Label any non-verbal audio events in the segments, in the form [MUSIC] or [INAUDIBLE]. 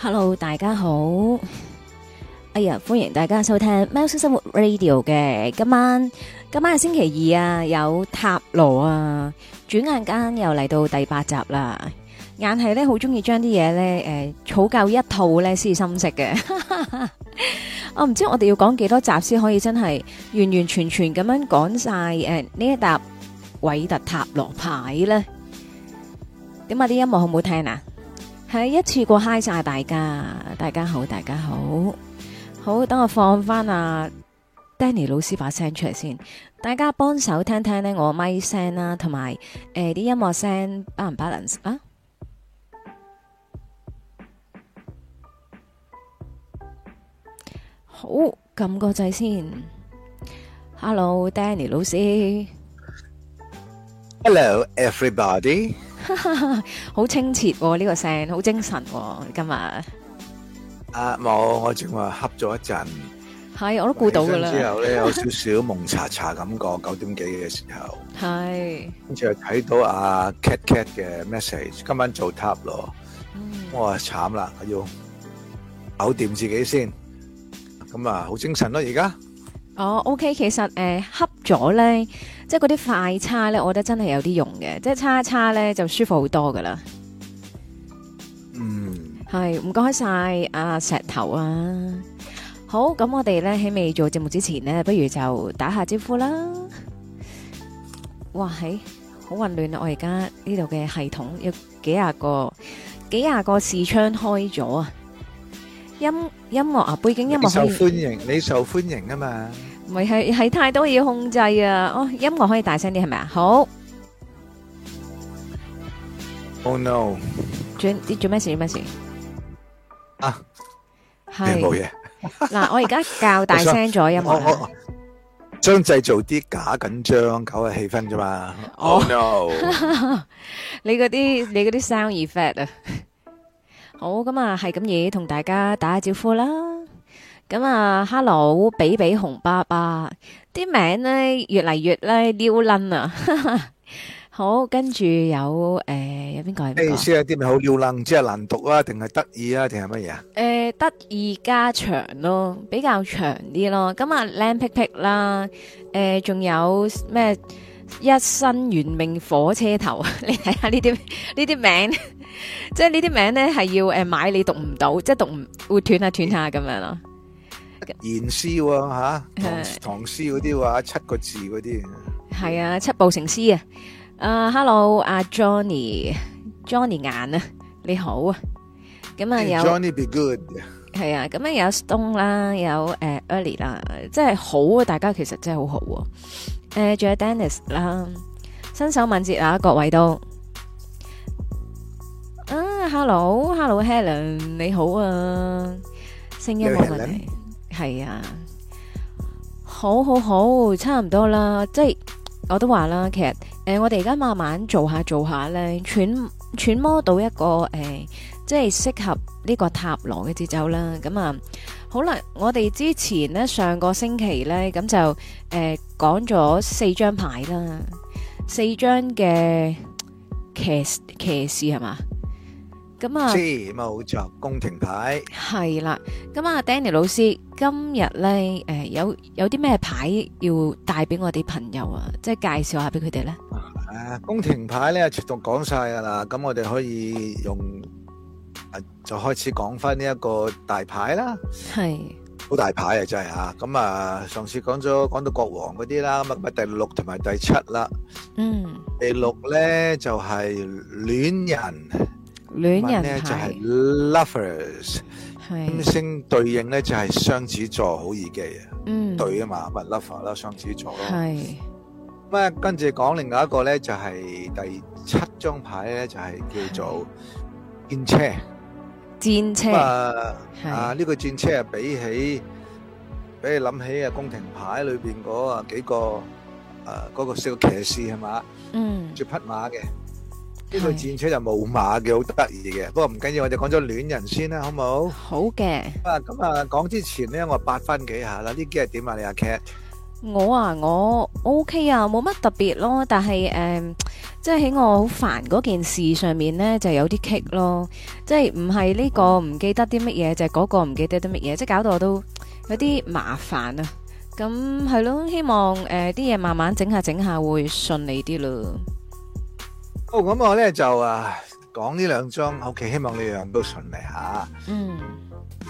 hello，大家好，哎呀，歡迎大家收聽喵式生活 Radio 嘅，今晚今晚係星期二啊，有塔羅啊，轉眼間又嚟到第八集啦，硬係咧好中意將啲嘢咧，誒、呃，儲夠一套咧先食嘅， [LAUGHS] 啊、不道我唔知我哋要講幾多集先可以真係完完全全咁樣講晒誒呢一沓偉特塔羅牌咧，點解啲音樂好唔好聽啊？係一次過嗨晒大家。大家好，大家好，好，等我放翻阿、啊、Danny 老師把聲出嚟先，大家幫手聽聽呢我咪聲啦、啊，同埋誒啲音樂聲 balance 啊，好撳個掣先，Hello Danny 老師，Hello everybody。哈哈哈，好清澈呢個聲，好精神今日。啊，冇，我正話恰咗一陣。係，我都估到噶啦。之後咧有少少蒙查查咁嘅，九點幾嘅時候。係。跟住睇到阿 Cat Cat 嘅 message，今晚做塔羅咯。嗯。我話慘啦，我要搞掂自己先。咁啊，好精神咯，而家。哦，OK，其實誒恰。咗咧，即係嗰啲快叉咧，我覺得真係有啲用嘅，即係叉叉咧就舒服好多噶啦。嗯，係唔該晒阿石頭啊。好，咁我哋咧喺未做節目之前咧，不如就打下招呼啦。哇，係好混亂啊！我而家呢度嘅系統有幾廿個，幾廿個視窗開咗啊。音音樂啊，背景音樂受歡迎你，受歡迎啊嘛。唔係係太多嘢控制啊！哦，音樂可以大聲啲係咪啊？好。Oh no！轉啲做咩事？做咩事？啊，係。你冇嘢。嗱，我而家較大聲咗音樂。將製造啲假緊張，搞下氣氛啫嘛。Oh no！你嗰啲你嗰啲 sound effect 啊。好，咁啊，係咁嘢同大家打下招呼啦。咁啊，Hello，比比熊爸爸，啲名咧越嚟越咧撩楞啊！好，跟住有誒，有邊個？誒，即係啲名好撩楞，即係難讀啊，定係得意啊，定係乜嘢啊？誒，得意加長咯，比較長啲咯。咁啊，靚撇撇啦，誒，仲有咩？一身圓命火車頭，你睇下呢啲呢啲名，即係呢啲名咧係要誒買你讀唔到，即係讀唔會斷下斷下咁樣咯。言詩喎，唐唐詩嗰啲話，七個字嗰啲。係啊，七步成詩啊。Uh, Hello, 啊，Hello，Johnny 阿 Johnny，Johnny 眼啊，你好啊。咁、嗯、啊、hey, 有 Johnny be good。係啊，咁、嗯、啊有 Stone 啦，有誒、呃、Early 啦，即係好啊，大家其實真係好好啊。誒、呃，仲有 Dennis 啦，新手敏捷啊，各位都。啊、uh,，Hello，Hello，Helen，你好啊，聲音冇問題。係啊，好好好，差唔多啦。即係我都話啦，其實誒、呃，我哋而家慢慢做下做下咧，揣揣摩到一個誒、呃，即係適合呢個塔羅嘅節奏啦。咁啊，好啦，我哋之前咧，上個星期咧，咁就誒講咗四張牌啦，四張嘅騎騎士係嘛？咁啊，知咁啊，好着宮廷牌係啦。咁啊，Danny 老師今日咧，誒，有有啲咩牌要帶俾我啲朋友啊？即係介紹下俾佢哋咧。啊，宮廷牌咧，全部講晒噶啦。咁我哋可以用啊，就開始講翻呢一個大牌啦。係，好大牌啊，真係吓。咁啊，上次講咗講到國王嗰啲啦，咁啊，咁啊，第六同埋第七啦。嗯，第六咧就係戀人。戀人牌，係金星對應咧就係、是、雙子座好易記啊、嗯，對啊嘛，咪 lover 啦，雙子座咯。係咁啊，跟住講另外一個咧就係、是、第七張牌咧就係、是、叫做戰車。戰車啊，啊呢、這個戰車啊比起，俾你諗起啊宮廷牌裏邊嗰幾個，誒、啊、嗰、那個四個騎士係嘛，嗯，着匹馬嘅。呢個戰車就冇馬嘅，好得意嘅。不過唔緊要，我哋講咗戀人先啦，好冇？好嘅。啊，咁啊，講之前咧，我八分幾下啦。呢幾日點啊，你阿 cat？我啊，我 OK 啊，冇乜特別咯。但係誒，即係喺我好煩嗰件事上面咧，就有啲棘咯。即係唔係呢個唔記得啲乜嘢，就係嗰個唔記得啲乜嘢，即係搞到我都有啲麻煩啊。咁係咯，希望誒啲嘢慢慢整下整下會順利啲咯。哦，咁我咧就啊講呢兩張，OK，希望你兩都順利吓。嗯，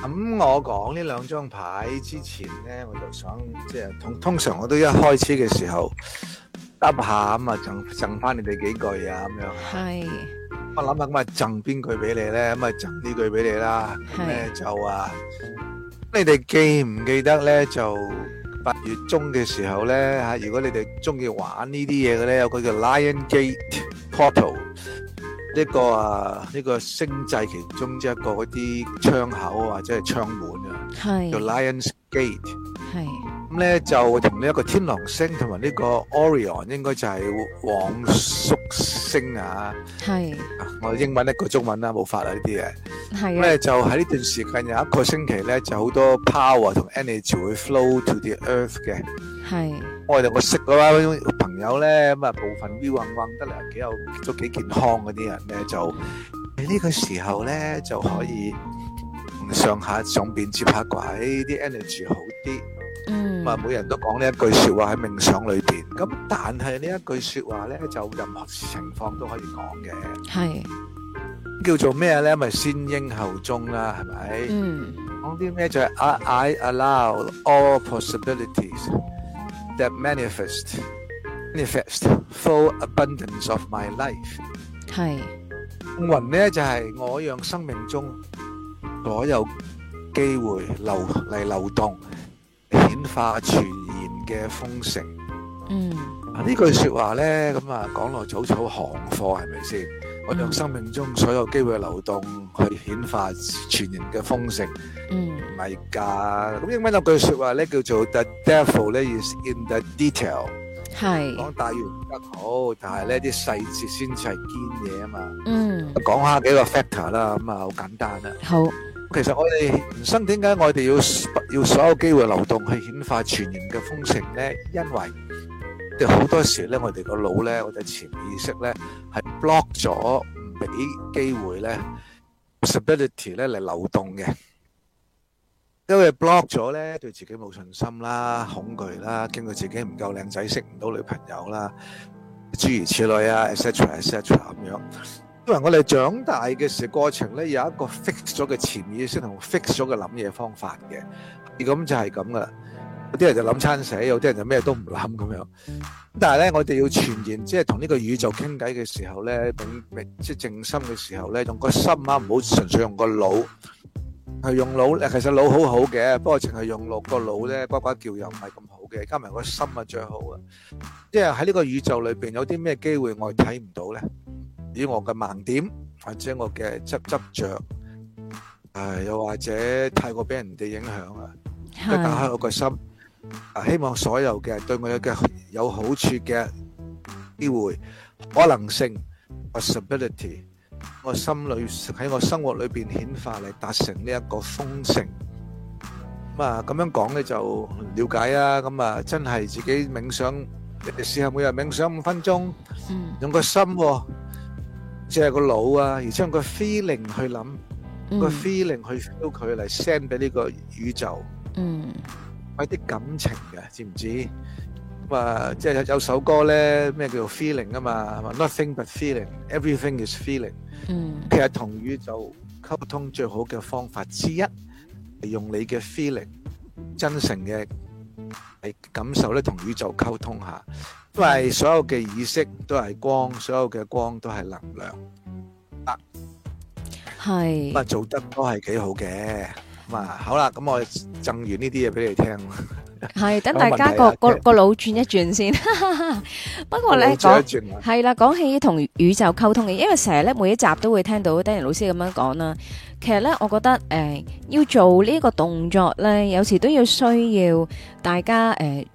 咁我講呢兩張牌之前咧，我就想即係同通常我都一開始嘅時候，噏下咁啊，贈贈翻你哋幾句啊咁樣。係。我諗下咁啊，贈邊句俾你咧，咁啊贈呢句俾你啦。係。咩就啊？你哋記唔記得咧？就八月中嘅時候咧吓，如果你哋中意玩呢啲嘢嘅咧，有佢叫 Lion Gate。Portal 一個啊，呢個星際其中一個嗰啲窗口或者係窗門啊，係叫 Lions Gate 係咁咧就同呢一個天狼星同埋呢個 Orion 應該就係黃宿星啊，係我英文一個中文啦冇法啦呢啲嘢，係咁咧就喺呢段時間有一個星期咧就好多 power 同 energy 會 flow to the earth 嘅，係。我哋我識嘅啦，朋友咧咁啊，部分暈暈得嚟幾有都幾健康嗰啲人咧，就喺呢個時候咧就可以上下上變接下拐，啲 energy 好啲。嗯，咁啊，每人都講呢一句説話喺冥想裏邊。咁但係呢一句説話咧，就任何情況都可以講嘅。係叫做咩咧？咪先英後中啦，係咪？嗯。講啲咩就係 I allow all possibilities。that manifest, manifest full abundance of my life。係，雲咧就係我讓生命中所有機會流嚟流動、顯化、傳言嘅豐盛。嗯，呢句説話咧咁啊，講落草草行貨係咪先？我用生命中所有機會流動去顯化全人嘅豐盛，嗯，唔係㗎。咁英文有句説話咧，叫做 The devil isin the detail，係講大圓得好，但係咧啲細節先至係堅嘢啊嘛。嗯，講下幾個 factor 啦，咁啊好簡單啦。好，其實我哋人生點解我哋要要所有機會流動去顯化全人嘅豐盛咧，因為好多時咧，我哋個腦咧，我哋潛意識咧係 block 咗，唔俾機會咧，ability 咧嚟流動嘅。因為 block 咗咧，對自己冇信心啦，恐懼啦，驚到自己唔夠靚仔，識唔到女朋友啦，諸如此類啊，etc，etc 咁樣。因為我哋長大嘅時過程咧，有一個 fix 咗嘅潛意識同 fix 咗嘅諗嘢方法嘅，咁就係咁噶啦。有啲人就諗餐死，有啲人就咩都唔諗咁樣。但係咧，我哋要傳言，即係同呢個宇宙傾偈嘅時候咧，用明即係靜心嘅時候咧，用個心啊，唔好純粹用個腦。係用腦，其實腦好好嘅，不過淨係用腦個腦咧，呱呱叫又唔係咁好嘅。加埋個心啊，最好啊。即係喺呢個宇宙裏邊有啲咩機會我睇唔到咧？以我嘅盲點，或者我嘅執執着，誒，又或者太過俾人哋影響啊。即係打開我個心。希望所有嘅對我有嘅有好處嘅機會可能性 possibility，我心裏喺我生活裏邊顯化嚟達成呢一個豐盛。咁啊，咁樣講咧就了解啦。咁啊，真係自己冥想，你哋試下每日冥想五分鐘，用個心，即係個腦啊，而且用個 feeling 去諗，個 feeling 去 feel 佢嚟 send 俾呢個宇宙。嗯。係啲感情嘅，知唔知？咁啊，即係有首歌咧，咩叫做 feeling 啊嘛？嘛，nothing but feeling，everything is feeling。嗯，其實同宇宙溝通最好嘅方法之一，係用你嘅 feeling，真誠嘅，係感受咧，同宇宙溝通下。因為所有嘅意識都係光，所有嘅光都係能量。啊，係。咁啊，做得都係幾好嘅。咁啊，好啦，咁我贈完呢啲嘢俾你聽，係等大家個個個腦轉一轉先。不過咧，轉一轉係啦，講起同宇宙溝通嘅，因為成日咧每一集都會聽到 Danny 老師咁樣講啦。其實咧，我覺得誒，要做呢個動作咧，有時都要需要大家誒，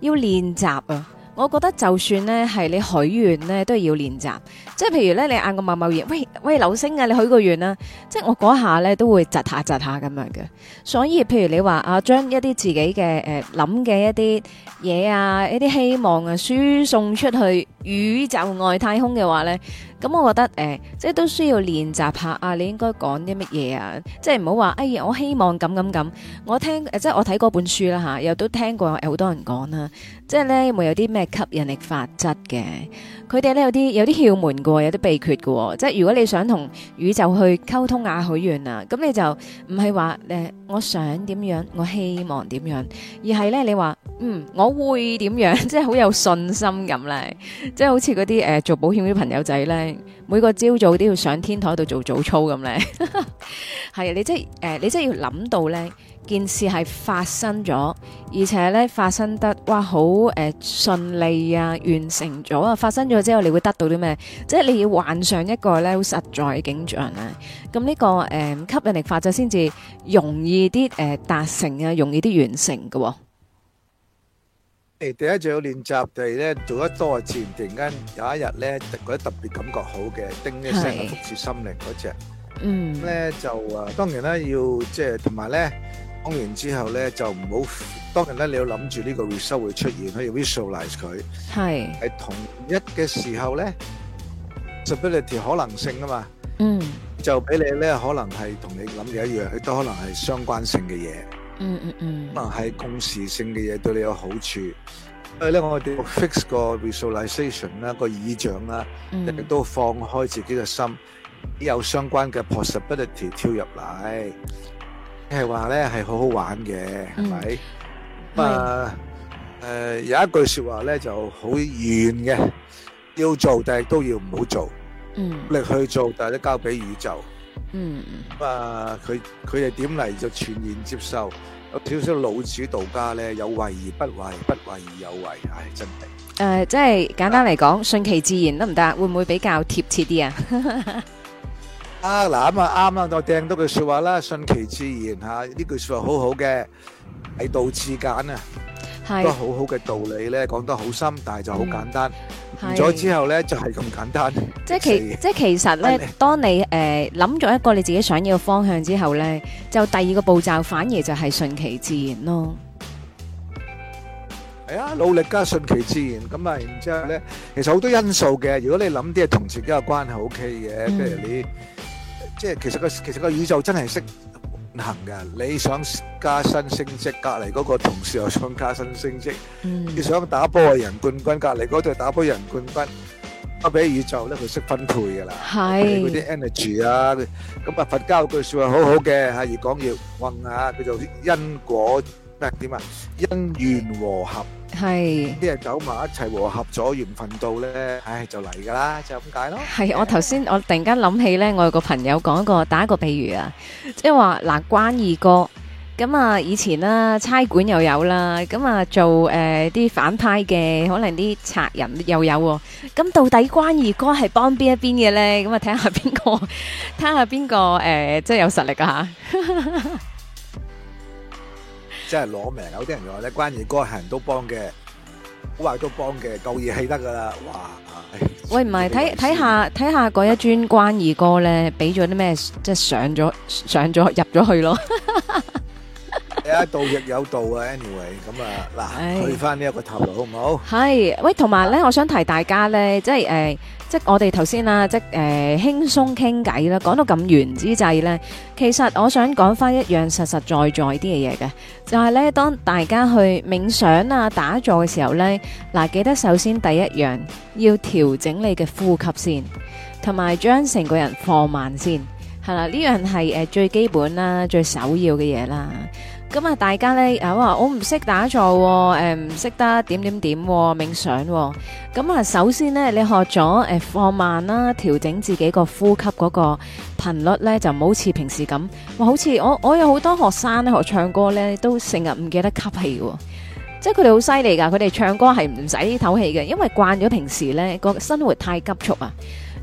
要練習啊。我覺得就算呢係你許願呢都係要練習。即係譬如呢你嗌個某某人，喂喂，流星啊，你許個願啦。即係我嗰下呢都會窒下窒下咁樣嘅。所以譬如你話啊，將一啲自己嘅誒諗嘅一啲嘢啊，一啲希望啊，輸送出去宇宙外太空嘅話呢。咁我覺得誒，即係都需要練習下啊！你應該講啲乜嘢啊？即係唔好話，哎呀，我希望咁咁咁。我聽誒，即係我睇過本書啦嚇，又都聽過有好多人講啦，即係咧有冇有啲咩吸引力法則嘅？佢哋咧有啲有啲竅門嘅，有啲秘訣嘅，即係如果你想同宇宙去溝通啊，許願啊，咁你就唔係話誒，我想點樣，我希望點樣，而係咧你話嗯，我會點樣，即係好有信心咁咧，即係好似嗰啲誒做保險嗰啲朋友仔咧，每個朝早都要上天台度做早操咁咧，係 [LAUGHS] 啊，你即係誒、呃，你即係要諗到咧。件事係發生咗，而且咧發生得哇好誒順利啊，完成咗啊！發生咗之後，你會得到啲咩？即係你要幻想一個咧好實在嘅景象啦。咁呢個誒吸引力法則先至容易啲誒達成啊，容易啲完成嘅。誒第一就要練習，第二咧做得多，自然突然間有一日咧，覺得特別感覺好嘅，叮一聲觸動心靈嗰隻，嗯，咁咧就啊，當然啦，要即係同埋咧。講完之後咧就唔好，當然咧你要諗住呢個 result 會出現，可以 visualize 佢係係同一嘅時候咧、mm.，possibility 可能性啊嘛，嗯，就俾你咧可能係同你諗嘅一樣，佢都可能係相關性嘅嘢，嗯嗯嗯，可能係共時性嘅嘢對你有好處，所以咧我哋 fix 個 visualization 啦個意象啦，亦、mm. 都放開自己嘅心，有相關嘅 possibility 跳入嚟。係話咧係好好玩嘅，係咪？咁啊，誒有一句說話咧就好遠嘅，要做但係都要唔好做，嗯，努力去做但係都交俾宇宙，嗯，咁啊佢佢哋點嚟，就全然接受，有少少老子道家咧有為而不為，不為而有為，唉，真係？誒，即係簡單嚟講，順其自然得唔得？會唔會比較貼切啲啊？啊嗱咁啊啱啱就掟到句說話啦，順其自然吓，呢、啊、句說話好好嘅，喺道至簡啊，都好好嘅道理咧，講得好深，但係就好簡單，完咗之後咧就係、是、咁簡單。即係其即係其實咧，當你誒諗咗一個你自己想要嘅方向之後咧，就第二個步驟反而就係順其自然咯。係啊，努力加順其自然，咁啊，然之後咧，其實好多因素嘅。如果你諗啲同自己有關係，O K 嘅，譬如你。即係其實個其實個宇宙真係識運行嘅，你想加薪升職，隔離嗰個同事又想加薪升職，你想打波贏冠軍，隔離嗰隊打波贏冠軍，交俾宇宙咧，佢識分配噶啦，嗰啲 energy，啊，咁啊佛教句説話好好嘅嚇，越講越混啊，佢就因果咩點啊？因緣和合。係，啲人走埋一齊，和合咗緣分到咧，唉，就嚟噶啦，就咁解咯。係，我頭先我突然間諗起咧，我有個朋友講過打一個比喻啊，即係話嗱，關二哥咁啊，以前啦差館又有啦，咁啊做誒啲反派嘅，可能啲賊人又有，咁到底關二哥係幫邊一邊嘅咧？咁啊睇下邊個，睇下邊個誒，即係有實力啊！即係攞命，有啲人又話咧關二哥係人都幫嘅，好話都幫嘅夠義氣得噶啦，哇！喂，唔係睇睇下睇下嗰一尊關二哥咧，俾咗啲咩？即係上咗上咗入咗去咯。有道亦有道啊，anyway，咁啊嗱，去翻呢一個頭腦好唔好？係喂，同埋咧，我想提大家咧，即係誒。即我哋頭先啦，即係誒輕鬆傾偈啦，講到咁完之際呢，其實我想講翻一樣實實在在啲嘅嘢嘅，就係呢。當大家去冥想啊打坐嘅時候呢，嗱記得首先第一樣要調整你嘅呼吸先，同埋將成個人放慢先，係啦，呢樣係誒最基本啦，最首要嘅嘢啦。咁啊，大家咧，啊話我唔識打坐，誒唔識得點點點冥想。咁啊，首先咧，你學咗誒放慢啦，調整自己個呼吸嗰個頻率咧，就唔好似平時咁。哇，好似我我有好多學生咧學唱歌咧，都成日唔記得吸氣。即係佢哋好犀利噶，佢哋唱歌係唔使唞氣嘅，因為慣咗平時咧個生活太急促啊。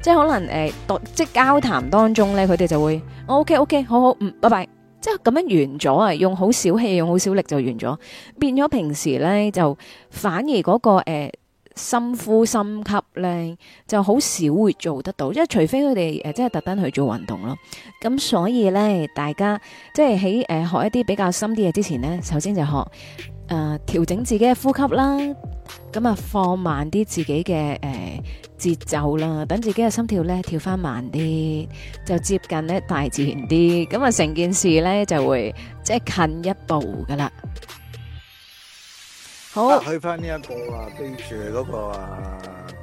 即係可能誒，即係交談當中咧，佢哋就會，我 OK OK，好好，嗯，拜拜。即係咁樣完咗啊！用好少氣，用好少力就完咗，變咗平時咧就反而嗰、嗰個誒。呃深呼深吸咧，就好少會做得到，即係除非佢哋誒，即、呃、係特登去做運動咯。咁所以咧，大家即係喺誒學一啲比較深啲嘢之前咧，首先就學誒、呃、調整自己嘅呼吸啦，咁啊放慢啲自己嘅誒、呃、節奏啦，等自己嘅心跳咧跳翻慢啲，就接近咧大自然啲，咁啊成件事咧就會即係近一步噶啦。好，啊、去翻呢一個啊 major 嗰個啊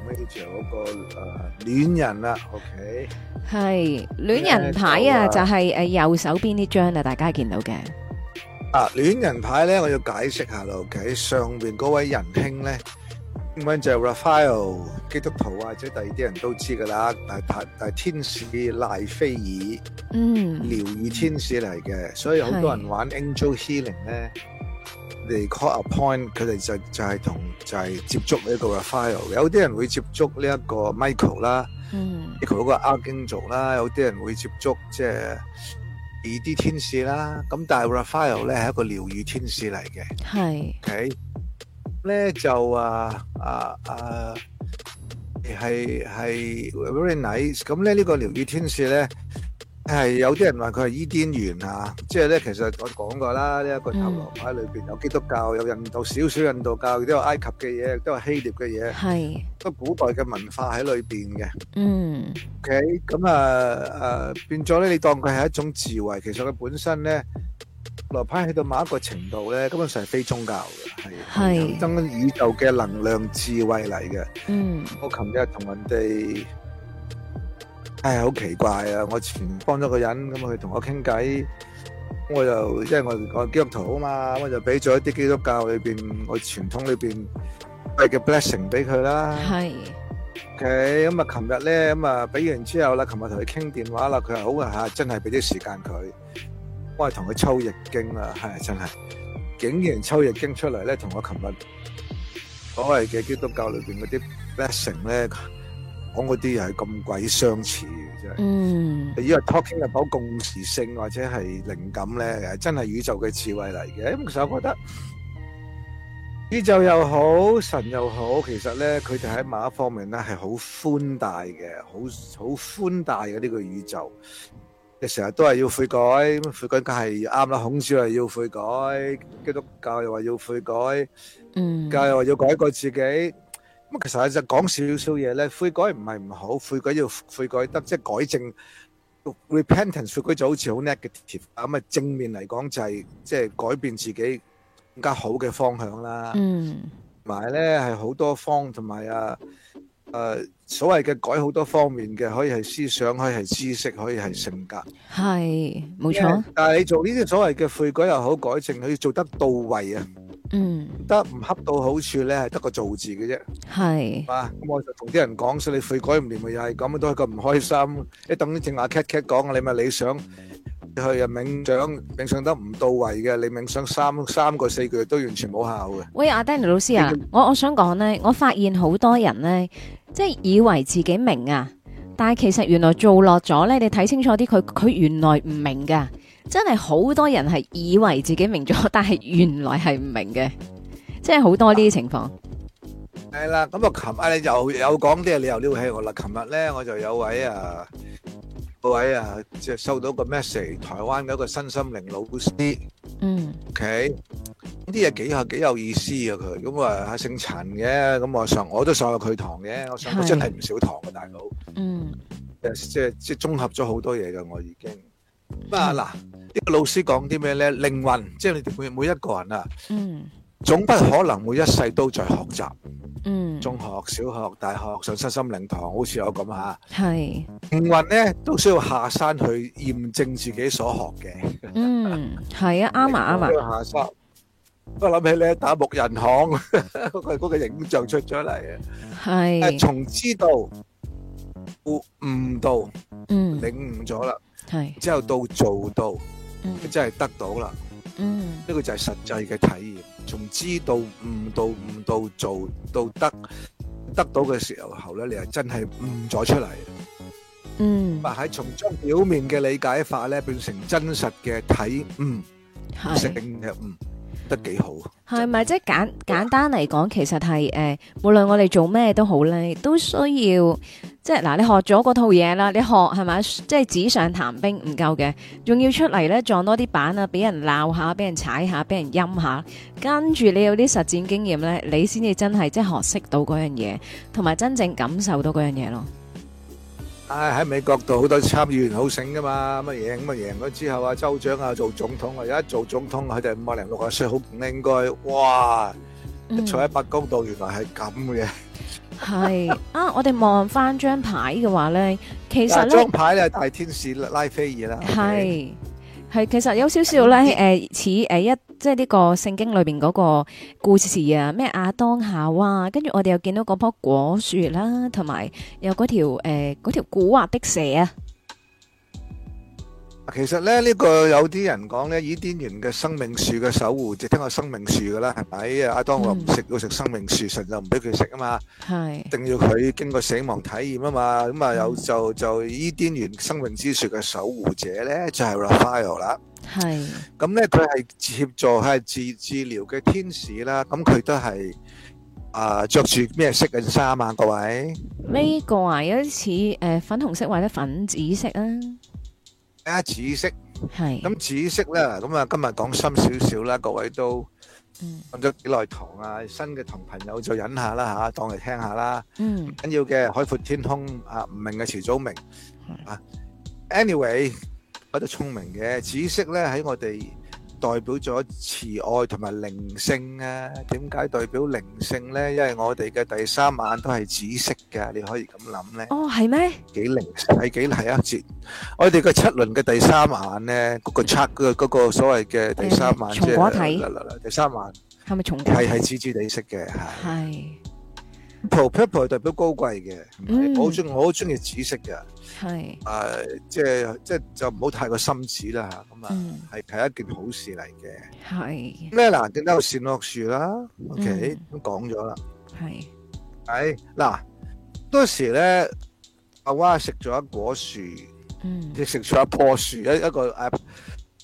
major 嗰個誒、啊、戀人啦、啊、，OK，係戀人、啊、人牌啊，就係、是、誒、啊、右手邊呢張啊，大家見到嘅。啊，戀人牌咧，我要解釋下啦，OK，上邊嗰位仁兄咧，英文就是、Raphael 基督徒或者第二啲人都知噶啦，但係但係天使賴菲爾，嗯，療愈天使嚟嘅，所以好多人玩 Angel Healing 咧。嚟 appoint 佢哋就就係同就係接觸呢一個 Raphael，有啲人會接觸呢一個 Michael 啦，Michael 個 Archangel 啦，有啲人會接觸即係二 D 天使啦，咁但係 Raphael 咧係一個療愈天使嚟嘅。係，OK 咧就啊啊啊係係 very nice，咁咧呢個療愈天使咧。係有啲人話佢係伊甸園啊，即係咧，其實我講過啦，呢、這、一個塔羅牌裏邊有基督教，有印度少少印度教，亦都有埃及嘅嘢，亦都有希臘嘅嘢，係都古代嘅文化喺裏邊嘅。嗯，OK，咁啊誒、啊、變咗咧，你當佢係一種智慧，其實佢本身咧，塔羅牌去到某一個程度咧，根本上係非宗教嘅，係係增宇宙嘅能量智慧嚟嘅。嗯，我琴日同人哋。唉，好奇怪啊！我前幫咗個人咁啊，佢同我傾偈，我就因為我我基督徒啊嘛，咁我就俾咗一啲基督教裏邊我傳統裏邊嘅 blessing 俾佢啦。係，OK，咁啊，琴日咧咁啊，俾完之後啦，琴日同佢傾電話啦，佢係好啊吓，真係俾啲時間佢，我係同佢抽易經啦，係真係，竟然抽易經出嚟咧，同我琴日所謂嘅基督教裏邊嗰啲 blessing 咧。講嗰啲又係咁鬼相似，真係。嗯，以為 talking 係某共時性或者係靈感咧，係真係宇宙嘅智慧嚟嘅。咁其實我覺得宇宙又好，神又好，其實咧佢哋喺某一方面咧係好寬大嘅，好好寬大嘅呢個宇宙。你成日都係要悔改，悔改係啱啦。孔子又話要悔改，基督教又話要悔改，嗯，教又話要改過自己。咁其實就講少少嘢咧，悔改唔係唔好，悔改要悔改得，即係改正。repentance 悔改就好似好 negative，咁啊正面嚟講就係即係改變自己更加好嘅方向啦。嗯，埋咧係好多方，同埋啊誒、啊、所謂嘅改好多方面嘅，可以係思想，可以係知識，可以係性格。係，冇錯。但係你做呢啲所謂嘅悔改又好，改正可以做得到位啊！嗯，得唔恰到好處咧，係得個做字嘅啫。係啊，咁我就同啲人講，所以你悔改唔掂咪又係咁，都係個唔開心。你等正阿 cat cat 講，你咪理想去又冥想冥想得唔到位嘅，你冥想三三個四個月都完全冇效嘅。喂，阿 Danny 老師啊，我我想講咧，我發現好多人咧，即係以為自己明啊，但係其實原來做落咗咧，你睇清楚啲佢，佢原來唔明㗎。真係好多人係以為自己明咗，但係原來係唔明嘅，即係好多呢啲情況。係啦，咁啊，琴日你又有講啲嘢，你又撩起我啦。琴日咧我就有位啊，有位啊即係收到個 message，台灣嘅一個身心靈老師。嗯，OK，呢啲嘢幾有幾有意思啊！佢咁啊，姓陳嘅，咁我上我都上過佢堂嘅，我上咗真係唔少堂嘅大佬。嗯，即係即係綜合咗好多嘢㗎，我已經。咁啊嗱，呢個老師講啲咩咧？靈魂，即係你哋每每一個人啊，嗯，總不可能每一世都在學習，嗯，中學、小學、大學上身心靈堂，好似我咁吓，係靈魂咧都需要下山去驗證自己所學嘅，嗯，係啊，啱啊，啱啊，下山，不過我諗起咧打木人行嗰個嗰個影像出咗嚟啊，係，從知道悟悟到，嗯，領悟咗啦。係，之後到做到，真係得到啦。嗯，呢個就係實際嘅體驗。從知道悟到悟到做到得得到嘅時候後咧，你係真係悟咗出嚟。嗯，嗱喺從中表面嘅理解法咧，變成真實嘅體悟性嘅悟，得幾好。係咪即係簡簡單嚟講，其實係誒，無論我哋做咩都好咧，都需要。即係嗱，你學咗嗰套嘢啦，你學係咪，即係紙上談兵唔夠嘅，仲要出嚟咧撞多啲板啊，俾人鬧下，俾人踩下，俾人陰下，跟住你有啲實戰經驗咧，你先至真係即係學識到嗰樣嘢，同埋真正感受到嗰樣嘢咯。唉，喺美國度好多參議員好醒噶嘛，咁啊贏，咁啊贏咗之後啊州長啊做總統啊，一做總統佢哋五啊零六啊歲好唔應該，哇！坐喺白宮度原來係咁嘅。係 [LAUGHS] 啊，我哋望翻張牌嘅話咧，其實呢張、啊、牌咧係大天使拉斐爾啦，係係、okay. 其實有少少咧誒似誒一即係呢個聖經裏邊嗰個故事啊，咩亞當夏娃，跟住我哋又見到嗰棵果樹啦、啊，同埋有嗰條誒條古惑的蛇啊。其實咧呢、這個有啲人講咧，伊甸園嘅生命樹嘅守護者，聽過生命樹噶啦，係咪啊？阿當我唔食、嗯，要食生命樹，神就唔俾佢食啊嘛，係，一定要佢經過死亡體驗啊嘛。咁啊有、嗯、就就伊甸園生命之樹嘅守護者咧，就係 Raphael 啦，係。咁咧佢係協助係治治療嘅天使啦，咁佢都係啊着住咩色嘅衫啊？各位呢、嗯這個啊有啲似誒粉紅色或者粉紫色啊。睇下紫色，係咁紫色咧，咁啊今日講深少少啦，各位都，嗯，講咗幾耐堂啊，新嘅同朋友就忍下啦吓，當嚟聽下啦，嗯，唔緊要嘅，海闊天空啊，唔明嘅遲早明，啊，Anyway，我都聰明嘅，紫色咧喺我哋。代表咗慈愛同埋靈性啊！點解代表靈性咧？因為我哋嘅第三眼都係紫色嘅，你可以咁諗咧。哦，係咩？幾靈係幾係一節？我哋嘅七輪嘅第三眼咧，嗰個測嗰個嗰個所謂嘅第三眼即係第三眼係咪重過？係係紫紫地色嘅係。purple 係代表高貴嘅，嗯，我好中我好中意紫色嘅，係，誒、呃、即係即係就唔好太過深紫啦嚇，咁啊係係、嗯、一件好事嚟嘅，係咩嗱？見到有善惡樹啦、嗯、OK 都講咗啦，係係嗱，當時咧阿娃食咗一果樹，嗯，亦食咗一棵樹一一個。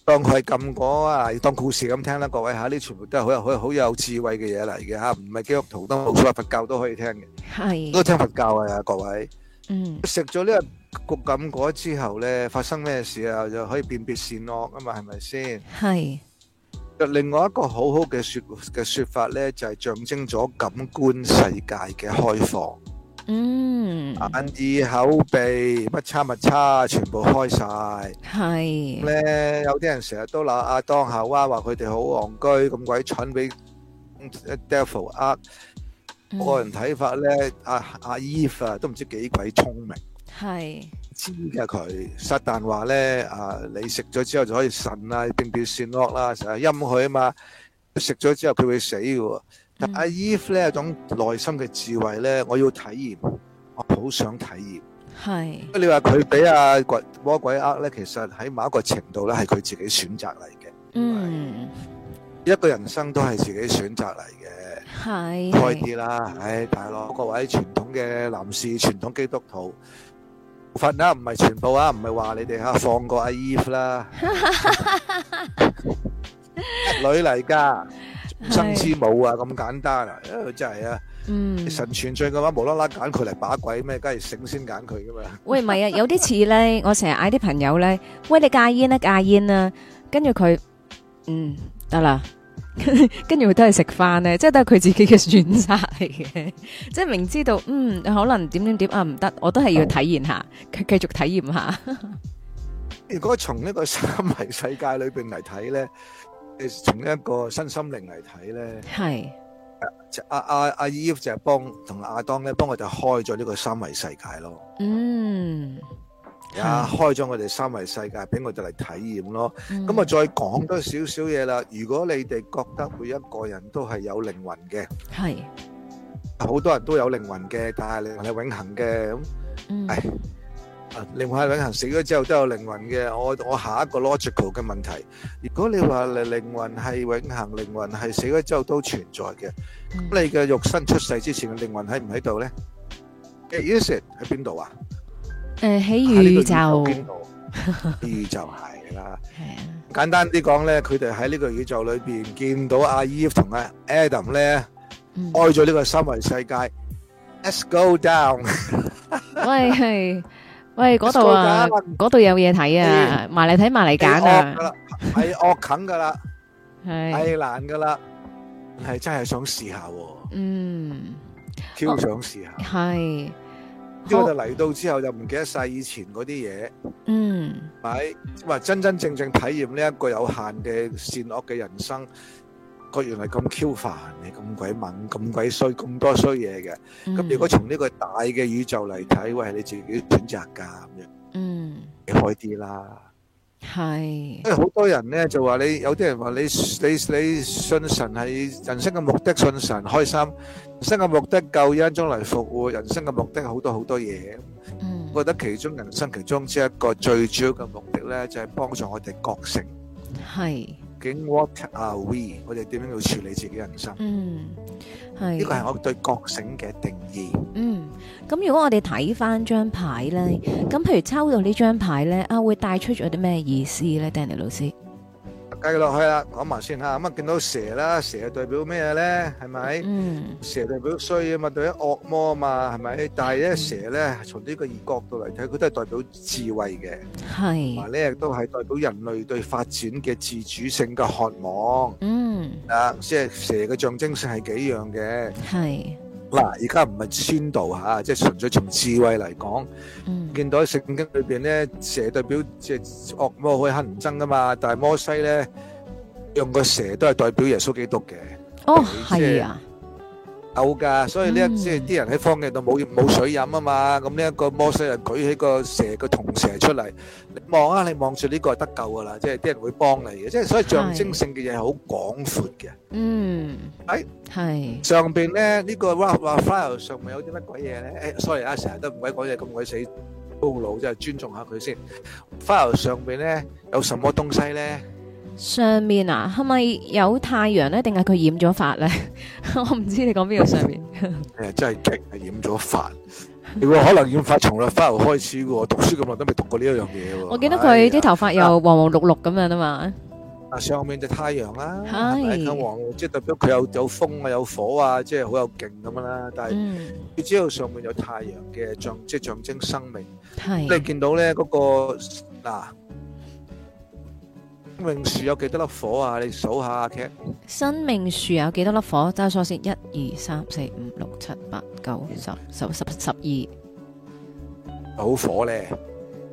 當佢係禁果啊，當故事咁聽啦，各位吓，呢全部都係好有好有智慧嘅嘢嚟嘅吓，唔係基督徒都冇錯，佛教都可以聽嘅，都聽佛教嘅啊，各位。嗯，食咗呢個禁果之後咧，發生咩事啊？就可以辨別善惡啊嘛，係咪先？係。另外一個好好嘅說嘅說法咧，就係象徵咗感官世界嘅開放。嗯，眼耳口鼻乜差乜差，全部開晒。係咧、嗯，有啲人成日都鬧阿當夏娃話佢哋好戇居，咁鬼蠢俾 devil 呃。嗯，那個人睇法咧，阿阿 Eve 啊，都唔知幾鬼聰明。係，知嘅佢，但話咧啊，你食咗之後就可以神啦，變變善惡啦，成日陰佢啊嘛。食咗之後佢會死嘅。阿 Eve 咧，一種內心嘅智慧咧，我要體驗，我好想體驗。係。你話佢俾阿鬼魔鬼呃，咧，其實喺某一個程度咧，係佢自己選擇嚟嘅。嗯。一個人生都係自己選擇嚟嘅。係。開啲啦，唉、哎，大佬，各位傳統嘅男士，傳統基督徒，佛啊，唔係全部啊，唔係話你哋吓、啊、放過阿 Eve 啦。 [LAUGHS] [LAUGHS] 女嚟噶。生之母啊，咁簡單啊，真係啊！嗯、神存在嘅話，無啦啦揀佢嚟把鬼咩？梗係醒先揀佢噶嘛？喂，唔係啊，有啲似咧，我成日嗌啲朋友咧，喂，你戒煙咧，戒煙啦，跟住佢，嗯，得啦，跟住佢都係食飯咧，即係都係佢自己嘅選擇嚟嘅， [LAUGHS] 即係明知道，嗯，可能點點點啊，唔得，我都係要體驗下，佢、哦、繼續體驗下。 [LAUGHS] 如果從呢個三維世界裏邊嚟睇咧？從一個身心靈嚟睇咧，係，阿阿阿伊夫就係幫同亞當咧，幫我哋開咗呢個三維世界咯。嗯，啊，開咗我哋三維世界俾我哋嚟體驗咯。咁啊，再講多少少嘢啦。如果你哋覺得每一個人都係有靈魂嘅，係，好多人都有靈魂嘅，但係靈魂係永恆嘅咁，嗯。靈魂永恆，死咗之後都有靈魂嘅，我我下一個 logical 嘅問題，如果你話靈靈魂係永恆，靈魂係死咗之後都存在嘅，咁你嘅肉身出世之前嘅靈魂喺唔喺度咧？Ethan 喺邊度啊？誒，喺宇宙邊度？宇宙係啦。係啊。簡單啲講咧，佢哋喺呢個宇宙裏邊見到阿 Eve 同阿 Adam 咧，愛咗呢個三維世界。Let's go down。喂。喂，嗰度啊，嗰度有嘢睇啊，埋嚟睇，埋嚟揀啊，係惡啃噶啦，係 [LAUGHS] 難噶啦，係 [LAUGHS] 真係想試下、啊，嗯，超想試下，係，哦，因為就嚟到之後就唔記得晒以前嗰啲嘢，嗯，係，話真真正正體驗呢一個有限嘅善惡嘅人生。佢原來咁 Q 煩，你咁鬼猛，咁鬼衰，咁多衰嘢嘅。咁如果從呢個大嘅宇宙嚟睇，會係你自己選擇㗎咁樣，嗯，開啲啦。係。因為好多人咧就話你，有啲人話你，你你信神係人生嘅目的，信神開心。人生嘅目的夠一種嚟服務，人生嘅目的好多好多嘢。嗯，我覺得其中人生其中之一個最主要嘅目的咧，就係幫助我哋覺醒。係。究竟 what are we？我哋點樣去處理自己人生？嗯，係呢個係我對覺醒嘅定義。嗯，咁如果我哋睇翻張牌咧，咁、嗯、譬如抽到呢張牌咧，啊會帶出咗啲咩意思咧，Danny 老師？繼續落去啦，講埋先吓，咁、嗯、啊，見到蛇啦，蛇代表咩咧？係咪、嗯？蛇代表衰啊嘛，代表惡魔啊嘛，係咪？但係咧、嗯，蛇咧，從呢個二角度嚟睇，佢都係代表智慧嘅，同埋呢亦都係代表人類對發展嘅自主性嘅渴望。嗯，啊，即係蛇嘅象徵性係幾樣嘅。係。嗱，而家唔係宣道吓，即係純粹從智慧嚟講。嗯，見到聖經裏面咧，蛇代表，即惡魔去乞人憎㗎嘛，但係摩西咧，用個蛇都係代表耶穌基督嘅。哦，係啊。有噶，所以呢一即係啲人喺荒野度冇冇水飲啊嘛，咁呢一個摩西人舉起個蛇個銅蛇出嚟，你望啊，你望住呢個得救噶啦，即係啲人會幫你嘅，即係所以象徵性嘅嘢係好廣闊嘅。嗯，喺係上邊咧呢個話話花頭上面有啲乜鬼嘢咧？誒，sorry 啊，成日都唔鬼講嘢咁鬼死粗魯，即係尊重下佢先。花頭上面咧有什麼東西咧？上面啊，係咪有太陽咧？定係佢染咗髮咧？我唔知你講邊個上面。誒，真係極，係染咗髮。你會可能染髮從落花後開始噶喎？讀書咁耐都未讀過呢一樣嘢。我見到佢啲頭髮又黃黃綠綠咁樣啊嘛。啊，上面就太陽啦，係黃即係代表佢有有風啊，有火啊，即係好有勁咁樣啦。但係你知道上面有太陽嘅象，即係象徵生命。係。即係見到咧嗰個嗱。生命樹有幾多粒火啊？你數下啊，Ken。生命樹有幾多粒火？揸個數先，一二三四五六七八九十十十十二。好火咧！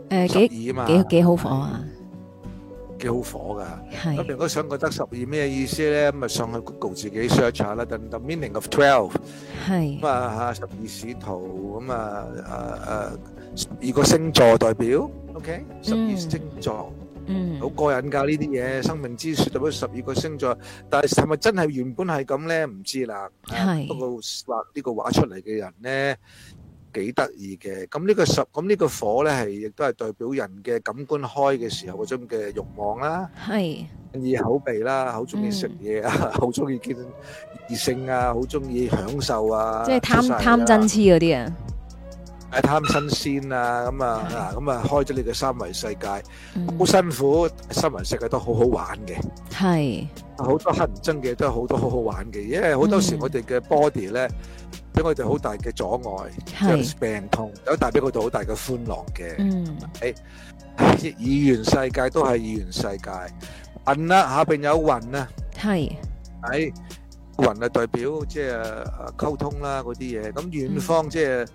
誒，幾幾幾好火啊？幾好火噶。咁你如果想覺得十二咩意思咧，咁咪上去 Google 自己 search 下啦，themeaning of twelve。係。咁啊吓，十二使徒，咁啊誒誒，十二個星座代表，OK，十二星座。嗯，好過癮噶呢啲嘢，生命之樹，代表十二個星座，但係係咪真係原本係咁咧？唔知啦。係。不過、啊那個、呢個畫出嚟嘅人咧，幾得意嘅。咁呢個十，咁呢個火咧，係亦都係代表人嘅感官開嘅時候嗰種嘅欲望、啊、啦。係、啊。以口鼻啦，好中意食嘢，好中意見異性啊，好中意享受啊。即係貪貪嗔痴嗰啲啊！太貪新鮮啦！咁啊，咁啊，開咗你嘅三維世界好辛苦，三維世界都好好玩嘅，係好多黑人憎嘅都好多好好玩嘅，因為好多時我哋嘅 body 咧俾我哋好大嘅阻礙，有病痛，有帶俾我哋好大嘅歡樂嘅。嗯，誒，二元世界都係二元世界，雲啦下邊有雲啦，係喺雲啊代表即係誒溝通啦嗰啲嘢，咁遠方即係。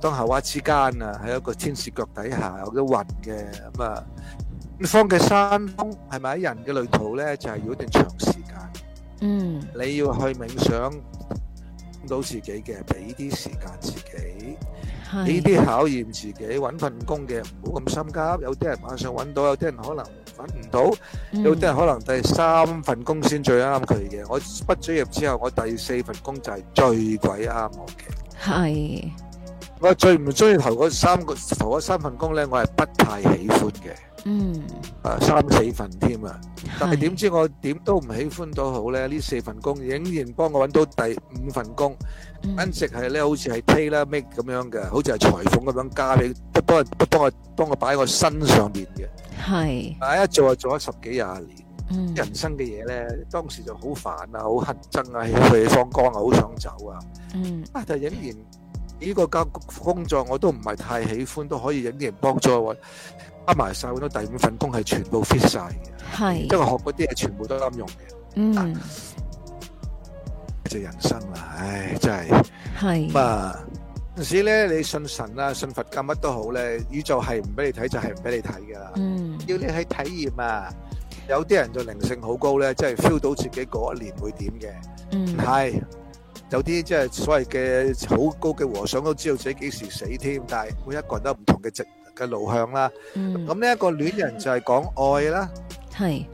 當夏娃之間啊，喺一個天使腳底下有啲雲嘅，咁啊，唔方嘅山峯係咪？喺人嘅旅途咧就係要一段長時間。嗯，你要去冥想到自己嘅，俾啲時間自己。係。呢啲考驗自己揾份工嘅，唔好咁心急。有啲人馬上揾到，有啲人可能揾唔到，有啲人可能第三份工先最啱佢嘅。我畢咗業之後，我第四份工就係最鬼啱我嘅。係。我最唔中意頭嗰三個頭嗰三份工咧，我係不太喜歡嘅。嗯。啊，三四份添啊！但係點知我點都唔喜歡都好咧，呢四份工仍然幫我揾到第五份工。一直係咧，好似係 tailor、make 咁樣嘅，好似係裁縫咁樣加俾，都幫我，都幫我，幫我擺喺我身上邊嘅。係。啊！一做就做咗十幾廿年，人生嘅嘢咧，當時就好煩啊，好乞憎啊，氣死放光啊，好想走啊。嗯。啊！就仍然。呢、呢個交工作我都唔係太喜歡，都可以引啲人幫助我加，加埋晒揾到第五份工係全部 fit 晒嘅。係，因為學嗰啲嘢全部都啱用嘅。嗯，啊、就是、人生啦，唉，真係。係。咁啊，陣時咧你信神啦、啊，信佛教乜都好咧，宇宙係唔俾你睇就係唔俾你睇嘅。嗯。要你去體驗啊！有啲人就靈性好高咧，真係 feel 到自己嗰一年會點嘅。嗯。係。有啲即係所謂嘅好高嘅和尚都知道自己幾時死添，但係每一個人都有唔同嘅直嘅路向啦。咁呢一個戀人就係講愛啦，係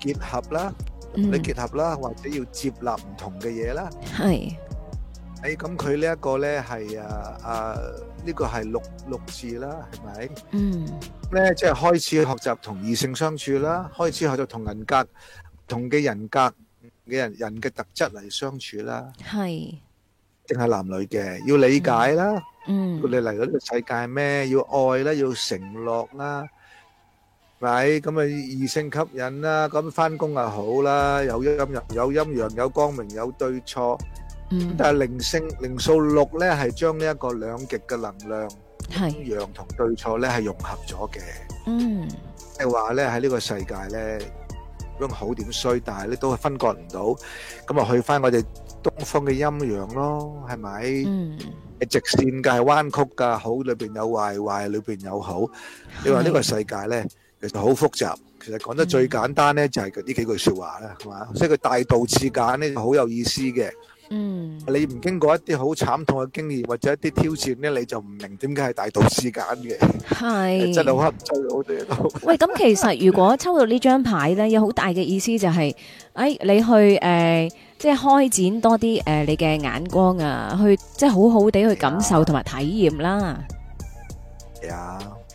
結合啦，你結合啦，或者要接納唔同嘅嘢啦。係，誒咁佢呢一個咧係啊啊呢個係六六字啦，係咪？嗯，咧即係開始學習同異性相處啦，開始學習同人格同嘅人格。嘅人，人嘅特質嚟相處啦，係，定係男女嘅，要理解啦。嗯，你嚟到呢個世界咩？要愛啦，要承諾啦，係，咁啊異性吸引啦，咁返工又好啦，有陰有有陰陽有光明有對錯，嗯，但係靈性靈數六咧係將呢一個兩極嘅能量，係，陰陽同對錯咧係融合咗嘅，嗯，即係話咧喺呢個世界咧。將好點衰，但係咧都係分割唔到，咁啊去翻我哋東方嘅陰陽咯，係咪？係直線噶，係彎曲噶，好裏邊有壞，壞裏邊有好。你話呢個世界咧，其實好複雜。其實講得最簡單咧，就係佢呢幾句說話啦，係嘛？所以佢大道至簡咧，好有意思嘅。嗯，你唔經過一啲好慘痛嘅經驗或者一啲挑戰咧，你就唔明點解係大道時間嘅。係，佢真係好黑，唔抽到我哋喺度。喂，咁其實如果抽到呢張牌咧，有好大嘅意思就係，誒，你去誒，即係開展多啲誒，你嘅眼光啊，去即係好好地去感受同埋體驗啦。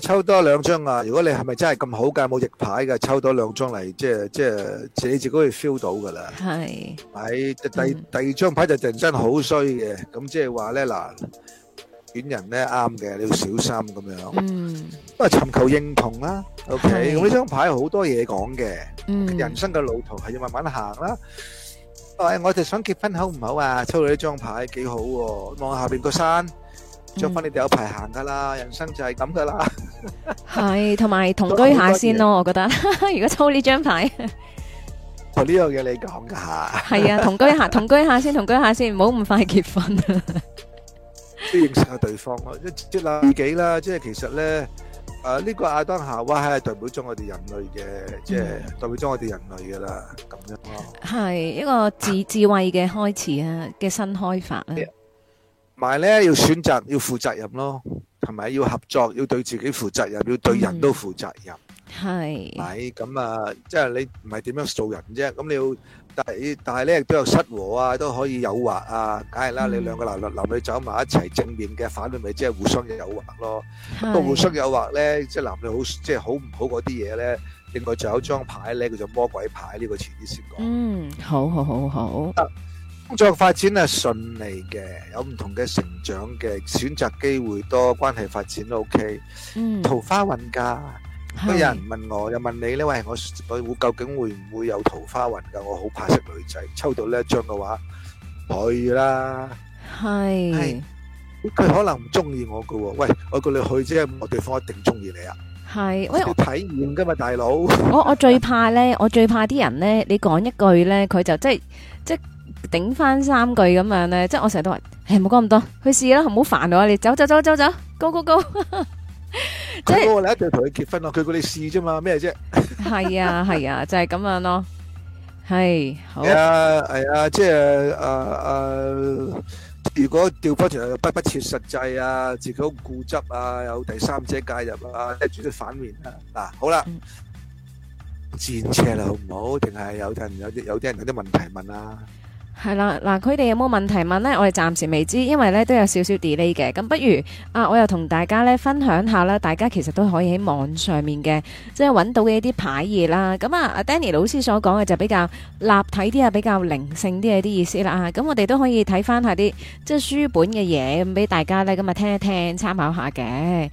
抽多兩張啊！如果你係咪真係咁好嘅冇逆牌嘅，抽多兩張嚟，即係即係你自己可以 feel 到嘅啦。係。喺第第二張牌就認真好衰嘅，咁即係話咧嗱，戀人咧啱嘅，你要小心咁樣。嗯。都係尋求認同啦。OK，咁呢張牌好多嘢講嘅。嗯。人生嘅路途係要慢慢行啦。喂，我哋想結婚好唔好啊？抽到呢張牌幾好喎，望下邊個山。着翻你哋有排行噶啦，人生就係咁噶啦。係，同埋同居下先咯，我覺得。如果抽呢張牌，就呢樣嘢你講噶吓。係啊，同居下，同居下先，同居下先，唔好咁快結婚。都認識下對方咯，即係即係自己啦。即係其實咧，誒呢個阿當夏娃係代表咗我哋人類嘅，即係代表咗我哋人類噶啦，咁樣咯。係一個智智慧嘅開始啊，嘅新開發啦。同埋咧要選擇，要負責任咯，同埋要合作，要對自己負責任，要對人都負責任。係咪咁啊？即係你唔係點樣做人啫？咁你要但係，但係咧都有失和啊，都可以誘惑啊。梗係啦，你兩個男男女走埋一齊，正面嘅反面咪即係互相誘惑咯。個互相誘惑咧，即係男女好，即係好唔好嗰啲嘢咧。另外仲有一張牌咧，叫做魔鬼牌，呢個前邊先講。嗯，好好好好。啊工作發展係順利嘅，有唔同嘅成長嘅選擇機會多，關係發展都 OK。嗯，桃花運噶，有人問我又問你咧，喂，我會究竟會唔會有桃花運噶？我好怕識女仔，抽到呢一張嘅話，去啦。係，佢可能唔中意我噶喎。喂，我叫你去啫，我對方一定中意你啊。係，我有體驗噶嘛，大佬。我我最怕咧，我最怕啲人咧，你講一句咧，佢就即係即係。頂翻三句咁樣咧，即係我成日都話，誒，冇講咁多，去試啦，唔好煩我，你走走走走走，高高高，即係我哋一定同佢結婚咯，佢佢哋試啫嘛，咩啫？係啊係啊，就係咁樣咯，係，係啊係啊，即係啊啊，如果調翻轉來不不切實際啊，自己好固執啊，有第三者介入啊，即係全部反面啦，嗱，好啦，戰車啦好唔好？定係有陣有啲有啲人有啲問題問啊？係啦，嗱，佢哋有冇問題問呢？我哋暫時未知，因為呢都有少少 delay 嘅。咁不如啊，我又同大家呢分享下啦，大家其實都可以喺網上面嘅，即係搵到嘅一啲牌義啦。咁啊，阿 Danny 老師所講嘅就比較立體啲啊，比較靈性啲嘅啲意思啦。啊，咁我哋都可以睇翻下啲即係書本嘅嘢，咁俾大家呢，咁啊聽一聽，參考下嘅。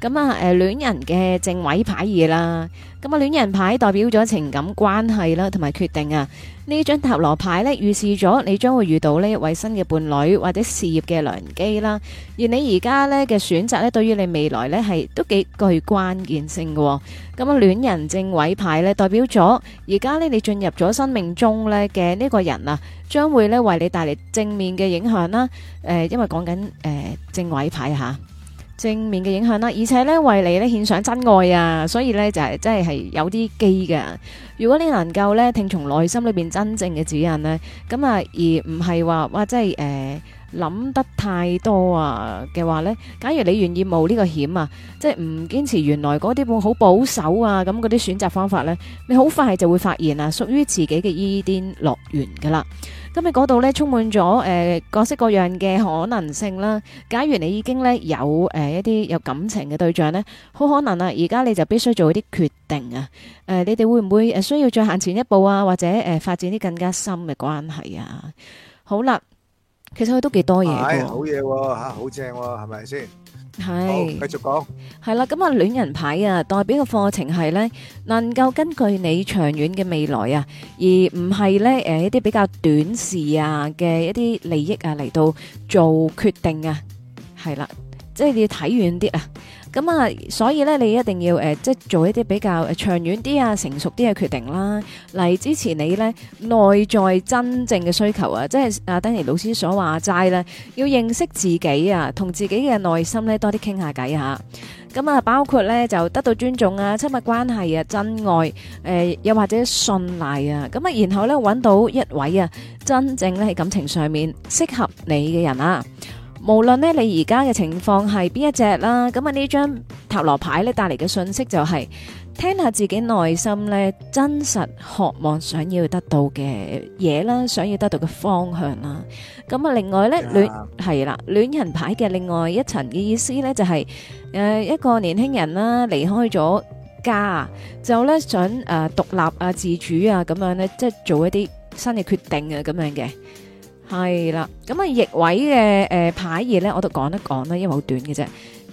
咁啊，誒，戀人嘅正位牌義啦，咁啊戀人牌代表咗情感關係啦，同埋決定啊。呢張塔羅牌咧，預示咗你將會遇到呢一位新嘅伴侶或者事業嘅良機啦，而你而家咧嘅選擇咧，對於你未來咧係都幾具關鍵性嘅。咁啊戀人正位牌咧代表咗而家呢你進入咗生命中咧嘅呢個人啊，將會咧為你帶嚟正面嘅影響啦。誒、呃，因為講緊誒、呃、正位牌吓。正面嘅影響啦，而且咧為你咧獻上真愛啊，所以咧就係真係係有啲機嘅。如果你能夠咧聽從內心裏邊真正嘅指引呢，咁啊而唔係話哇即係誒諗得太多啊嘅話呢，假如你願意冒呢個險啊，即係唔堅持原來嗰啲本好保守啊咁嗰啲選擇方法呢，你好快就會發現啊屬於自己嘅伊甸樂園噶啦。今日嗰度咧充滿咗誒各式各樣嘅可能性啦。假如你已經咧有誒、呃、一啲有感情嘅對象咧，好可能啊，而家你就必須做一啲決定啊。誒、呃，你哋會唔會誒需要再行前一步啊，或者誒、呃、發展啲更加深嘅關係啊？好啦，其實佢都幾多嘢啊。係好嘢喎，吓好正喎，係咪先？是係，繼續講係啦。咁啊，戀人牌啊，代表嘅課程係呢，能夠根據你長遠嘅未來啊，而唔係呢，誒一啲比較短視啊嘅一啲利益啊嚟到做決定啊。係啦，即係你要睇遠啲啊。咁啊，所以咧，你一定要、呃、即做一啲比較長遠啲啊、成熟啲嘅決定啦，嚟支持你咧內在真正嘅需求啊！即係等 d 老師所話齋啦，要認識自己啊，同自己嘅內心咧多啲傾下偈嚇。咁啊，包括咧就得到尊重啊、親密關係啊、真愛、呃、又或者信賴啊。咁啊，然後咧揾到一位啊真正咧喺感情上面適合你嘅人啊！無論咧你而家嘅情況係邊一隻啦，咁啊呢張塔羅牌咧帶嚟嘅信息就係、是、聽下自己內心咧真實渴望想要得到嘅嘢啦，想要得到嘅方向啦。咁啊另外咧戀係啦戀人牌嘅另外一層嘅意思咧就係、是、誒、呃、一個年輕人啦離開咗家，就咧想誒獨、呃、立啊自主啊咁樣咧，即係做一啲新嘅決定啊咁樣嘅。係啦，咁啊逆位嘅、呃、牌意呢，我都講一講啦，因為好短嘅啫。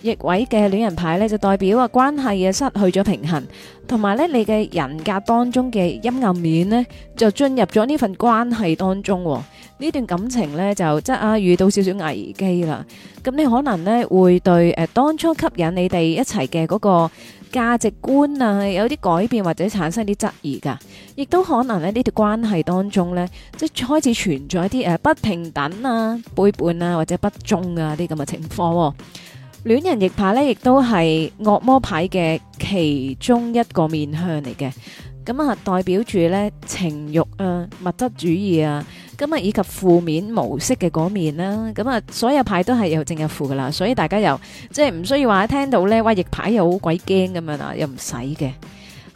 逆位嘅戀人牌呢，就代表啊關係嘅失去咗平衡，同埋呢，你嘅人格當中嘅陰暗面呢，就進入咗呢份關係當中，哦，呢段感情呢，就即係啊遇到少少危機啦。咁你可能呢，會對誒、呃、當初吸引你哋一齊嘅嗰個價值觀啊，有啲改變或者產生啲質疑噶，亦都可能喺呢段關係當中呢，即係開始存在一啲誒不平等啊、背叛啊或者不忠啊啲咁嘅情況啊。戀人逆牌呢，亦都係惡魔牌嘅其中一個面向嚟嘅，咁啊代表住呢情慾啊、物質主義啊。咁啊，以及負面模式嘅嗰面啦，咁啊，所有牌都係有正有負噶啦，所以大家又即係唔需要話聽到咧，喂，逆牌又好鬼驚咁樣呀，又唔使嘅，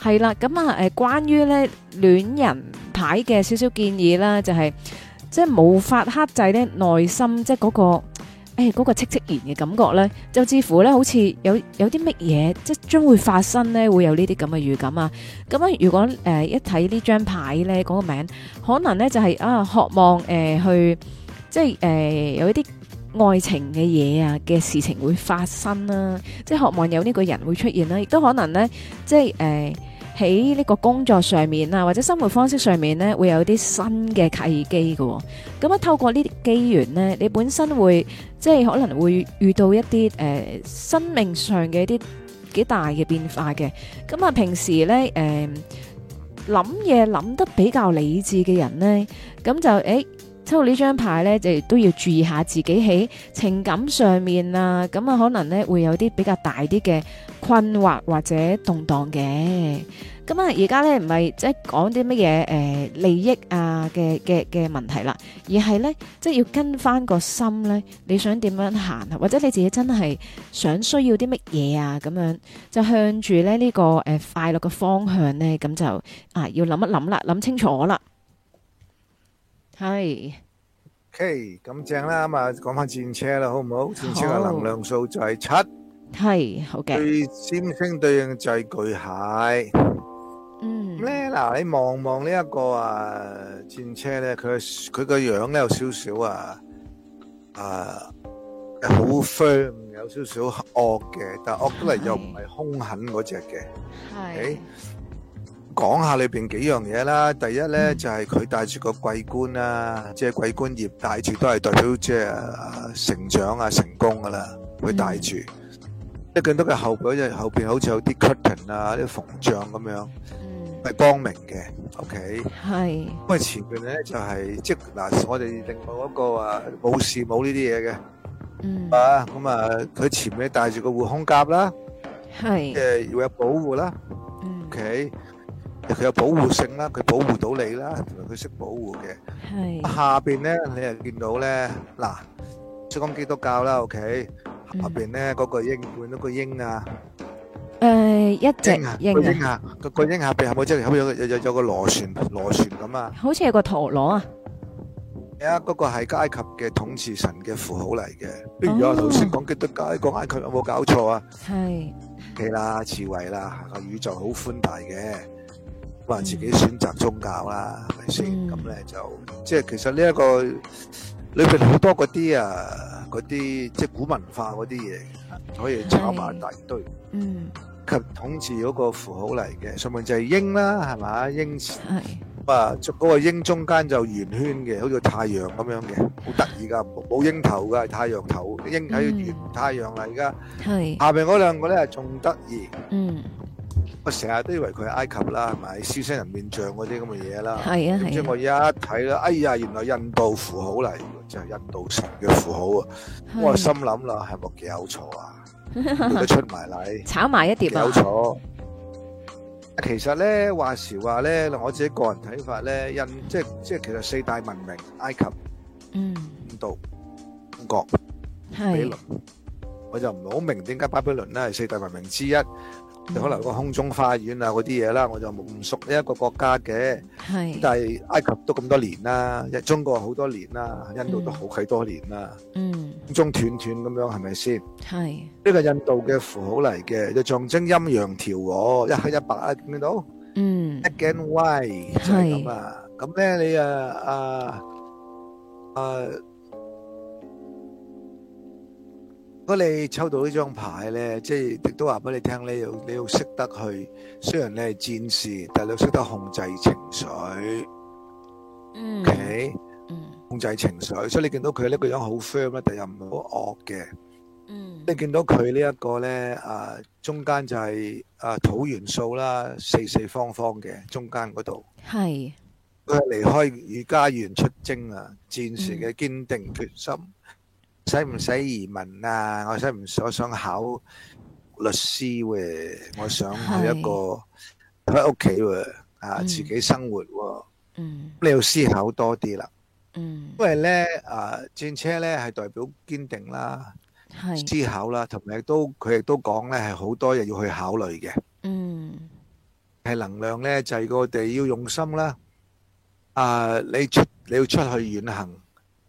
係啦。咁啊，誒，關於咧戀人牌嘅少少建議啦，就係即係無法克制咧，內心即係嗰個。誒、哎，嗰、那個戚戚然嘅感覺咧，就似乎咧好似有有啲乜嘢，即將會發生咧，會有呢啲咁嘅預感啊！咁、嗯、如果誒、呃、一睇呢張牌咧，嗰、那個名可能咧就係、是、啊，渴望誒、呃、去即係誒、呃、有一啲愛情嘅嘢啊嘅事情會發生啦、啊，即係渴望有呢個人會出現啦、啊，亦都可能咧即係誒。呃喺呢個工作上面啊，或者生活方式上面呢，會有啲新嘅契機嘅。咁啊，透過呢啲機緣呢，你本身會即係可能會遇到一啲誒生命上嘅一啲幾大嘅變化嘅。咁啊，平時呢誒諗嘢諗得比較理智嘅人呢，咁就誒。抽呢張牌呢，就都要注意下自己喺情感上面啊，咁啊可能呢會有啲比較大啲嘅困惑或者動盪嘅。咁啊而家呢，唔係即係講啲乜嘢誒利益啊嘅嘅嘅問題啦，而係呢，即係要跟翻個心呢，你想點樣行啊？或者你自己真係想需要啲乜嘢啊？咁樣就向住呢呢個誒快樂嘅方向呢，咁就啊要諗一諗啦，諗清楚啦。係，OK，咁正啦，咁啊，講翻戰車啦，好唔好？戰車嘅能量數就係七，係好嘅。佢占星對應就係巨蟹，嗯，咁咧嗱，你望望呢一個啊戰車咧，佢佢個樣咧有少少啊啊好 firm，有少少惡嘅，但係惡得嚟又唔係凶狠嗰隻嘅，係。講下裏邊幾樣嘢啦，第一咧就係佢帶住個桂冠啦，即係桂冠葉帶住都係代表即係成長啊成功噶啦，佢帶住。即係見到個後背就後邊好似有啲 cutting 啊，啲膨脹咁樣，係光明嘅。O.K. 係，因為前邊咧就係即係嗱，我哋另外一個話冇事冇呢啲嘢嘅。嗯。啊，咁啊，佢前面帶住個護胸甲啦，係，即係要有保護啦。嗯。O.K. 佢有保護性啦，佢保護到你啦，同埋佢識保護嘅。係下邊咧，你又見到咧嗱，即係講基督教啦，OK 下邊咧嗰個鷹，換咗個鷹啊。誒，一隻鷹啊，個鷹啊，個個鷹下邊係咪即係有有有個螺旋螺旋咁啊？好似有個陀螺啊！啊，嗰個係埃及嘅統治神嘅符號嚟嘅。不如我頭先講基督教講埃及有冇搞錯啊？係。O.K. 啦，智慧啦，個宇宙好寬大嘅。話自己選擇宗教啦，係咪先？咁咧就即係其實呢一個裏邊好多嗰啲啊，嗰啲即係古文化嗰啲嘢，可以炒埋一大堆。嗯，及統治嗰個符號嚟嘅，上面就係鷹啦，係咪？鷹啊，嗰個鷹中間就圓圈嘅，好似個太陽咁樣嘅，好得意噶，冇鷹頭噶，太陽頭鷹喺圓太陽嚟噶。係下邊嗰兩個咧係仲得意。嗯。我成日都以為佢係埃及啦，係咪獅身人面像嗰啲咁嘅嘢啦？係啊係。即我一睇啦，啊，哎呀，原來印度符號嚟，真、就、係、是、印度神嘅符號啊！我心諗啦，係咪？幾有錯啊？而 [LAUGHS] 家出埋嚟炒埋一碟啊！有錯？ [LAUGHS] 其實咧，話時話咧，我自己個人睇法咧，印即係即係，其實四大文明，埃及、印、嗯、度、國、巴比倫，我就唔係好明點解巴比倫咧係四大文明之一。可能個空中花園啊嗰啲嘢啦，我就唔熟呢一個國家嘅。係，但係埃及都咁多年啦，中國好多年啦，印度都好幾多年啦。嗯，仲斷斷咁樣係咪先？係。呢個印度嘅符號嚟嘅，就象徵陰陽調和，一黑一白啊，見唔見到？嗯。Again why 係咁啊，咁咧你啊啊啊！如果你抽到呢張牌咧，即係亦都話俾你聽咧，你要你要識得去。雖然你係戰士，但係你要識得控制情緒。嗯。O.K. 嗯。控制情緒，所以你見到佢呢個樣好 firm 啦，但係又唔好惡嘅。嗯。你見到佢呢一個咧，啊，中間就係啊土元素啦，四四方方嘅中間嗰度。係。佢係離開與家園出征啊！戰士嘅堅定決心。使唔使移民啊？我使唔想，我想考律師喎。我想去一個喺屋企喎，啊，自己生活喎。嗯，你要思考多啲啦。嗯，因為咧，啊，戰車咧係代表堅定啦，思考啦，同埋都佢亦都講咧係好多嘢，要去考慮嘅。嗯，係能量咧就係我哋要用心啦。啊，你出你要出去遠行。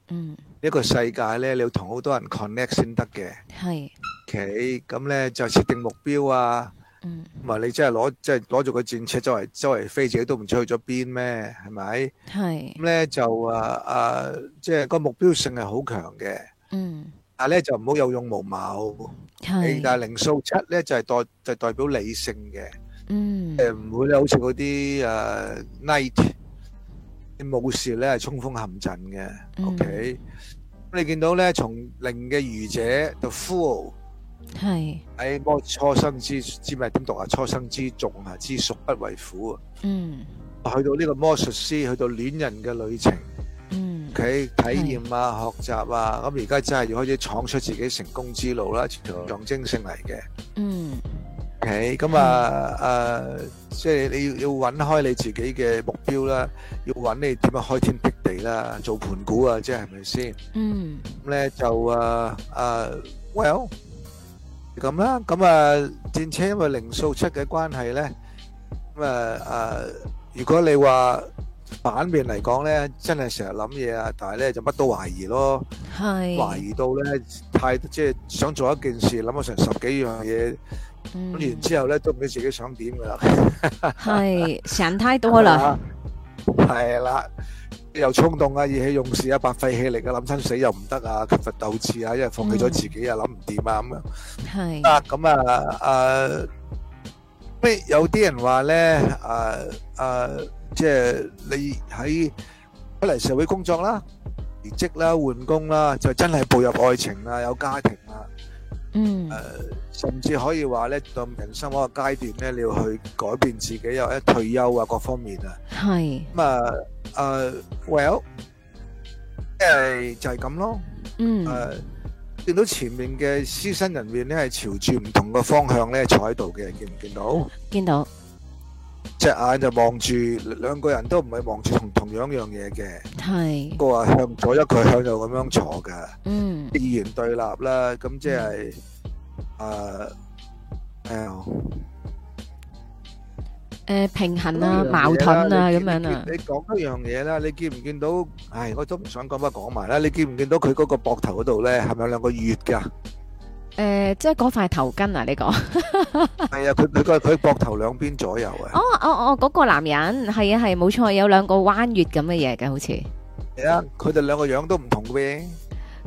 嗯。一個世界咧，你要同好多人 connect 先得嘅。係。OK，咁咧就設定目標啊。嗯。咁啊，你即係攞即係攞住個戰車周圍周圍飛，自己都唔出去咗邊咩？係咪？係。咁咧就啊啊，即係個目標性係好強嘅。嗯。但係咧就唔好有勇無謀。係。但係零數七咧就係代就係代表理性嘅。嗯。誒唔會咧，好似嗰啲誒 night，你武士咧係衝鋒陷陣嘅。嗯。OK。咁你見到咧，從零嘅愚者到 fool 係喺魔初生之知咪？點讀啊？初生之犢啊，之犢不畏虎啊。嗯，去到呢個魔術師，去到戀人嘅旅程，嗯，佢、okay？體驗啊，學習啊，咁而家真係要開始闖出自己成功之路啦，全象徵性嚟嘅。嗯。OK，咁啊，誒，即係你要要揾開你自己嘅目標啦，要揾你點樣開天闢地啦，做盤古啊，即係係咪先？嗯，咁咧就誒誒，Well，咁啦，咁啊戰車因為零數七嘅關係咧，咁啊誒，如果你話反面嚟講咧，真係成日諗嘢啊，但係咧就乜都懷疑咯，係懷疑到咧太即係想做一件事，諗咗成十幾樣嘢。咁然之後咧，都唔知自己想點噶啦，係想太多啦，係啦，又衝動啊，意氣用事啊，白費氣力啊，諗親死又唔得啊，缺乏鬥志啊，因為放棄咗自己又諗唔掂啊，咁樣係啊，咁啊，誒，咩有啲人話咧，誒誒，即係你喺出嚟社會工作啦，辭職啦，換工啦，就真係步入愛情啦，有家庭啦。嗯，誒，甚至可以話咧，到人生嗰個階段咧，你要去改變自己，又一退休啊，各方面啊，係咁啊，誒，Well，即係就係咁咯，嗯，誒，見到前面嘅獅身人面咧，係朝住唔同嘅方向咧坐喺度嘅，見唔見到？見到。隻眼就望住，兩個人都唔係望住同同樣樣嘢嘅。係。個話向左，一個向右咁樣坐㗎。嗯。二元對立啦，咁即係，誒，誒，誒平衡啊，矛盾啊，咁樣啊。你講一樣嘢啦，你見唔見到？唉，我都唔想講乜講埋啦。你見唔見到佢嗰個膊頭嗰度咧，係咪有兩個月㗎？誒，即係嗰塊頭巾啊！呢個係啊，佢佢個佢膊頭兩邊左右啊。哦哦哦，嗰個男人係啊係，冇錯，有兩個彎月咁嘅嘢嘅，好似係啊。佢哋兩個樣都唔同嘅。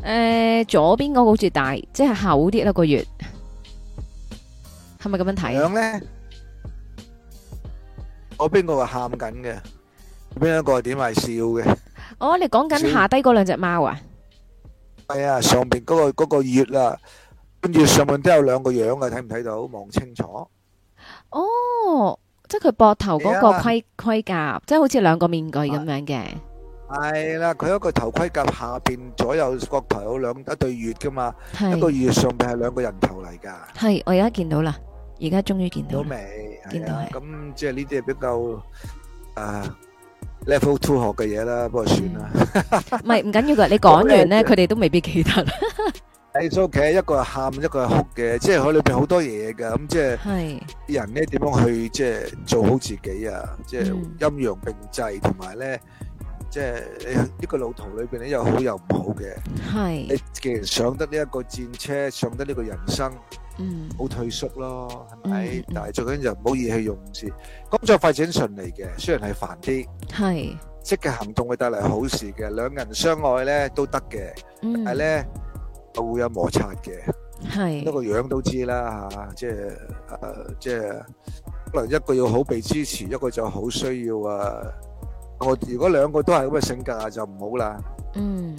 誒，左邊個好似大，即係厚啲啦，個月係咪咁樣睇？樣咧，嗰邊個話喊緊嘅，邊一個係點係笑嘅？哦，你講緊下低嗰兩隻貓啊？係啊，上邊嗰個嗰個月啊。跟住上面都有兩個樣嘅，睇唔睇到？望清楚。哦，即係佢膊頭嗰個盔盔甲，即係好似兩個面具咁樣嘅。係啦，佢一個頭盔甲下邊左右膊頭有兩一對月噶嘛，一個月上邊係兩個人頭嚟噶。係，我而家見到啦，而家終於見到。到未？見到係。咁即係呢啲係比較啊 level two 學嘅嘢啦，不過算啦。唔係，唔緊要噶，你講完咧，佢哋都未必記得。喺屋企一個係喊一個係哭嘅，即係佢裏邊好多嘢噶，咁即係人咧點樣去即係做好自己啊？即係陰陽並濟，同埋咧即係呢個路途裏邊咧有好有唔好嘅。係你既然上得呢一個戰車，上得呢個人生，嗯，冇退縮咯，係咪？但係最緊要唔好意氣用事。工作發展順利嘅，雖然係煩啲，係積極行動會帶嚟好事嘅。兩人相愛咧都得嘅，但係咧。會有摩擦嘅，一個樣都知啦吓、啊，即係誒、啊，即係可能一個要好被支持，一個就好需要啊。我如果兩個都係咁嘅性格啊，就唔好啦。嗯，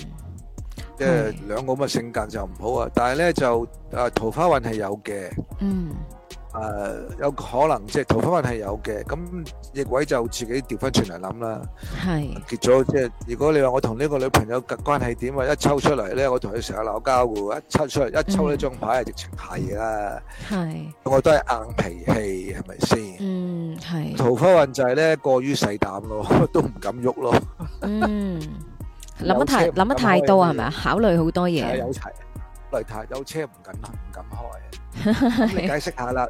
即係兩個咁嘅性格就唔好啊。但係咧就誒、啊，桃花運係有嘅。嗯。誒，有可能即係桃花運係有嘅，咁逆位就自己調翻轉嚟諗啦。係結咗即係，如果你話我同呢個女朋友嘅關係點啊，一抽出嚟咧，我同佢成日鬧交嘅，一抽出嚟，一抽呢張牌係直情係啦。係我都係硬脾氣，係咪先？嗯，係桃花運就係咧過於細膽咯，都唔敢喐咯。嗯，諗得太諗得太多啊，係咪啊？考慮好多嘢，有齊嚟睇，有車唔敢唔敢開。咁你解釋下啦。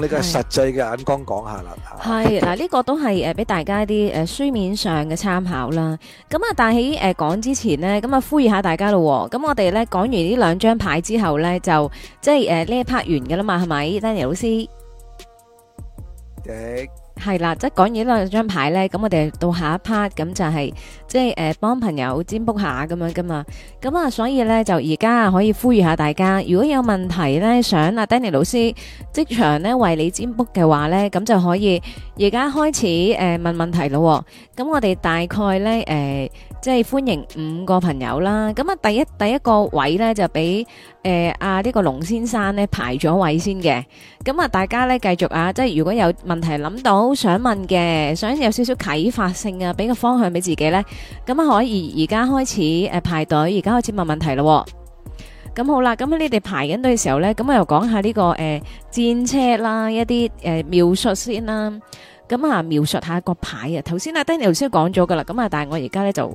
呢個係實際嘅眼光講下啦，係嗱呢個都係誒俾大家一啲誒書面上嘅參考啦。咁啊，但喺誒講之前呢，咁啊呼籲下大家咯。咁我哋咧講完呢兩張牌之後咧，就即係誒呢一 part 完噶啦嘛，係咪，Danny 老師？ [MUSIC] 係啦，即係講完呢兩張牌呢，咁我哋到下一 part，咁就係、是、即係誒幫朋友占卜下咁樣噶嘛，咁啊所以呢，就而家可以呼籲下大家，如果有問題呢，想阿 Danny 老師即場呢為你占卜嘅話呢，咁就可以而家開始誒、呃、問問題咯、哦，咁我哋大概呢。誒、呃。即係歡迎五個朋友啦，咁啊第一第一個位咧就俾誒阿呢個龍先生咧排咗位先嘅，咁啊大家咧繼續啊，即係如果有問題諗到想問嘅，想有少少啟發性啊，俾個方向俾自己咧，咁啊可以而家開始誒排隊，而家開始問問題咯，咁好啦，咁你哋排緊隊嘅時候咧，咁我又講下呢個誒戰車啦，一啲誒描述先啦，咁啊描述下個牌啊，頭先阿 Danny 先講咗噶啦，咁啊但係我而家咧就。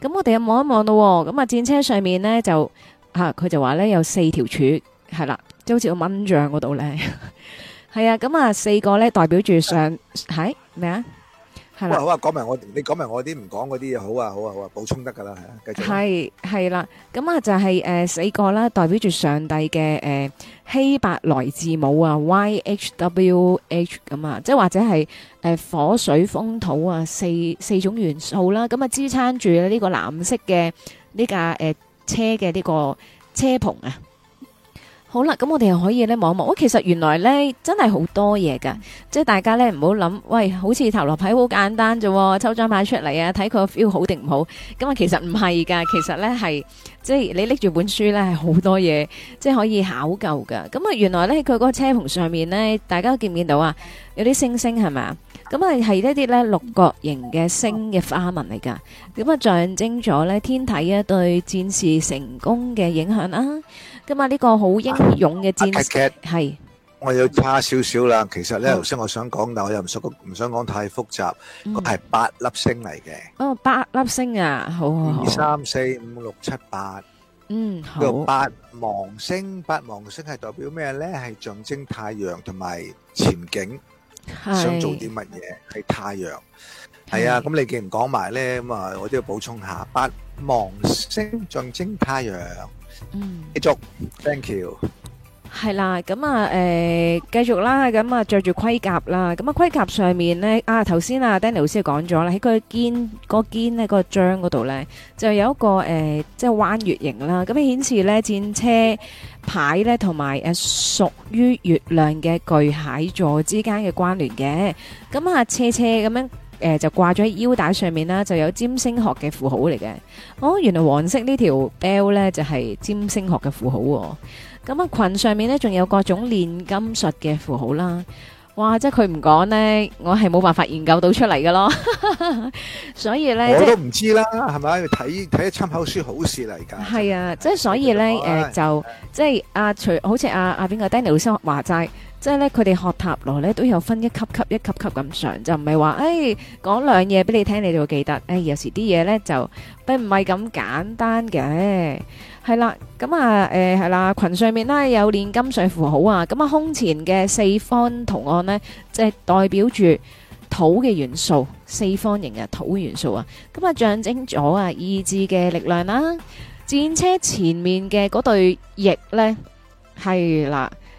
咁我哋又望一望咯、哦，咁啊戰車上面呢，就吓佢，啊、就話呢，有四條柱係啦，即好似個蚊帳嗰度呢，係 [LAUGHS] 啊，咁啊四個呢，代表住上係咩啊？係啦，好啊，講埋我，你講埋我啲唔講嗰啲嘢，好啊，好啊，好啊，補充得㗎喇，係啊，繼續。係係啦，咁啊就係、是、誒、呃、四個啦，代表住上帝嘅誒希伯來字母啊 Y H W H 咁啊，即係或者係誒、呃、火水風土啊四四種元素啦，咁啊支撐住呢個藍色嘅呢架誒車嘅呢個車篷啊。好啦，咁我哋又可以咧望一望。其實原來咧真係好多嘢噶，即係大家咧唔好諗，喂，好似頭落牌好簡單咋，抽張牌出嚟啊，睇佢個 feel 好定唔好。咁啊，其實唔係噶，其實咧係，即係你拎住本書咧係好多嘢，即係可以考究噶。咁啊，原來咧佢嗰個車篷上面咧，大家都見唔見到啊？有啲星星係咪，咁啊係呢啲咧六角形嘅星嘅花紋嚟噶，咁啊象徵咗咧天體一對戰士成功嘅影響啦、啊。今日！呢個好英勇嘅戰士係，我要差少少啦。其實咧，頭先我想講，但係我又唔熟，唔想講太複雜。個係八粒星嚟嘅。哦，八粒星啊，好好好。二三四五六七八，嗯，好。個八芒星，八芒星係代表咩咧？係象徵太陽同埋前景，想做啲乜嘢？係太陽。係啊，咁你既然講埋咧，咁啊，我都要補充下，八芒星象徵太陽。嗯，繼續，thank you 係啦，咁、嗯、啊，誒，繼續啦，咁啊，着住盔甲啦，咁啊，盔甲上面呢，啊，頭先啊，Danny 老師又講咗啦，喺佢肩、嗰個肩呢嗰個章嗰度呢，就有一個誒，即係彎月形啦，咁顯示呢，戰車牌呢，同埋誒屬於月亮嘅巨蟹座之間嘅關聯嘅，咁啊，車車咁樣。誒、呃，就掛咗喺腰帶上面啦，就有占星學嘅符號嚟嘅。哦，原來黃色條呢條 L 咧就係、是、占星學嘅符號，哦。咁、嗯、啊，裙上面咧仲有各種煉金術嘅符號啦。哇，即係佢唔講咧，我係冇辦法研究到出嚟噶咯。 [LAUGHS] 所以咧，我都唔知啦，係咪睇睇參考書好事嚟噶？係啊，即係所以咧，誒、哎呃，就即係阿除，好似阿阿邊個 Danny 老師話齋。即係咧，佢哋學塔羅咧都有分一級級、一級級咁上，就唔係話誒講兩嘢俾你聽，你就會記得。誒，有時啲嘢咧就並唔係咁簡單嘅。係啦，咁啊誒係啦，裙上面咧有煉金術符號啊。咁啊胸前嘅四方圖案咧，即係代表住土嘅元素，四方形嘅土元素啊。咁啊象徵咗啊意志嘅力量啦。戰車前面嘅嗰對翼咧，係啦。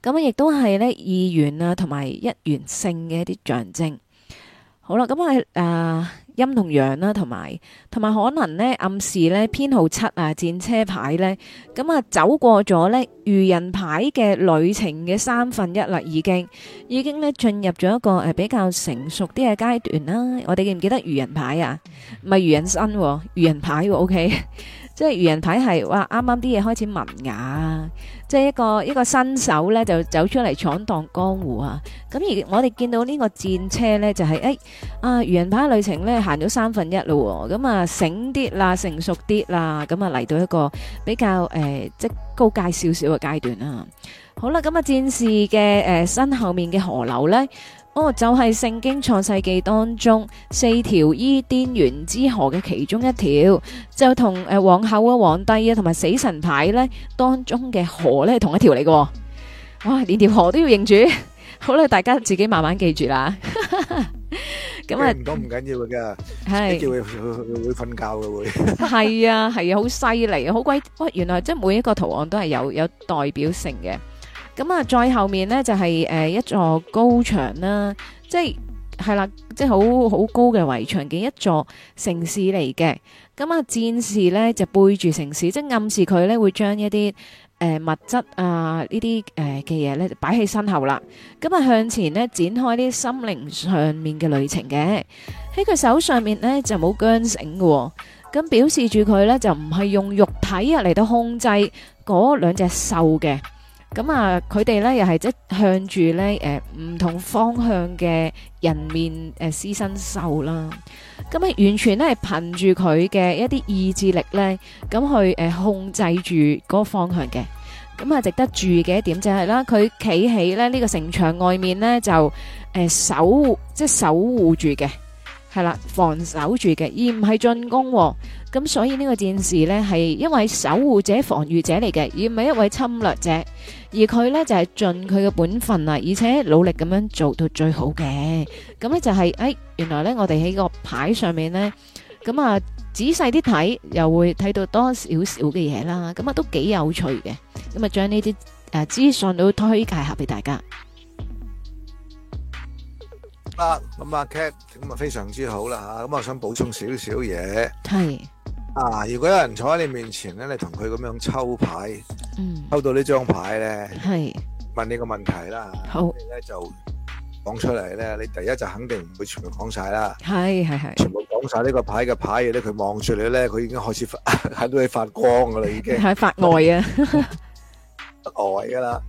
咁啊，亦都係呢二元啊，同埋一元性嘅一啲象徵。好啦，咁、嗯、啊，誒，陰同陽啦，同埋同埋可能呢暗示呢，編號七啊戰車牌呢。咁啊走過咗呢愚人牌嘅旅程嘅三分一啦已經，已經呢進入咗一個誒比較成熟啲嘅階段啦。我哋記唔記得愚人牌啊？唔係愚人生，愚人牌，OK。即係愚人牌係哇，啱啱啲嘢開始文雅啊！即係一個一個新手咧就走出嚟闖蕩江湖啊！咁而我哋見到呢個戰車咧就係誒啊愚人牌嘅旅程咧行咗三分一嘞喎！咁啊醒啲啦，成熟啲啦，咁啊嚟到一個比較誒即係高階少少嘅階段啦。好啦，咁啊戰士嘅誒身後面嘅河流咧。哦，就係聖經創世紀當中四條伊甸園之河嘅其中一條，就同誒皇后啊皇帝啊，同埋死神牌咧當中嘅河咧係同一條嚟嘅，哇連條河都要認住，好啦，大家自己慢慢記住啦。咁啊唔講唔緊要噶，係會會會瞓覺嘅會。係啊係啊，好犀利啊，好鬼，原來即係每一個圖案都係有有代表性嘅。咁啊，再後面呢就係、是、誒、呃、一座高牆啦，即係係啦，即係好好高嘅圍牆嘅一座城市嚟嘅。咁啊，戰士呢就背住城市，即係暗示佢呢會將一啲誒、呃、物質啊、呃、呢啲誒嘅嘢呢擺喺身後啦。咁啊向前呢展開啲心靈上面嘅旅程嘅。喺佢手上面呢就冇韁繩嘅，咁表示住佢呢就唔係用肉體啊嚟到控制嗰兩隻獸嘅。咁啊，佢哋咧又係即向住咧誒唔同方向嘅人面誒獅身獸啦，咁啊完全咧係憑住佢嘅一啲意志力咧，咁去誒控制住嗰個方向嘅。咁啊，值得注意嘅一點就係啦，佢企喺咧呢個城牆外面咧就誒守即、即係、守護住嘅。係啦，防守住嘅，而唔係進攻哦。咁所以呢個戰士呢，係一位守護者、防禦者嚟嘅，而唔係一位侵略者。而佢呢，就係、是、盡佢嘅本分啊，而且努力咁樣做到最好嘅。咁呢、就是，就係，誒，原來呢，我哋喺個牌上面呢，咁啊仔細啲睇又會睇到多少少嘅嘢啦。咁啊都幾有趣嘅。咁啊將呢啲誒資訊都推介下俾大家。咁阿 c a t 咁啊，啊 Cat，非常之好啦吓。咁、嗯、我想補充少少嘢。係啊，如果有人坐喺你面前咧，你同佢咁樣抽牌，嗯，抽到張呢張牌咧，係問你個問題啦。好咧，就講出嚟咧，你第一就肯定唔會全部講晒啦。係係係，全部講晒呢個牌嘅牌嘢咧，佢望住你咧，佢已經開始喺度你發光噶啦，已經喺發呆呀！發呆噶啦。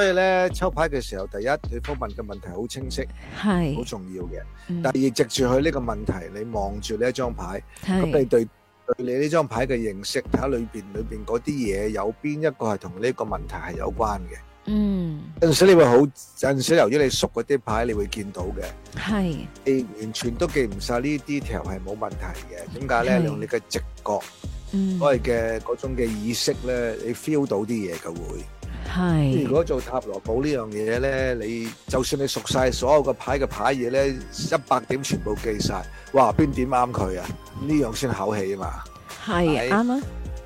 所以咧，抽牌嘅時候，第一對方問嘅問題好清晰，係好重要嘅。第二，藉住佢呢個問題，你望住呢一張牌，咁你對對你呢張牌嘅認識，睇下裏邊裏邊嗰啲嘢有邊一個係同呢個問題係有關嘅。嗯，陣時你會好，陣時由於你熟嗰啲牌，你會見到嘅。係你完全都記唔晒呢啲 detail 係冇問題嘅。點解咧？用你嘅直覺，我哋嘅嗰種嘅意識咧，你 feel 到啲嘢佢會。係，如果做塔羅寶呢樣嘢咧，你就算你熟晒所有個牌嘅牌嘢咧，一百點全部記晒，哇，邊點啱佢啊？呢樣先考起啊嘛，係啱啊。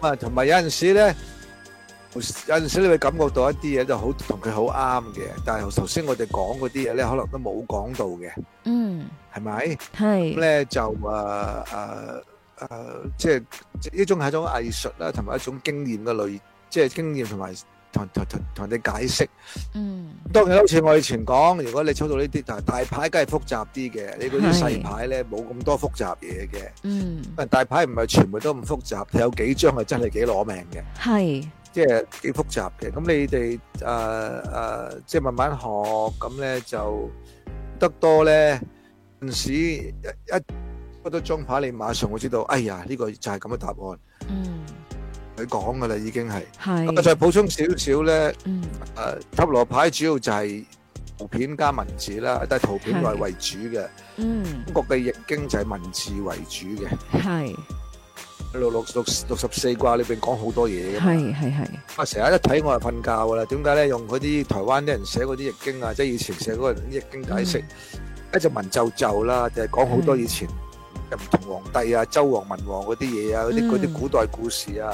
咁啊，同埋有陣時咧，有陣時你會感覺到一啲嘢就好同佢好啱嘅，但係頭先我哋講嗰啲嘢咧，可能都冇講到嘅。嗯，係咪？係咁咧就誒誒誒，即係呢種係一種藝術啦，同埋一種經驗嘅類，即係經驗同埋。同同同同你解釋，嗯，當然好似我以前講，如果你抽到呢啲就係大牌，梗係複雜啲嘅，你嗰啲細牌咧冇咁多複雜嘢嘅，嗯，大牌唔係全部都咁複雜，有幾張係真係幾攞命嘅，係，即係幾複雜嘅，咁你哋啊啊，即係慢慢學，咁咧就得多咧陣時一一攞到張牌，你馬上會知道，哎呀，呢個就係咁嘅答案，嗯。佢講㗎啦，已經係。咁我再補充少少咧。嗯。誒，塔羅牌主要就係圖片加文字啦，但係圖片就係為主嘅。嗯。中國嘅易經就係、是、文字為主嘅。係。六六六六十四卦裏邊講好多嘢嘅。係係係。啊、看我成日一睇我係瞓覺㗎啦，點解咧？用嗰啲台灣啲人寫嗰啲易經啊，即係以前寫嗰個易經解釋，一隻文皺皺啦，就係講好多以前。唔同皇帝啊、周王、文王嗰啲嘢啊、嗰啲嗰啲古代故事啊，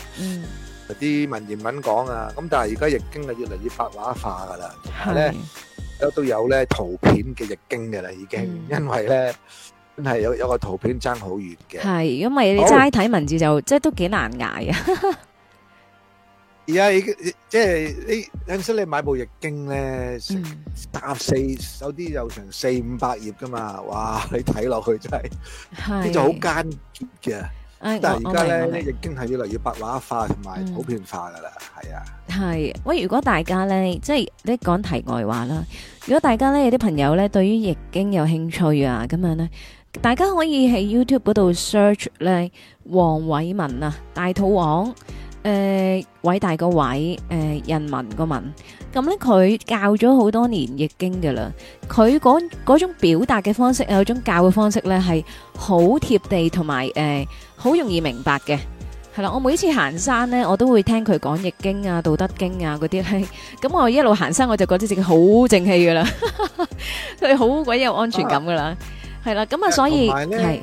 嗰啲文言文講啊，咁但係而家易經係越嚟越白話化噶啦，咧都都有咧圖片嘅易經噶啦已經，因為咧真係有有個圖片爭好遠嘅，係因為你齋睇文字就即係都幾難捱啊。而家已經即係你，啱先你買部《易經》咧，搭四有啲有成四五百頁噶嘛，哇！你睇落去真係，呢就好艱澀嘅。但係而家咧，《易經》係越嚟越白話化同埋普遍化噶啦，係啊。係，喂！如果大家咧，即係你講題外話啦。如果大家咧有啲朋友咧對於《易經》有興趣啊，咁樣咧，大家可以喺 YouTube 嗰度 search 咧黃偉文啊，《大肚王》。誒、呃，偉大個偉，誒、呃，人民個民，咁咧佢教咗好多年易經噶啦，佢嗰嗰種表達嘅方式有嗰種教嘅方式咧係好貼地同埋誒，好、呃、容易明白嘅，係啦，我每一次行山咧，我都會聽佢講易經啊、道德經啊嗰啲咧，咁我一路行山，我就覺得自己好正氣噶啦，佢好鬼有安全感噶啦，係、啊、啦，咁啊所以係。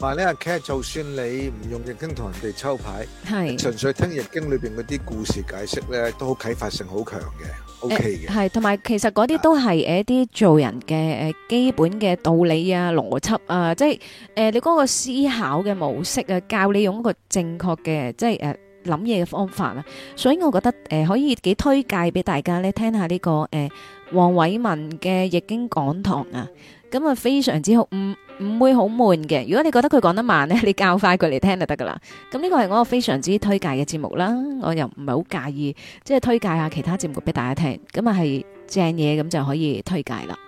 埋呢阿 Cat 就算你唔用易經同人哋抽牌，係純粹聽易經裏面嗰啲故事解釋咧，都好啟發性好強嘅、欸、，OK 嘅。係，同埋其實嗰啲都係一啲做人嘅基本嘅道理啊、邏輯啊，即係、呃、你嗰個思考嘅模式啊，教你用一個正確嘅即係諗嘢嘅方法啊。所以我覺得、呃、可以幾推介俾大家咧聽下呢、呢個誒黃、呃、偉文嘅易經講堂啊。咁啊，非常之好，唔唔會好悶嘅。如果你覺得佢講得慢呢，你教快佢嚟聽就得噶啦。咁呢個係我非常之推介嘅節目啦，我又唔係好介意，即係推介下其他節目俾大家聽。咁啊係正嘢，咁就可以推介啦。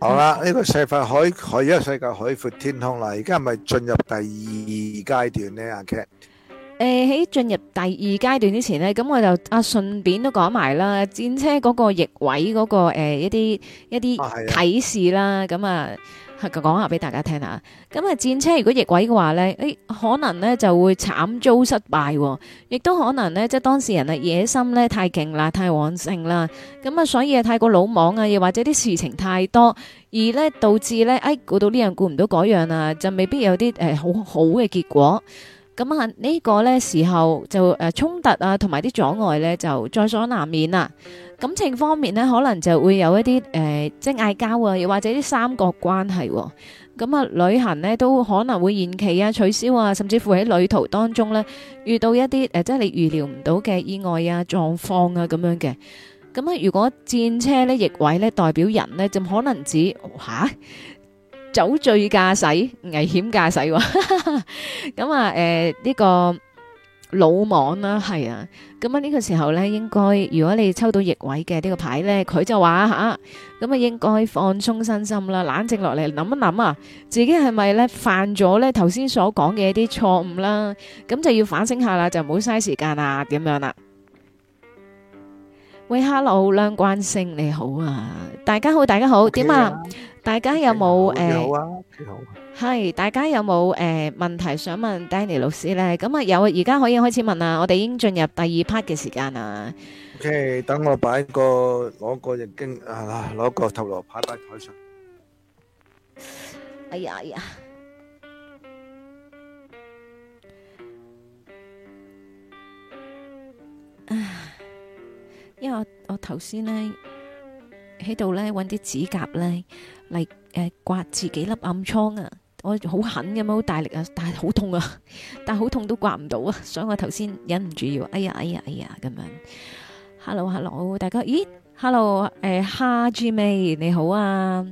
好啦，呢個世界海海一個世界海闊天空啦，而家係咪進入第二階段呢？阿 Ken？誒、欸，喺進入第二階段之前呢，咁我就啊順便都講埋啦，戰車嗰個逆位嗰、那個誒、欸、一啲一啲啟示啦，咁啊係講下俾大家聽下。咁啊戰車如果逆位嘅話呢，誒、欸、可能呢就會慘遭失敗、啊，亦都可能呢，即係當事人啊野心呢太勁啦，太旺盛啦，咁啊所以太過魯莽啊，又或者啲事情太多，而呢導致呢，誒、哎、估到呢樣估唔到嗰樣啊，就未必有啲誒、欸、好好嘅結果。咁啊呢個呢時候就誒衝突啊，同埋啲阻礙呢，就在所難免啦。感情方面呢，可能就會有一啲誒、呃、即係嗌交啊，又或者啲三角關係。咁啊旅行呢都可能會延期啊、取消啊，甚至乎喺旅途當中呢，遇到一啲誒即係你預料唔到嘅意外啊、狀況啊咁樣嘅。咁啊如果戰車呢，逆位呢，代表人呢，就可能指吓。啊酒醉駕駛、危險駕駛喎，咁啊，誒呢個魯莽啦，係啊，咁啊呢個時候咧，應該如果你抽到逆位嘅呢個牌咧，佢就話吓，咁啊應該放鬆身心啦，冷靜落嚟諗一諗啊，自己係咪咧犯咗咧頭先所講嘅一啲錯誤啦，咁就要反省下啦，就唔好嘥時間啦，點樣啦？喂，Hello，梁冠星你好啊，大家好，大家好，點啊？大家有冇誒？有啊，有。係，大家有冇誒問題想問 Danny 老師咧？咁啊，有，而家可以開始問啦。我哋已經進入第二 part 嘅時間啦。OK，等我擺個攞個已經啊，攞個塔羅牌擺喺台上。哎呀哎呀，啊，因為我我頭先咧喺度咧搵啲指甲咧。嚟誒、呃、刮自己粒暗瘡啊！我好狠咁樣，好大力啊！但係好痛啊！ [LAUGHS] 但係好痛都刮唔到啊！所以我頭先忍唔住要，哎呀哎呀哎呀咁樣。Hello Hello，大家咦？Hello 誒、呃、哈 J 咪你好啊！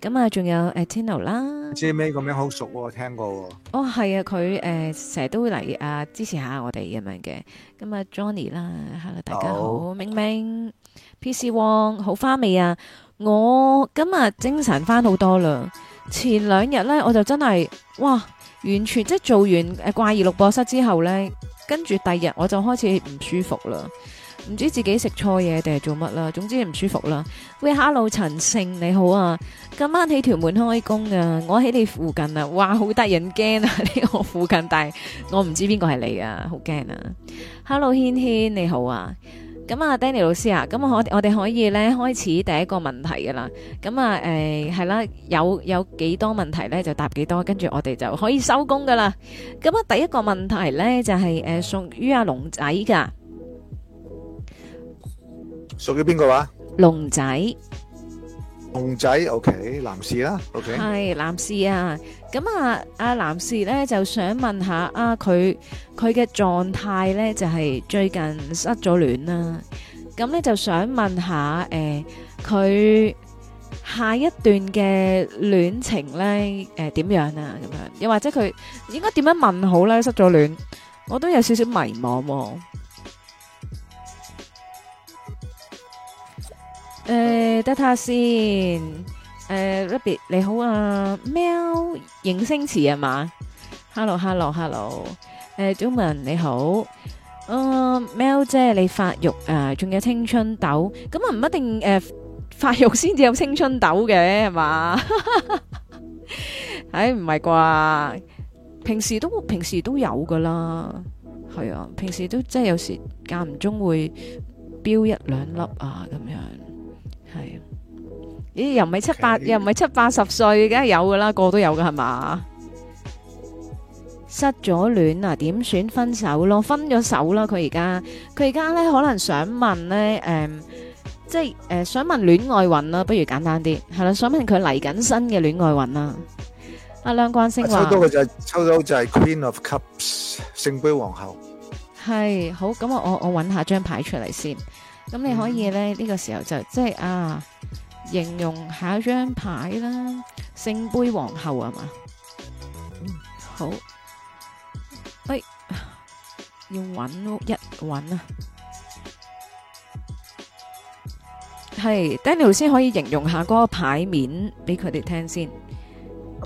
咁啊，仲有 Atino 啦。J 咪咁樣好熟喎，我聽過喎。哦，係啊，佢誒成日都會嚟啊，支持下我哋咁樣嘅。咁啊，Johnny 啦，Hello 大家好，hello。明明 PC 王好花未啊？我今日精神翻好多啦！前兩日呢，我就真係哇，完全即係做完誒、呃、怪異錄播室之後呢，跟住第二日我就開始唔舒服啦，唔知自己食錯嘢定係做乜啦，總之唔舒服啦。喂，hello 陳勝你好啊，今晚喺屯門開工啊，我喺你附近啊，哇好得人驚啊！你 [LAUGHS] 我附近大，但我唔知邊個係你啊，好驚啊！Hello 軒軒你好啊！咁啊，Danny 老師啊，咁我我哋可以咧開始第一個問題噶啦。咁啊，誒係啦，有有幾多問題咧就答幾多，跟住我哋就可以收工噶啦。咁啊，第一個問題咧就係誒屬於阿龍仔噶，屬於邊個話？龍仔。雄仔，OK，男士啦，OK，係男士啊，咁啊，阿男士咧就想問下啊，佢佢嘅狀態咧就係、是、最近失咗戀啦，咁咧就想問下誒，佢、呃、下一段嘅戀情咧誒點樣啊？咁樣，又或者佢應該點樣問好咧？失咗戀，我都有少少迷茫喎、哦。誒、呃，得下先。誒、呃、，Ruby 你好啊，喵，影星詞啊嘛？Hello，Hello，Hello。誒，小文、uh, 你好。嗯、uh,，喵姐你發育啊，仲有青春痘，咁啊唔一定誒、呃，發育先至有青春痘嘅係嘛？唉，唔係啩？平時都平時都有噶啦，係啊，平時都即係有時間唔中會飆一兩粒啊，咁樣。咦、哎，又唔係七八，okay. 又唔係七八十歲，梗係有噶啦，個都有噶係嘛？失咗戀啊？點算分手咯？分咗手啦！佢而家，佢而家咧可能想問咧，誒、嗯，即係誒、呃，想問戀愛運啦，不如簡單啲，係啦，想問佢嚟緊新嘅戀愛運啦。阿梁冠星話抽到嘅就係秋秋，就係 Queen of Cups，聖杯皇后。係好，咁我我我揾下張牌出嚟先。咁你可以咧呢、嗯，這個時候就即係啊。形容下張牌啦，聖杯皇后係嘛？好，喂，要揾一揾啊，係 Danny 先可以形容下嗰個牌面俾佢哋聽先。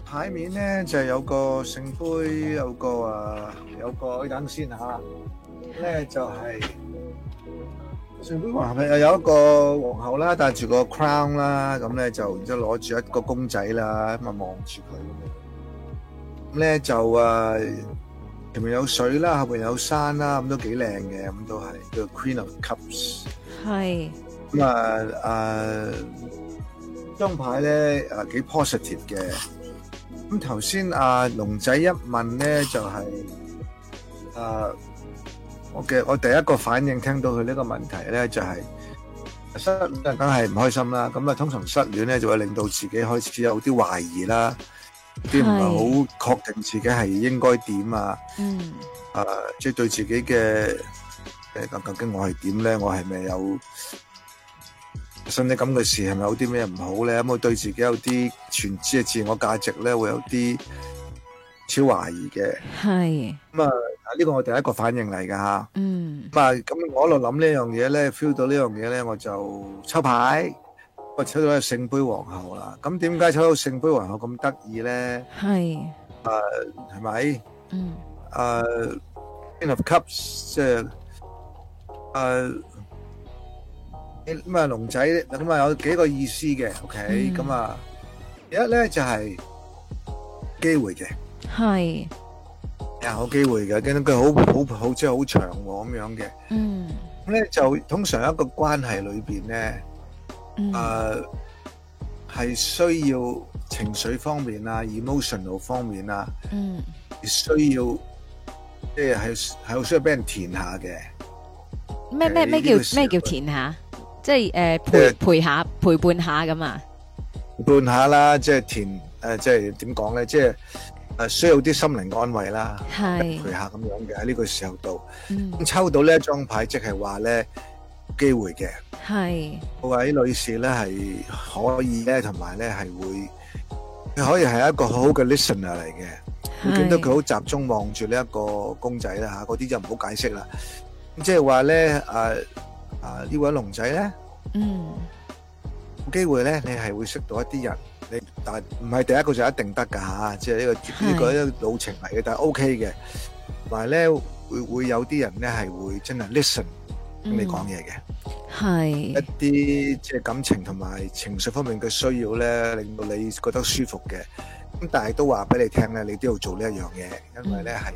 牌面咧就有個聖杯，有個啊，有個等等先吓，咧就係。上邊還係，又有一個皇后啦，戴住個 crown 啦，咁咧就然之後攞住一個公仔啦，咁啊望住佢咁，咧就啊前面有水啦，後邊有山啦，咁都幾靚嘅，咁都係叫 Queen of Cups。係咁啊，誒，張牌咧誒幾 positive 嘅。咁頭先阿龍仔一問咧就係誒。我嘅，我第一個反應聽到佢呢個問題咧，就係、是、失戀梗係唔開心啦。咁啊，通常失戀咧就會令到自己開始有啲懷疑啦，啲唔係好確定自己係應該點啊。嗯。啊，即、就、係、是、對自己嘅誒，嗱，究竟我係點咧？我係咪有身體咁嘅事是不是不？係咪有啲咩唔好咧？咁啊，對自己有啲全知嘅自我價值咧，會有啲。超懷疑嘅，係咁啊！呢個我第一個反應嚟㗎吓，嗯，咁啊，咁我喺度諗呢樣嘢咧，feel 到呢樣嘢咧，我就抽牌，我抽到聖杯皇后啦。咁點解抽到聖杯皇后咁得意咧？係，誒，係咪？嗯，誒，Queen of Cups 即係誒，咁啊龍仔，咁啊有幾個意思嘅？OK，咁啊，一咧就係機會嘅。係，有好機會嘅，跟住佢好好好即係好長咁樣嘅。嗯，咁咧就通常一個關係裏邊咧，誒、嗯、係、呃、需要情緒方面啊，emotional 方面啊，嗯，需要即係係係好需要俾人填下嘅。咩咩咩叫咩叫填下？即係誒陪陪下、呃、陪伴下咁啊。陪伴下啦，即、就、係、是、填誒，即係點講咧？即、就、係、是。啊，需要啲心靈安慰啦，陪下咁樣嘅。喺呢個時候度，抽到呢一張牌，即係話咧，機會嘅，位女士咧係可以咧，同埋咧係會，可以係一個好好嘅 listener 嚟嘅。見到佢好集中望住呢一個公仔啦吓，嗰啲就唔好解釋啦，即係話咧，啊啊呢位龍仔咧，機會咧，你係會識到一啲人。你但唔係第一個就一定得㗎吓，即係呢個呢個老情迷嘅，但係 OK 嘅。同埋咧，會會有啲人咧係會真係 listen 你講嘢嘅，係一啲即係感情同埋情緒方面嘅需要咧，令到你覺得舒服嘅。咁但係都話俾你聽咧，你都要做呢一樣嘢，因為咧係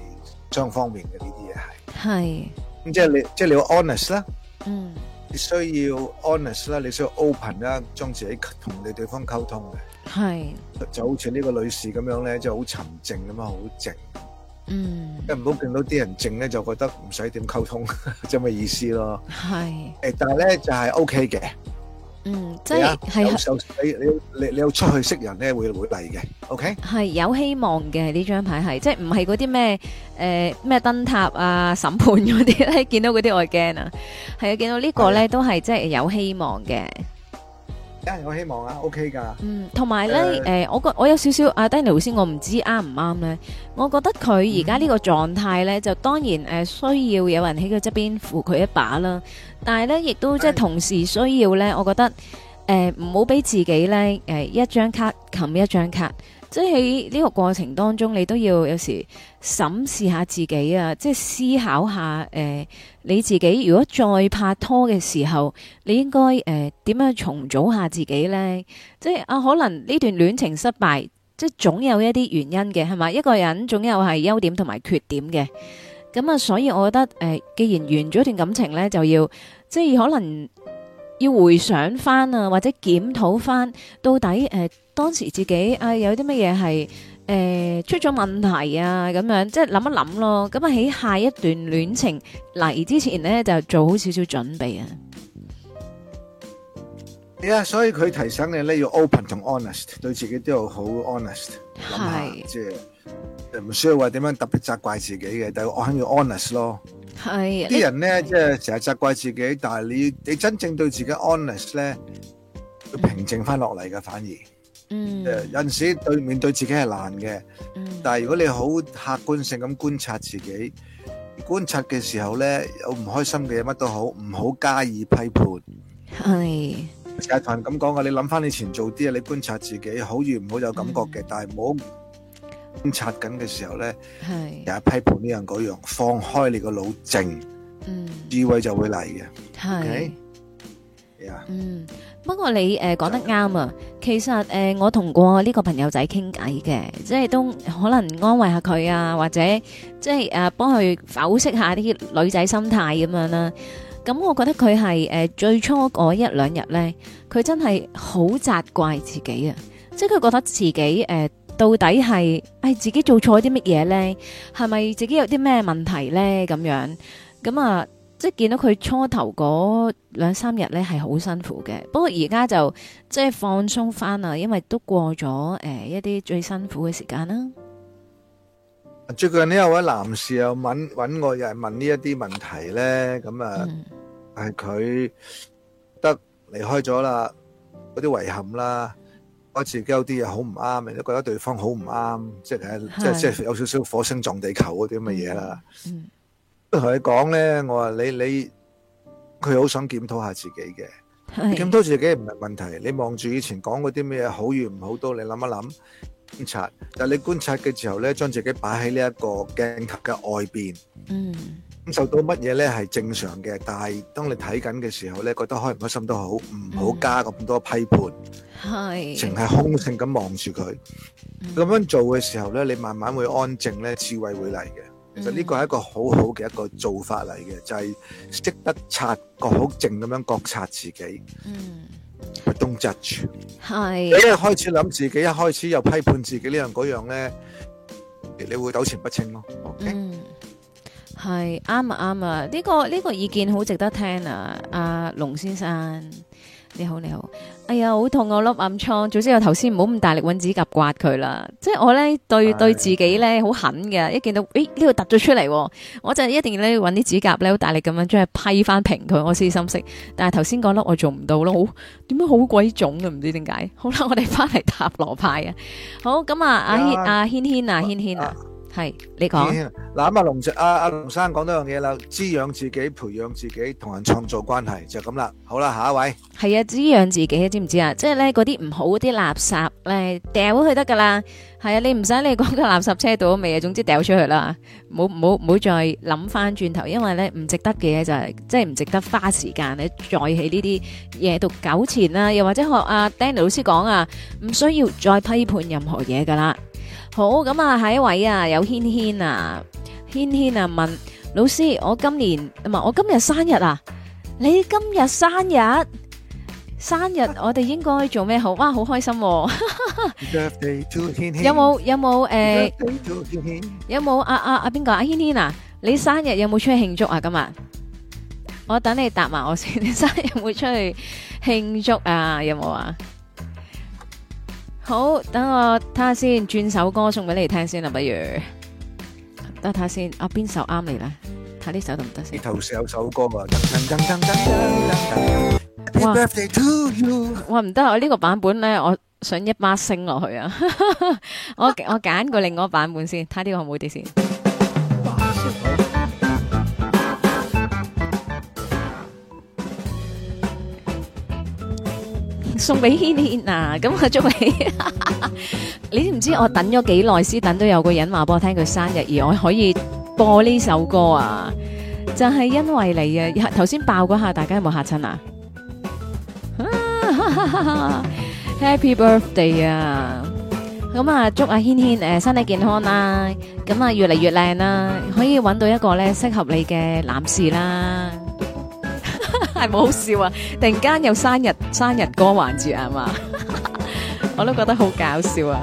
雙方面嘅呢啲嘢係。係咁即係你即係你要 honest 啦。嗯。你需要 honest 啦，你需要 open 啦，將自己同你對方溝通嘅。係就好似呢個女士咁樣咧，就好沉靜咁樣，好靜。嗯，即係唔好見到啲人靜咧，就覺得唔使點溝通，即係咪意思咯？係誒、欸，但係咧就係、是、OK 嘅。嗯，即係你你你你要出去識人咧，會會嚟嘅，OK？係有希望嘅呢張牌係，即係唔係嗰啲咩誒咩燈塔啊審判嗰啲咧，見到嗰啲我驚啊，係啊見到呢個咧都係即係有希望嘅。誒，我希望啊，OK 噶。嗯，同埋咧，誒、呃，我覺我有少少啊，Danny 老師，我唔知啱唔啱咧。我覺得佢而家呢個狀態咧，就當然誒、呃，需要有人喺佢側邊扶佢一把啦。但係咧，亦都即係同時需要咧，我覺得誒，唔好俾自己咧誒、呃，一張卡冚一張卡。即係呢個過程當中，你都要有時審視下自己啊！即係思考下，誒、呃，你自己如果再拍拖嘅時候，你應該誒點樣重組下自己呢？即係啊，可能呢段戀情失敗，即係總有一啲原因嘅，係咪？一個人總有係優點同埋缺點嘅，咁啊，所以我覺得誒、呃，既然完咗段感情呢，就要即係可能。要回想翻啊，或者檢討翻到底誒，當時自己啊有啲乜嘢係誒出咗問題啊，咁樣即係諗一諗咯。咁啊喺下一段戀情嚟之前咧，就做好少少準備啊。係啊，所以佢提醒你咧，要 open 同 honest，對自己都要好 honest，諗下即係唔需要話點樣特別責怪自己嘅，但係我肯要 honest 咯。係，啲人咧即係成日責怪自己，但係你你真正對自己 honest 咧，會平靜翻落嚟噶，反而，誒、嗯，有、呃、陣時對面對自己係難嘅、嗯，但係如果你好客觀性咁觀察自己，觀察嘅時候咧，有唔開心嘅嘢乜都好，唔好加以批判。係，阿范咁講噶，你諗翻你前做啲啊，你觀察自己，好與唔好有感覺嘅、嗯、但係唔好。觀察緊嘅時候咧，也批判呢樣嗰樣，放開你個腦靜，智慧就會嚟嘅。係，okay? yeah. 嗯，不過你誒、呃、講得啱啊。其實誒、呃，我同過呢個朋友仔傾偈嘅，即係都可能安慰下佢啊，或者即係誒、呃、幫佢剖析下啲女仔心態咁樣啦。咁我覺得佢係誒最初嗰一兩日咧，佢真係好責怪自己啊，即係佢覺得自己誒。呃到底係誒、哎、自己做錯啲乜嘢咧？係咪自己有啲咩問題咧？咁樣咁啊，即係見到佢初頭嗰兩三日咧係好辛苦嘅。不過而家就即係放鬆翻啦，因為都過咗誒、欸、一啲最辛苦嘅時間啦。最近呢有位男士又問搵我又係問呢一啲問題咧，咁啊係佢、嗯、得離開咗啦，嗰啲遺憾啦。我自己有啲嘢好唔啱，人都覺得對方好唔啱，即係即係即係有少少火星撞地球嗰啲咁嘅嘢啦。都同你講咧，我話你你佢好想檢討下自己嘅，檢討自己唔係問題。你望住以前講嗰啲咩好與唔好多，你諗一諗觀察。但你觀察嘅時候咧，將自己擺喺呢一個鏡頭嘅外邊。嗯感受到乜嘢咧係正常嘅，但係當你睇緊嘅時候咧，覺得開唔開心都好，唔好加咁多批判，係、嗯，淨係空性咁望住佢，咁、嗯、樣做嘅時候咧，你慢慢會安靜咧、嗯，智慧會嚟嘅。其實呢個係一個好好嘅一個做法嚟嘅，就係、是、識得察覺好靜咁樣覺察自己。嗯，Don't judge。係，你一開始諗自己，一開始又批判自己樣樣呢樣嗰樣咧，你會糾纏不清咯。Okay? 嗯係啱啊，啱啊！呢、啊這個呢、這個意見好值得聽啊！阿、啊、龍先生，你好你好，哎呀好痛個粒暗瘡，早知我頭先唔好咁大力揾指甲刮佢啦。即係我咧對對自己咧好狠嘅，一見到誒呢度、這個、突咗出嚟，我就一定要咧揾啲指甲咧好大力咁樣將佢批翻平佢。我先至心息，但係頭先嗰粒我做唔到咯，點解好鬼腫啊？唔知點解。好啦，我哋翻嚟塔羅牌啊，好、yeah。咁啊，阿軒阿軒軒啊，軒軒啊。係，你講嗱、yeah, 啊，龍阿阿龍生講多樣嘢啦，滋養自己，培養自己，同人創造關係就咁啦。好啦，下一位係啊，滋養自己，知唔知啊？即係咧嗰啲唔好嗰啲垃圾咧，掉咗去得噶啦。係啊，你唔使你講個垃圾車到未啊？總之掉出去啦，唔好唔好唔好再諗翻轉頭，因為咧唔值得嘅嘢就係、是，即係唔值得花時間咧再喺呢啲嘢度糾纏啦。又或者學阿、啊、Danny 老師講啊，唔需要再批判任何嘢噶啦。好咁啊，下一位啊，有軒軒啊，軒軒啊問老師：我今年唔係我今日生日啊？你今日生日，生日我哋應該做咩好？哇，好開心！有冇有冇誒？有冇阿阿阿邊個？阿軒軒啊？你生日有冇出去慶祝啊？今日我等你答埋我先。生日有冇出去慶祝啊？有冇啊？好，等我睇下先，轉首歌送俾你聽先啦，不如等下睇下先啊，邊首啱你咧？睇呢首得唔得先？你頭先有首歌嘛？哇，哇唔得啊！我呢個版本咧，我想一巴升落去啊！我我揀過另外個版本先，睇呢個好唔好啲先？送俾軒軒啊！咁啊，祝你，你知唔知我等咗幾耐先等到有個人話俾我聽佢生日，而我可以播呢首歌啊！就係因為你啊，頭先爆嗰下，大家有冇吓親啊？Happy birthday 啊！咁啊，祝阿軒軒誒身體健康啦，咁啊越嚟越靚啦，可以揾到一個咧適合你嘅男士啦。係冇好笑啊！突然間有生日生日歌環節啊嘛，我都覺得好搞笑啊！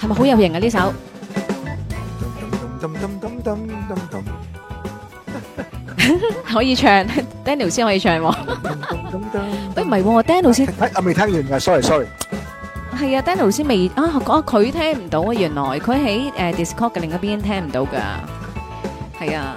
係咪好有型啊？呢首可以唱 Daniel 先可以唱喎。喂，唔係 Daniel 先，我未聽完噶，sorry sorry。係啊，Daniel 先未啊，佢聽唔到啊，原來佢喺誒 Discord 嘅另一邊聽唔到噶，係啊。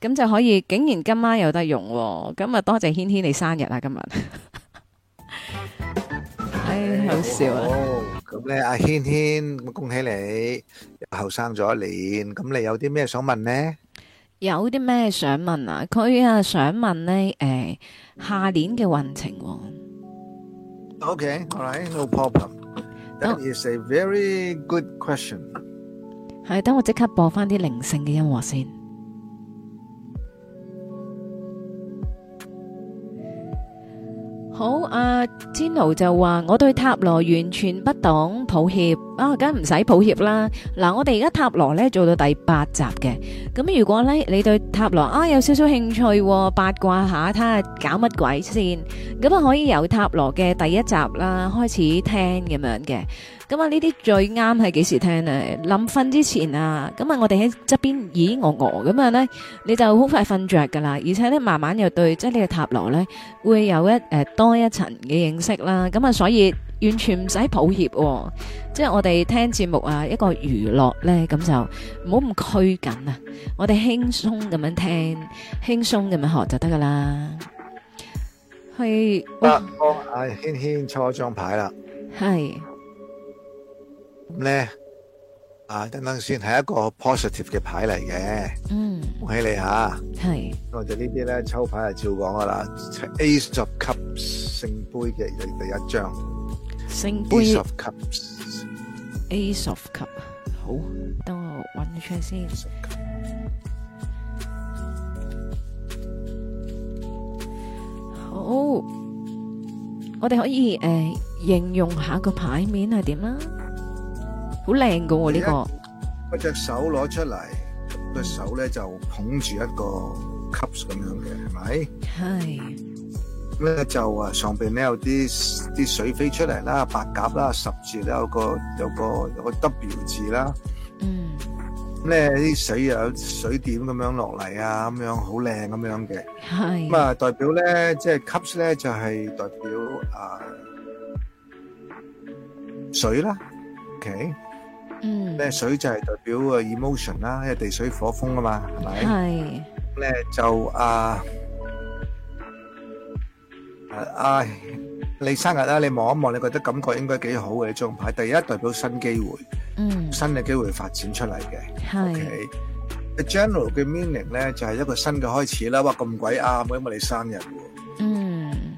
咁就可以，竟然今晚有得用。咁咪多謝軒軒你生日啊！今日，唉，好笑啊！咁咧，阿軒軒，咁恭喜你又後生咗一年。咁你有啲咩想問咧？有啲咩想問啊？佢啊想問咧，誒，下年嘅運程。OK，alright，no problem。That is a very good question。係，等我即刻播翻啲靈性嘅音樂先。好，阿千豪就話我對塔羅完全不懂，抱歉啊，梗唔使抱歉啦。嗱，啊，我哋而家塔羅咧做到第八集嘅，咁如果咧你對塔羅啊有少少興趣，八卦下睇下搞乜鬼先，咁啊可以由塔羅嘅第一集啦開始聽咁樣嘅。咁啊，呢啲最啱係幾時聽咧？臨瞓之前啊，咁啊，我哋喺側邊咦，我咁樣咧，你就好快瞓着噶啦。而且咧，慢慢又對即係呢個塔羅咧，會有一誒、呃、多一層嘅認識啦。咁啊，所以完全唔使抱歉、哦，即係我哋聽節目啊，一個娛樂咧，咁就唔好咁拘謹啊。我哋輕鬆咁樣聽，輕鬆咁樣學就得噶啦。係，阿軒軒搓張牌啦，係。咁咧，啊等等先，係一個 positive 嘅牌嚟嘅。嗯，恭喜你吓、啊。係。我哋呢啲咧抽牌係照講噶啦，Ace of Cups 聖杯嘅第一張。聖杯。Ace of Cups。Ace of Cups。好，等我搵佢出嚟先 Ace of Cups。好，我哋可以誒，呃、形容下個牌面係點啦。好靚噶我呢個，我隻手攞出嚟，隻手咧就捧住一個 cup 咁樣嘅係咪？係咁咧就，啊上邊咧有啲啲水飛出嚟啦，白鴿啦，十字咧有個有個有個 W 字啦，嗯，咁咧啲水又有水點咁樣落嚟啊，咁樣好靚咁樣嘅，係咁啊代表咧即係 cup 咧就係代表啊水啦，OK。嗯，咩水就係代表個 emotion 啦，因為地水火風啊嘛，係咪？係，咁咧就啊，唉，你生日啦，你望一望，你覺得感覺應該幾好嘅呢張牌，第一代表新機會，嗯，新嘅機會發展出嚟嘅，係，OK 嘅 general 嘅 meaning 咧就係一個新嘅開始啦，哇咁鬼啱，因為你生日。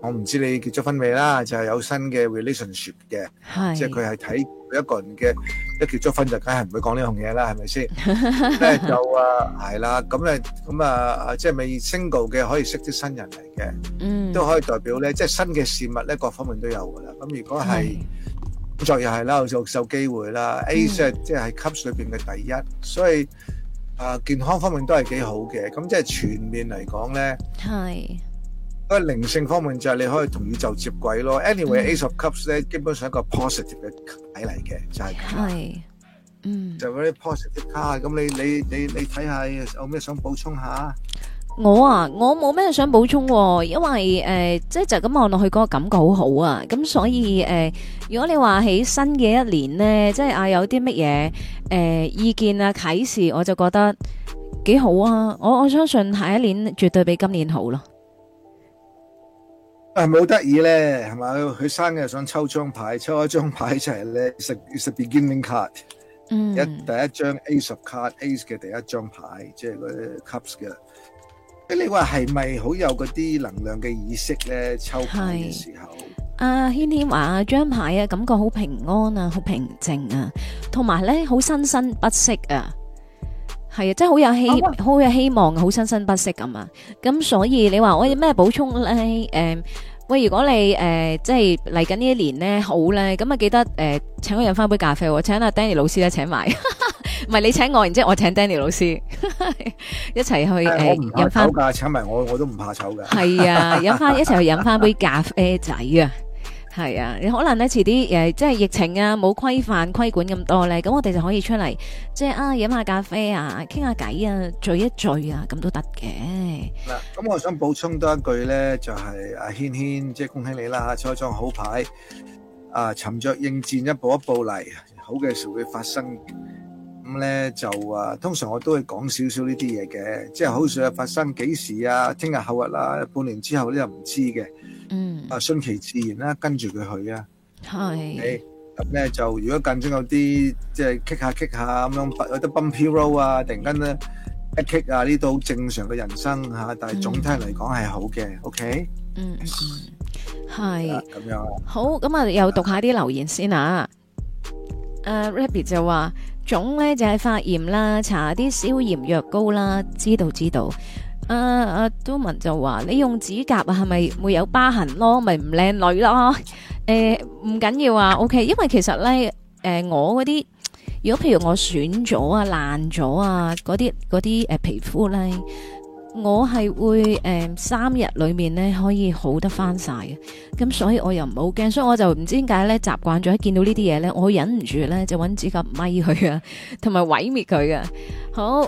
我唔知你結咗婚未啦，就係有新嘅 relationship 嘅，即係佢係睇每一個人嘅。一結咗婚就梗係唔會講呢樣嘢啦，係咪先？咧就啊，係啦，咁咧咁啊，即係未 single 嘅可以識啲新人嚟嘅，都可以代表咧，即係新嘅事物咧，各方面都有㗎啦。咁如果係工作又係啦，就受機會啦，A 射即係級水邊嘅第一，所以啊，健康方面都係幾好嘅。咁即係全面嚟講咧，係。嗰個靈性方面就係你可以同宇宙接軌咯。Anyway，Ace、mm. of Cups 咧，基本上一個 positive 嘅牌嚟嘅，就係、是，嗯、mm.，就嗰啲 positive 卡，咁你你你你睇下有咩想補充下？我啊，我冇咩想補充、哦，因為誒，即、呃、係就咁望落去嗰個感覺好好啊。咁所以誒、呃，如果你話喺新嘅一年咧，即、就、係、是、啊有啲乜嘢誒意見啊啟示，我就覺得幾好啊。我我相信下一年絕對比今年好咯、啊。係冇得意咧，係嘛？佢生日想抽張牌，抽一張牌就係咧，食食 beginning card，一、嗯、第一張 ace of card，ace 嘅第一張牌，即係嗰啲 cups 嘅。咁你話係咪好有嗰啲能量嘅意識咧？抽牌嘅時候，阿軒軒話張牌啊，張牌嘅感覺好平安啊，好平靜啊，同埋咧好生生不息啊。係啊，真係好有希，好有希望，好生生不息咁啊！咁所以你話我有咩補充咧？誒、嗯，喂，如果你誒、呃、即係嚟緊呢一年咧好咧，咁啊記得誒、呃、請我飲翻杯咖啡，我請阿 Danny 老師咧請埋，唔 [LAUGHS] 係你請我，然之後我請 Danny 老師 [LAUGHS] 一齊去誒飲翻。唔、欸、怕醜噶，請埋我，我都唔怕醜噶。係 [LAUGHS] 啊，飲翻一齊去飲翻杯咖啡仔啊！係啊，你可能咧遲啲誒，即係疫情啊，冇規範規管咁多咧，咁我哋就可以出嚟，即係啊飲下咖啡啊，傾下偈啊，聚一聚啊，咁都得嘅。嗱，咁我想補充多一句咧，就係阿軒軒，即係恭喜你啦，抽一張好牌，啊，沉着應戰，一步一步嚟，好嘅時會發生。咁咧就啊，通常我都係講少少呢啲嘢嘅，即係好事發生幾時啊？聽日後日啦，半年之後咧又唔知嘅。嗯。啊，順其自然啦，跟住佢去啊。係。你咁咧就，如果近終有啲即係 kick 下 kick 下咁樣，有啲 bumpy road 啊，突然間咧一 kick 啊，呢都好正常嘅人生吓。但係總體嚟講係好嘅，OK？嗯嗯，係。咁樣。好，咁啊，又讀下啲留言先啊。誒，Rabbit 就話。種咧就係、是、發炎啦，搽啲消炎藥膏啦，知道知道。阿阿都文就話你用指甲啊，係咪會有疤痕咯，咪唔靚女咯？誒、啊，唔緊要啊，O、OK, K，因為其實咧，誒、啊，我嗰啲如果譬如我損咗啊、爛咗啊，嗰啲嗰啲誒皮膚咧。我係會誒、呃、三日裏面咧可以好得翻晒嘅，咁所以我又唔好驚，所以我就唔知點解咧習慣咗一見到呢啲嘢咧，我忍唔住咧就搵指甲咪佢、呃哦、啊，同埋毀滅佢嘅。好誒，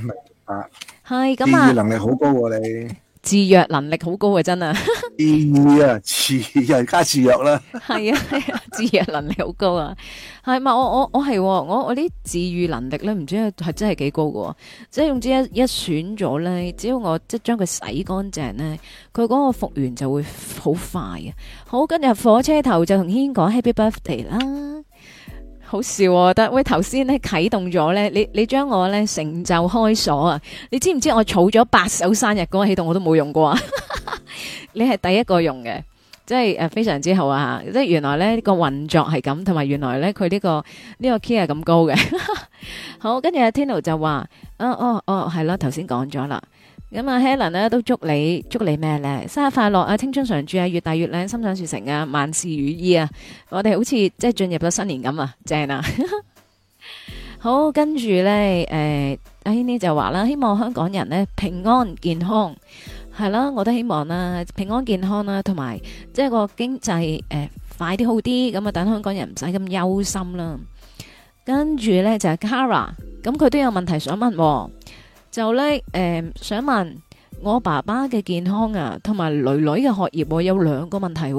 明白，係咁啊，治愈能力好高喎你。自愈能力好高、， [LAUGHS] [LAUGHS] 啊啊、高啊，真啊！自愈啊，自又加自愈啦。係啊係啊，自愈能力好高啊。係嘛，我我我係，我我啲自愈能力咧，唔知係真係幾高噶。即係總之一一損咗咧，只要我即將佢洗乾淨咧，佢嗰個復原就會好快嘅、啊。好，跟住火車頭就同軒軒講 Happy Birthday 啦。好笑、哦，我覺得喂，頭先咧啟動咗咧，你你將我咧成就開鎖啊！你知唔知我儲咗八首生日歌個啟動我都冇用過啊！ [LAUGHS] 你係第一個用嘅，即係誒非常之好啊！即係原來咧呢個運作係咁，同埋原來咧佢呢、這個呢、這個 key 係咁高嘅。 [LAUGHS] 好，跟住阿 Tino 就話：，哦哦哦，係、哦、啦，頭先講咗啦。咁阿 Helen 呢都祝你祝你咩咧？生日快樂啊！青春常駐啊！越大越靚，心想事成啊！萬事如意啊！我哋好似即係進入咗新年咁啊，正啊！ [LAUGHS] 好，跟住咧，誒、欸，阿軒 y 就話啦，希望香港人咧平安健康，係啦，我都希望啦平安健康啦、啊，同埋即係個經濟誒、呃、快啲好啲，咁啊等香港人唔使咁憂心啦。跟住咧就係 Cara 咁佢都有問題想問、啊。就咧，誒，想問我爸爸嘅健康啊，同埋女女嘅學業，有兩個問題。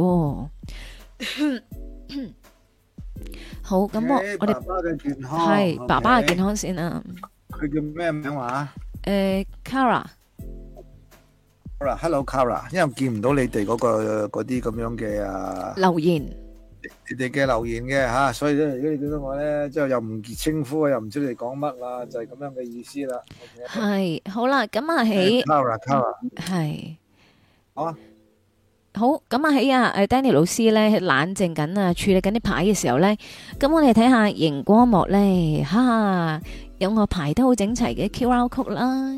好，咁我我哋係爸爸嘅健康先啊。佢叫咩名話？誒，Cara。好啦，Hello Cara，因為見唔到你哋嗰個嗰啲咁樣嘅啊。留言。你哋嘅留言嘅吓，所以咧，如果你見到我咧，之後又唔稱呼啊，又唔知你哋講乜啦，就係咁樣嘅意思啦。係，好啦，咁啊起，係，好啊，好，咁啊起啊，誒，Danny 老師咧冷靜緊啊，處理緊啲牌嘅時候咧，咁我哋睇下熒光幕咧，哈哈。有個排得好整齊嘅 Q R 曲啦，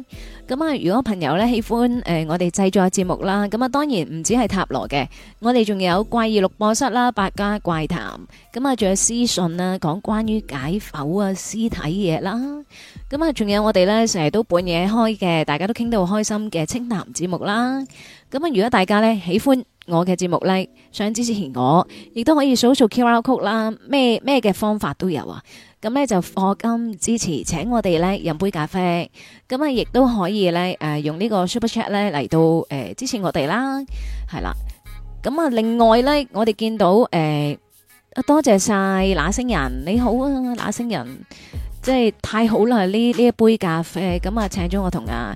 咁啊，如果朋友咧喜歡誒、呃，我哋製作節目啦，咁啊，當然唔止係塔羅嘅，我哋仲有怪異錄播室啦，百家怪談，咁啊，仲有屍訊啊，講關於解剖啊、屍體嘢啦，咁啊，仲有我哋呢成日都半夜開嘅，大家都傾到開心嘅清談節目啦，咁啊，如果大家呢喜歡。我嘅節目呢，想支持前我，亦都可以數數 QR Code 啦，咩咩嘅方法都有啊。咁呢，就課金支持，請我哋呢飲杯咖啡。咁啊，亦都可以呢，誒、呃，用呢個 Super Chat 呢嚟到誒、呃、支持我哋啦，係啦。咁啊，另外呢，我哋見到誒、呃，多謝晒那星人，你好啊，那星人，真係太好啦！呢呢一杯咖啡，咁啊，請咗我同啊。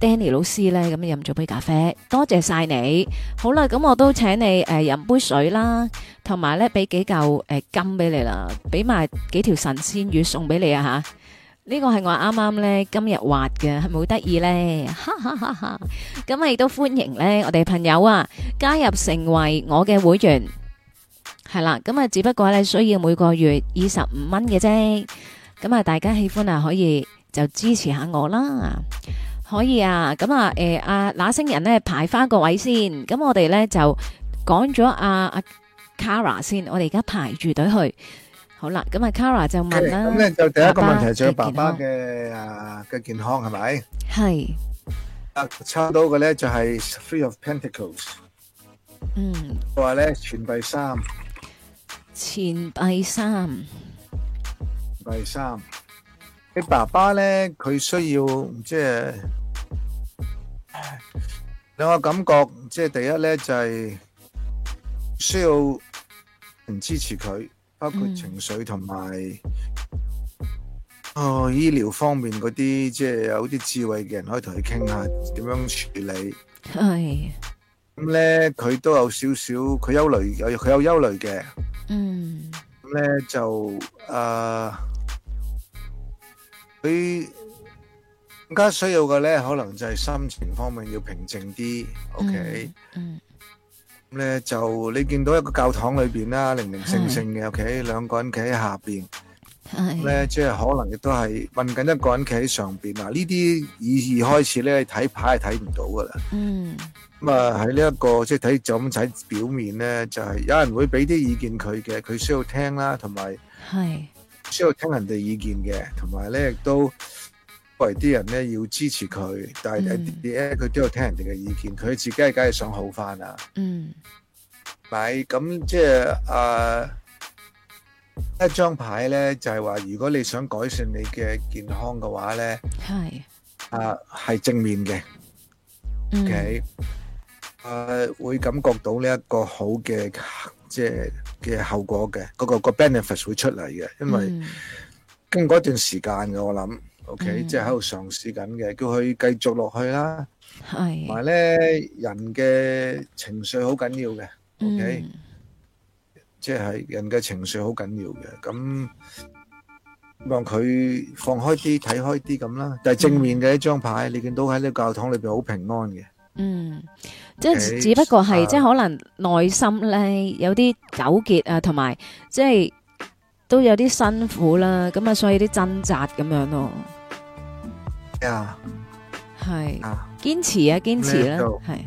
Danny 老師咧，咁飲咗杯咖啡，多謝晒你。好啦，咁我都請你誒飲杯水啦，同埋咧俾幾嚿誒金俾你啦，俾埋幾條神仙魚送俾你啊吓。呢個係我啱啱咧今日畫嘅，係咪好得意咧？咁啊，亦都歡迎咧我哋朋友啊加入成為我嘅會員係啦。咁啊，只不過咧需要每個月二十五蚊嘅啫。咁啊，大家喜歡啊可以就支持下我啦。可以啊，咁啊，誒，阿那星人咧排翻個位先，咁我哋咧就講咗阿阿 Kara 先，我哋而家排住隊去，好啦，咁阿 Kara 就問啦，咁咧就第一個問題就係爸爸嘅誒嘅健康係咪？係，啊抽到嘅咧就係 Three of Pentacles，嗯，我話咧錢幣三，錢幣三，錢幣三，你爸爸咧佢需要即係。兩個感覺，即係第一咧就係需要人支持佢，包括情緒同埋哦醫療方面嗰啲，即係有啲智慧嘅人可以同佢傾下點樣處理。咁咧佢都有少少佢憂慮，有佢有憂慮嘅。嗯，咁咧就啊，佢。更加需要嘅咧，可能就係心情方面要平靜啲。O K，咁咧就你見到一個教堂裏邊啦，零零星星嘅，O K，兩個人企喺下邊咧，即係、就是、可能亦都係問緊一個人企喺上邊。嗱，呢啲意義開始咧，睇牌係睇唔到噶啦。嗯，咁啊喺呢一個即係睇就咁、是、睇表面咧，就係、是、有人會俾啲意見佢嘅，佢需要聽啦，同埋需要聽人哋意見嘅，同埋咧亦都。啲人咧要支持佢，但係咧佢都要聽人哋嘅意見，佢、嗯、自己係梗係想好翻啦。嗯，咪咁即係誒一張牌咧，就係、係、話如果你想改善你嘅健康嘅話咧，係啊係正面嘅，O K 誒會感覺到呢一個好嘅即係嘅後果嘅，嗰、個、個 benefits 會出嚟嘅，因為經過一段時間嘅我諗。OK，即係喺度嘗試緊嘅，叫佢繼續落去啦。係，同埋咧，人嘅情緒好緊要嘅。OK，即係人嘅情緒好緊要嘅。咁，望佢放開啲，睇開啲咁啦。但係正面嘅一張牌，你見到喺呢個教堂裏邊好平安嘅。嗯，即係只不過係即係可能內心咧有啲糾結啊，同埋即係。都有啲辛苦啦，咁啊，所以啲掙扎咁樣咯。啊，係堅持啊，堅持啦，係。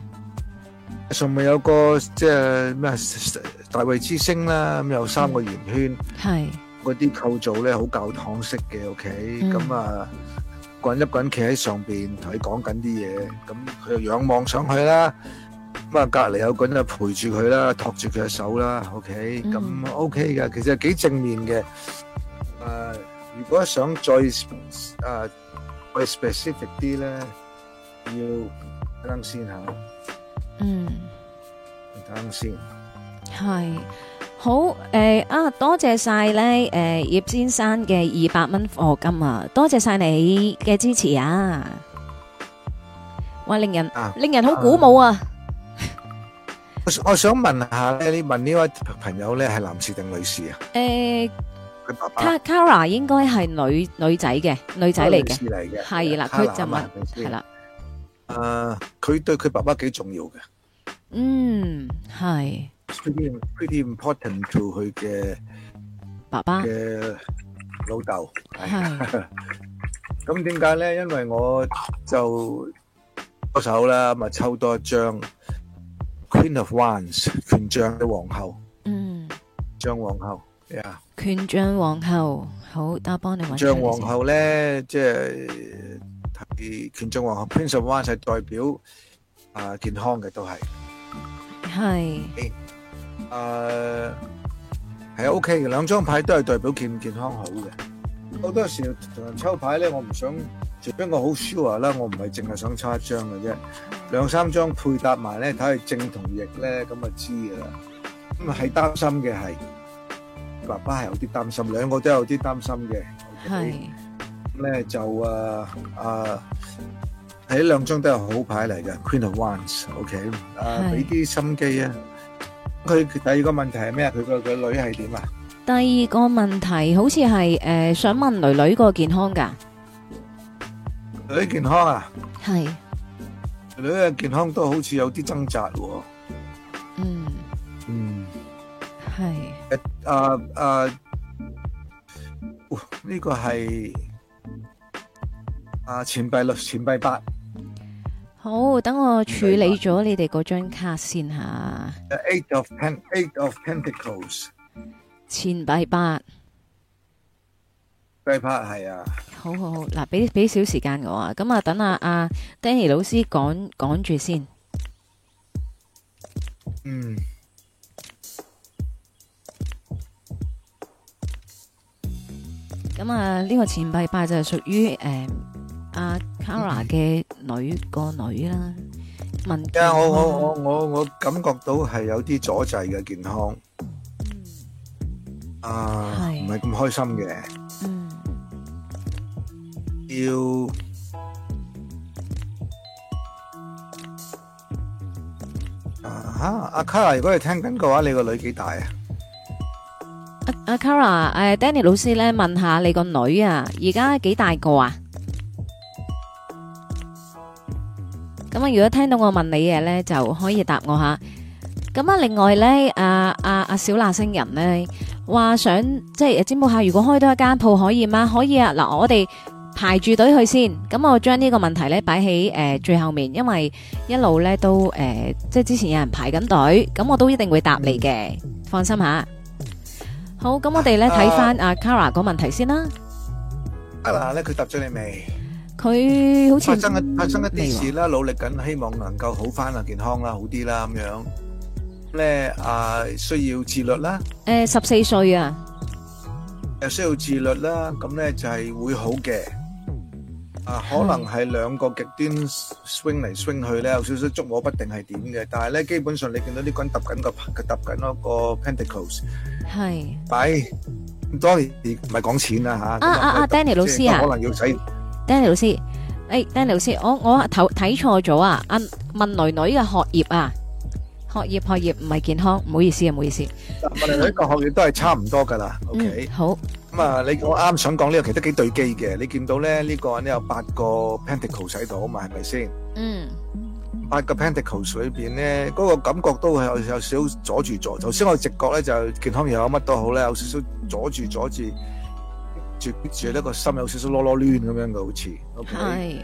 仲未有個即係咩大衛之星啦，咁有三個圓圈，係嗰啲構造咧，好教堂式嘅屋企。O K，咁啊，滾一滾企喺上邊，同你講緊啲嘢，咁佢又仰望上去啦。咁啊，隔籬有個人啊，陪住佢啦，托住佢嘅手啦，OK，咁、mm. 嗯、OK 嘅，其實幾正面嘅。誒、呃，如果想再誒、呃、再 specific 啲咧，要等先吓。嗯，等先。係好誒、呃、啊，多謝晒咧誒葉先生嘅二百蚊課金，啊，多謝晒你嘅支持啊，哇，令人令人好鼓舞啊！啊啊我我想問下咧，你問呢位朋友咧係男士定女士啊？誒，佢爸爸，Cara 應該係女女仔嘅，女仔嚟嘅，係啦。佢就問係啦，誒，佢對佢爸爸幾重要嘅？嗯，係。Pretty important to 佢嘅爸爸嘅老豆。咁點解咧？因為我就多手啦，咁啊抽多一張。Queen of Wands，權杖嘅皇后。嗯，杖皇后，yeah。權杖皇后好，等我幫你揾。杖皇后咧，即係權杖皇后 Queen of Wands 係代表啊健康嘅都係。係。誒，係 OK，兩張牌都係代表健唔健康好嘅。好多時同人抽牌咧，我唔想，除非我好 sure 啦，我唔係淨係想抽一張嘅啫，兩三張配搭埋咧，睇佢正同逆咧，咁就知噶啦。咁啊係擔心嘅係，爸爸係有啲擔心，兩個都有啲擔心嘅。係。咁咧就啊啊，睇兩張都係好牌嚟嘅，Queen of Wands。OK，啊俾啲心機啊。佢第二個問題係咩啊？佢個佢女係點啊？第二個問題好似係誒，想問女女個健康㗎女健康啊，係女嘅健康都好似有啲掙扎、哦，嗯嗯係誒啊呢個係啊錢幣六錢幣八好，等我處理咗你哋嗰張卡先吓。Eight of Pen, Eight of Pentacles. 錢幣八，錢幣八係啊，好好好，嗱，俾俾少時間我啊，咁啊，等阿阿 Danny 老師趕趕住先。嗯。咁啊，呢個錢幣八就係屬於誒阿 Kara 嘅女個女啦。文。啊，我我我我我感覺到係有啲阻滯嘅健康。啊，唔係咁開心嘅，嗯，要啊吓，阿 Kara，如果你聽緊嘅話，你個女幾大啊？阿阿 Kara，誒，Danny 老師咧問下你個女啊，而家幾大個啊？咁啊，如果聽到我問你嘢咧，就可以答我吓。咁啊，另外咧，阿阿阿小辣星人咧。話想即係占卜下，如果開多一間鋪可以嗎？可以啊，嗱，我哋排住隊去先。咁我將呢個問題咧擺喺誒最後面，因為一路咧都誒即係之前有人排緊隊，咁我都一定會答你嘅，放心吓。好，咁我哋咧睇翻阿 Cara 個問題先啦。阿娜咧，佢答咗你未？佢好似發生嘅，發生一啲事啦，努力緊，希望能夠好翻啊，健康啦，好啲啦，咁樣。咧啊，需要自律啦。誒，十四歲啊，又需要自律啦。咁咧就係會好嘅。啊，可能係兩個極端 swing 嚟 swing 去咧，有少少捉摸不定係點嘅。但係咧，基本上你見到啲人揼緊個，佢揼緊嗰個 pentacles。係。擺。當然唔係講錢啦吓。啊啊啊，Danny 老師啊。即係可能要使。Danny 老師，誒，Danny 老師，我我頭睇錯咗啊！啊，問女女嘅學業啊。學業學業唔係健康，唔好意思啊，唔好意思。我你呢個學業都係差唔多噶啦。 [LAUGHS] k、okay 嗯、好。咁、嗯、啊，你我啱想講呢、這個其實都幾對機嘅。你見到咧呢個呢，這個有八個 pentacle 喺度啊嘛，係咪先？嗯。八個 pentacle 裏邊咧，嗰那個感覺都係有少少阻住咗。頭先我直覺咧就健康又有乜都好咧，有少少阻住阻住，住住呢個心有少少囉囉攣咁樣嘅，好、okay? 似。係。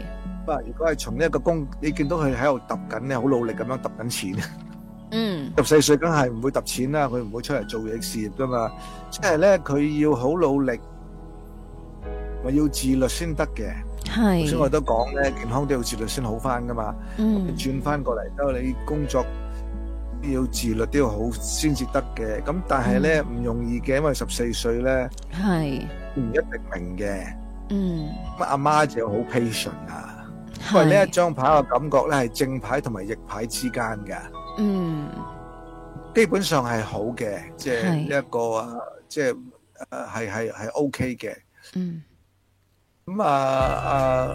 不過如果係從呢一個工，你見到佢喺度揼緊咧，好努力咁樣揼緊錢。 [LAUGHS] 嗯，十四歲梗係唔會揼錢啦，佢唔會出嚟做嘢事業噶嘛。即係咧，佢要好努力，咪要自律先得嘅。係，頭先我都講咧，健康都要自律先好翻噶嘛。嗯，轉翻過嚟都你工作要自律都要好先至得嘅。咁但係咧唔容易嘅，因為十四歲咧，係唔一定明嘅。嗯，咁阿媽就好 patient 啊。因為，呢一張牌嘅感覺咧係正牌同埋逆牌之間嘅。嗯，基本上係好嘅，即係呢一個即係誒係係係 OK 嘅，嗯，咁、嗯、啊啊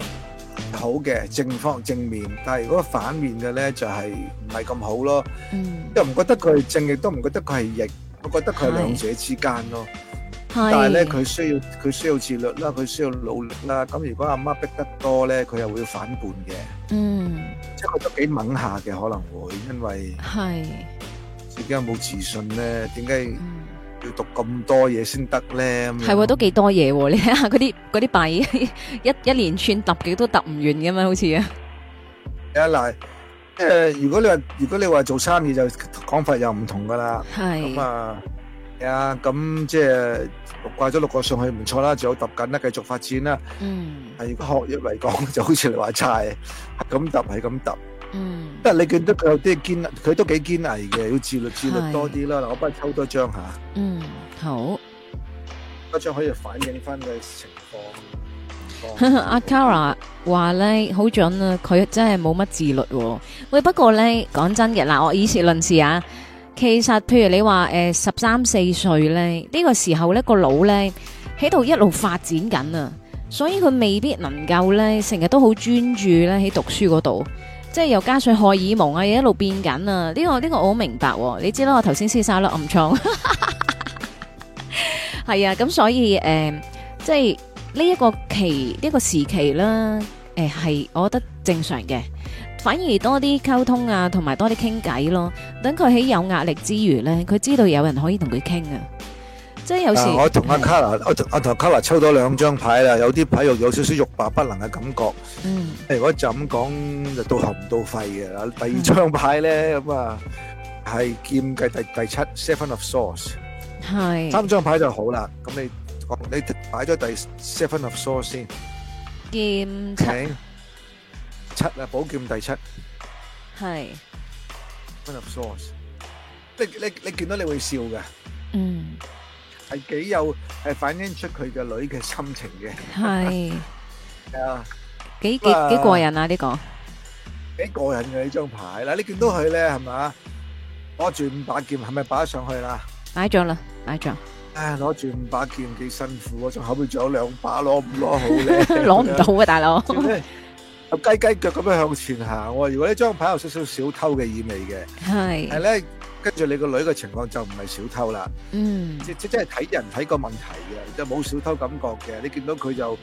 好嘅正方正面，但係如果反面嘅咧就係唔係咁好咯，嗯，又唔覺得佢係正，亦都唔覺得佢係逆，我覺得佢係兩者之間咯。但係咧，佢需要佢需要自律啦，佢需要努力啦。咁如果阿媽逼得多咧，佢又會反叛嘅。嗯，即係佢都幾猛下嘅，可能會因為係自己有冇自信咧，點解要讀咁多嘢先得咧？係喎，都幾多嘢喎。你睇下嗰啲嗰啲幣，一一連串揼幾都揼唔完嘅嘛，好似啊。啊嗱，即係如果你話如果你話做生意就講法又唔同噶啦。係咁啊。啊，咁即係六掛咗六個上去唔錯啦，仲有揼緊啦，繼續發展啦。嗯，係如果學業嚟講，就好似你話齋，係咁揼係咁揼。嗯，但你見得佢有啲堅佢都幾堅毅嘅，要自律自律多啲啦。嗱，我幫佢抽多張吓。嗯，好。一張可以反映翻嘅情況。情況 [LAUGHS] 阿 Kara 話咧好準啊，佢真係冇乜自律，啊。喂，不過咧講真嘅，嗱，我以事論事啊。其實，譬如你話誒十三四歲咧，呢個時候咧、呢個腦咧喺度一路發展緊啊，所以佢未必能夠咧成日都好專注咧喺讀書嗰度，即係又加上荷爾蒙啊又一路變緊啊，呢個呢個我好明白、哦，你知啦，我頭先先生粒暗瘡，係 [LAUGHS] 啊，咁所以誒、呃，即係呢一個期呢個時期啦，誒、呃、係我覺得正常嘅。反而多啲溝通啊，同埋多啲傾偈咯。等佢喺有壓力之餘咧，佢知道有人可以同佢傾啊。即係有時我同阿 Kala，我阿阿同 Kala 抽咗兩張牌啦，有啲牌又有少少欲罷不能嘅感覺。嗯，如果就咁講就到喉唔到肺嘅啦。第二張牌咧咁啊，係劍嘅第第七 Seven of Swords。係三張牌就好啦。咁你你擺咗第七 Seven of Swords 先。劍七。七啊，寶劍第七，係。即係，你你你見到你會笑嘅，嗯，係幾有係反映出佢嘅女嘅心情嘅，係，啊，幾幾幾過癮啊呢個，幾過癮嘅呢張牌，嗱你見到佢咧係咪，攞住五把劍係咪擺得上去啦？擺咗啦，擺咗。唉，攞住五把劍幾辛苦啊，仲後邊仲有兩把攞唔攞好咧，攞唔到啊大佬。雞雞腳咁樣向前行，我話如果呢張牌有少少小偷嘅意味嘅，係，係咧跟住你個女嘅情況就唔係小偷啦，嗯，即即即係睇人睇個問題嘅，就冇小偷感覺嘅，你見到佢就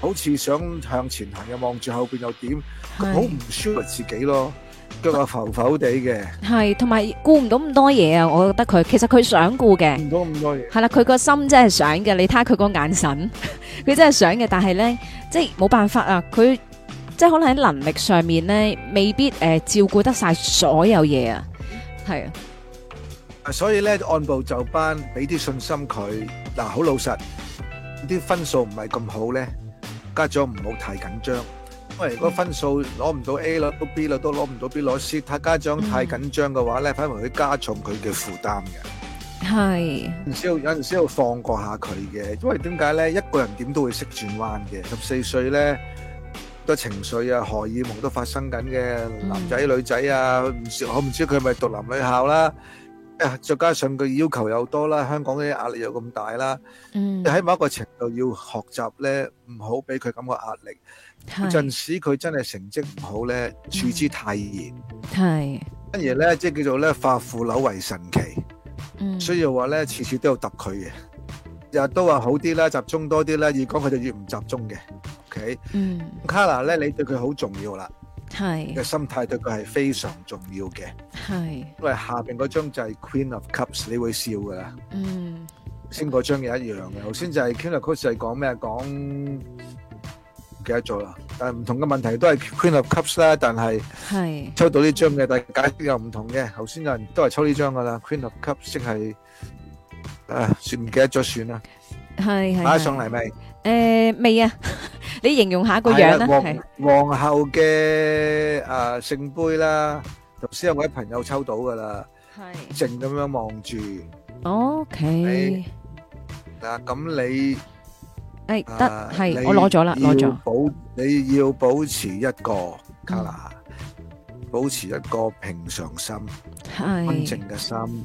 好似想向前行，又望住後邊又點，好唔舒服自己咯，腳又浮浮地嘅，係，同埋顧唔到咁多嘢啊，我覺得佢其實佢想顧嘅，唔到咁多嘢，係啦，佢個心真係想嘅，你睇下佢個眼神，佢真係想嘅，但係咧即係冇辦法啊，佢。即係可能喺能力上面咧，未必誒照顧得晒所有嘢啊，係啊。所以咧，按部就班，俾啲信心佢。嗱，好老實，啲分數唔係咁好咧，家長唔好太緊張。因為如果分數攞唔到 A 咯，都 B 咯，都攞唔到 B，攞 C，太家長太緊張嘅話咧，反而會加重佢嘅負擔嘅。係。有陣時要放過下佢嘅，因為點解咧？一個人點都會識轉彎嘅，十四歲咧。很多情緒啊，荷爾蒙都發生緊嘅，男仔、嗯、女仔啊，唔知道我唔知佢咪讀男女校啦，啊，再加上佢要求又多啦，香港啲壓力又咁大啦，嗯，喺某一個程度要學習咧，唔好俾佢感覺壓力，陣時佢真係成績唔好咧，處之泰然，係、嗯，跟住咧即係叫做咧化腐朽為神奇，嗯，所以話咧，次次都有揼佢嘅。又都話好啲啦，集中多啲啦，越講佢就越唔集中嘅。O K，嗯，Carla 咧，你對佢好重要啦，係嘅心態對佢係非常重要嘅。係，因為，下邊嗰張就係 Queen of Cups，你會笑噶啦。嗯，先嗰張又一樣嘅，頭先就係 Queen of Cups 係講咩啊？講唔記得咗啦，但係唔同嘅問題都係 Queen of Cups 啦，但係抽到呢張嘅解釋又唔同嘅，頭先有人都係抽呢張噶啦，Queen of Cups 即係。啊！算唔記得咗算啦，係係，擺上嚟未？誒，未啊！你形容下個樣啦。皇皇后嘅誒聖杯啦，頭先有位朋友抽到噶啦，係靜咁樣望住。OK。嗱，咁你誒得係，我攞咗啦，攞咗。保你要保持一個，保持一個平常心，安靜嘅心。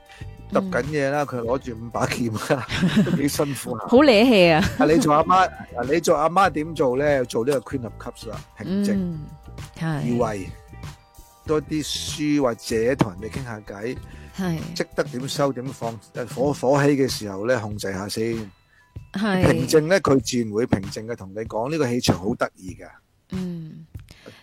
揼緊嘢啦，佢攞住五把劍，都幾辛苦啊！好惹氣啊！啊，你做阿媽，媽， [LAUGHS] 你做阿媽點做咧？做呢個 Queen of Cups 平靜，係、嗯，調胃，多啲書或者同人哋傾下偈，係，識得點收點放，火火起嘅時候咧，控制下先，係，平靜咧，佢自然會平靜嘅。同你講呢個氣場好得意嘅，嗯。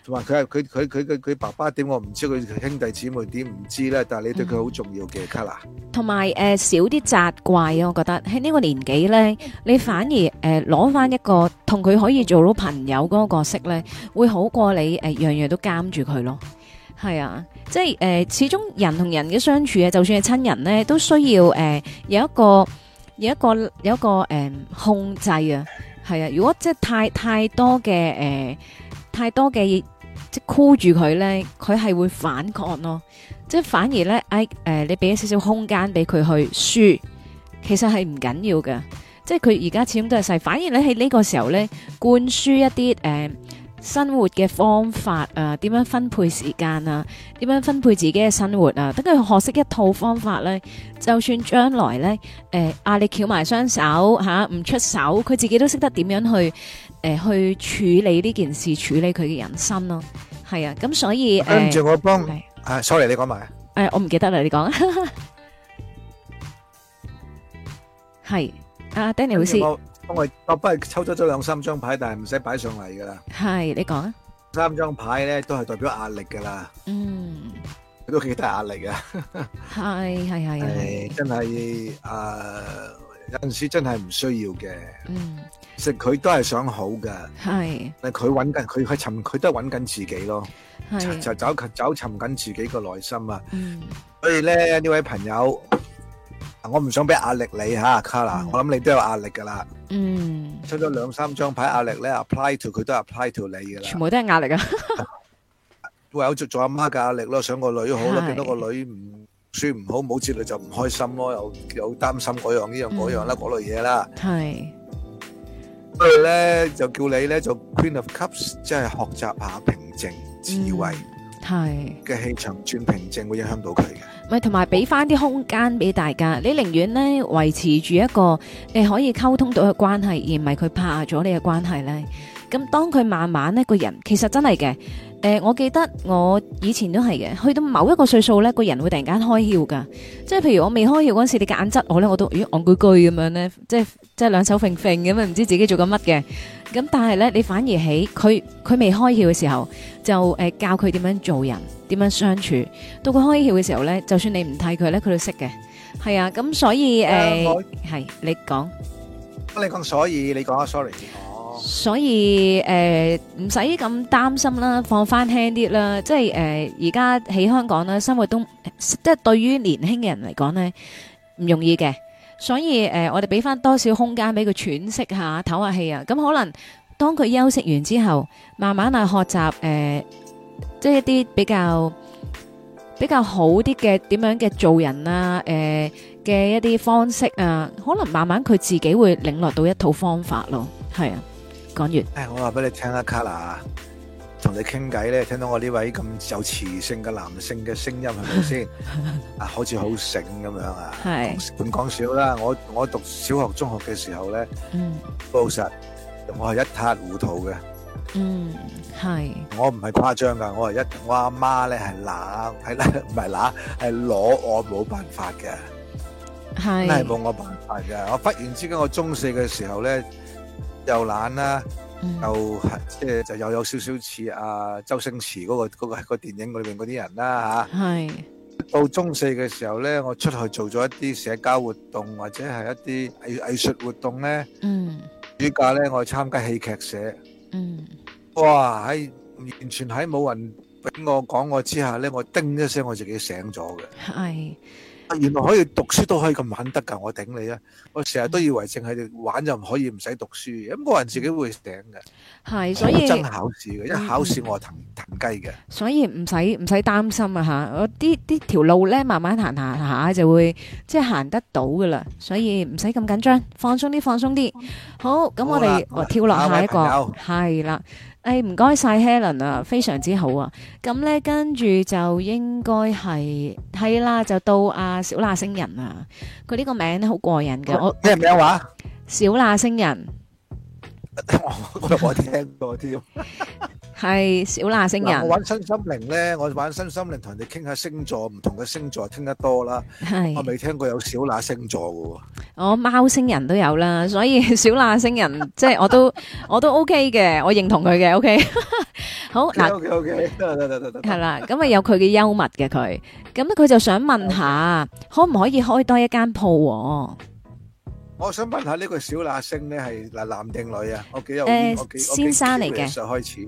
同埋佢係佢佢佢佢佢爸爸點我唔知，佢兄弟姊妹點唔知咧，但係你對佢好重要嘅，卡、嗯、啦。同埋誒，少、呃、啲責怪，我覺得喺呢個年紀咧，你反而誒攞翻一個同佢可以做到朋友嗰個角色咧，會好過你誒樣、呃、樣都監住佢咯。係啊，即係誒、呃，始終人同人嘅相處嘅，就算係親人咧，都需要誒、呃、有一個有一個有一個誒、呃、控制啊。係啊，如果即係太太多嘅誒。呃太多嘅嘢，即係箍住佢呢，佢係會反抗咯。即係反而呢，誒、哎，誒、呃，你俾少少空間俾佢去輸，其實係唔緊要嘅。即係佢而家始終都係細，反而呢喺呢個時候呢，灌輸一啲誒、呃、生活嘅方法啊，呃、點樣分配時間啊，點樣分配自己嘅生活啊，等佢學識一套方法呢，就算將來呢，誒、呃，阿、啊、你翹埋雙手吓，唔出手，佢自己都識得點樣去。誒，去處理呢件事，處理佢嘅人生咯。係啊，咁所以跟住我幫，係，sorry，你講埋。誒，我唔記得啦，你講。係阿 Danny 老師。我我不係抽出咗兩三張牌，但係唔使擺上嚟噶啦。係，你講啊。三張牌咧都係代表壓力噶啦。嗯。都幾大壓力噶。係係係係。真係啊，有陣時真係唔需要嘅。嗯。其實佢都係想好嘅，係，但係佢揾緊，佢佢尋，佢都係揾緊自己咯，就走走尋緊自己個內心啊。所以咧呢位朋友，我唔想俾壓力你吓，卡拉，我諗你都有壓力噶啦。嗯，出咗兩三張牌壓力咧，apply to 佢都 apply to 你噶啦。全部都係壓力啊！會有做做阿媽嘅壓力咯，想個女好咯，見到個女唔算唔好，冇子女就唔開心咯，又又擔心嗰樣呢樣嗰樣啦，嗰類嘢啦。係。所以咧就叫你咧做 Queen of Cups，即係學習下平靜智慧，係嘅氣場轉平靜會影響到佢嘅。唔係同埋俾翻啲空間俾大家，你寧願咧維持住一個你可以溝通到嘅關係，而唔係佢怕咗你嘅關係咧。咁當佢慢慢呢個人其實真係嘅，誒、呃、我記得我以前都係嘅，去到某一個歲數咧個人會突然間開竅㗎，即係譬如我未開竅嗰陣時，你硬質我咧，我都咦戇居居咁樣咧，即係。即係兩手揈揈咁啊，唔知自己做緊乜嘅。咁但係咧，你反而喺佢佢未開竅嘅時候，就誒、呃、教佢點樣做人，點樣相處。到佢開竅嘅時候咧，就算你唔睇佢咧，佢都識嘅。係啊，咁所以誒，係你講，你講所以你講 sorry 你。所以誒唔使咁擔心啦，放翻輕啲啦。即係誒而家喺香港啦，生活都即係對於年輕嘅人嚟講咧唔容易嘅。所以誒、呃，我哋俾翻多少空間俾佢喘息下、唞下氣啊？咁可能當佢休息完之後，慢慢啊學習誒、呃，即係一啲比較比較好啲嘅點樣嘅做人啊，誒、呃、嘅一啲方式啊、呃，可能慢慢佢自己會領略到一套方法咯。係啊，講完。誒，我話俾你聽啦，卡啦。同你傾偈咧，聽到我呢位咁有磁性嘅男性嘅聲音，係咪先？啊， [LAUGHS] 好似好醒咁樣啊！唔講笑啦，我我讀小學、中學嘅時候咧，都、嗯、好實。我係一塌糊塗嘅。嗯，係。我唔係誇張㗎，我係一我阿媽咧係懶，係啦，唔係懶係攞我冇辦法嘅。係。真係冇我辦法㗎！我忽然之間，我中四嘅時候咧，又懶啦。嗯、就即係就又有少少似阿、啊、周星馳嗰、那個嗰、那個、那個那個電影裏面嗰啲人啦、啊、吓，係到中四嘅時候咧，我出去做咗一啲社交活動或者係一啲藝藝術活動咧，嗯，暑假咧我去參加戲劇社，嗯，哇喺完全喺冇人俾我講我之下咧，我叮一聲我自己醒咗嘅，係。原來可以讀書都可以咁玩得噶，我頂你啊！我成日都以為淨係玩就唔可以唔使讀書，咁，那個人自己會醒嘅。係，所以真考試，因一考試我係騰騰雞嘅。所以唔使唔使擔心啊吓，我啲啲條路咧慢慢行行下就會即係行得到噶啦，所以唔使咁緊張，放鬆啲，放鬆啲。好，咁我哋跳落下，下一個，係啦。唔該晒 Helen 啊，非常之好啊，咁咧跟住就應該係係啦，就到阿小喇星人啊，佢呢個名咧好過癮嘅，我聽唔聽話？小喇星人，我覺得我聽過添。係小喇星人，我玩身心靈咧，我玩身心靈同人哋傾下星座，唔同嘅星座傾得多啦。我未聽過有小喇星座嘅，我貓星人都有啦，所以小喇星人即係我都我都 O K 嘅，我認同佢嘅 O K。好嗱，O K O K，得得得得得，係啦，咁啊有佢嘅幽默嘅佢，咁佢就想問下，可唔可以開多一間鋪我想問下呢個小喇星咧係嗱男定女啊？我幾有先生嚟嘅，我開始。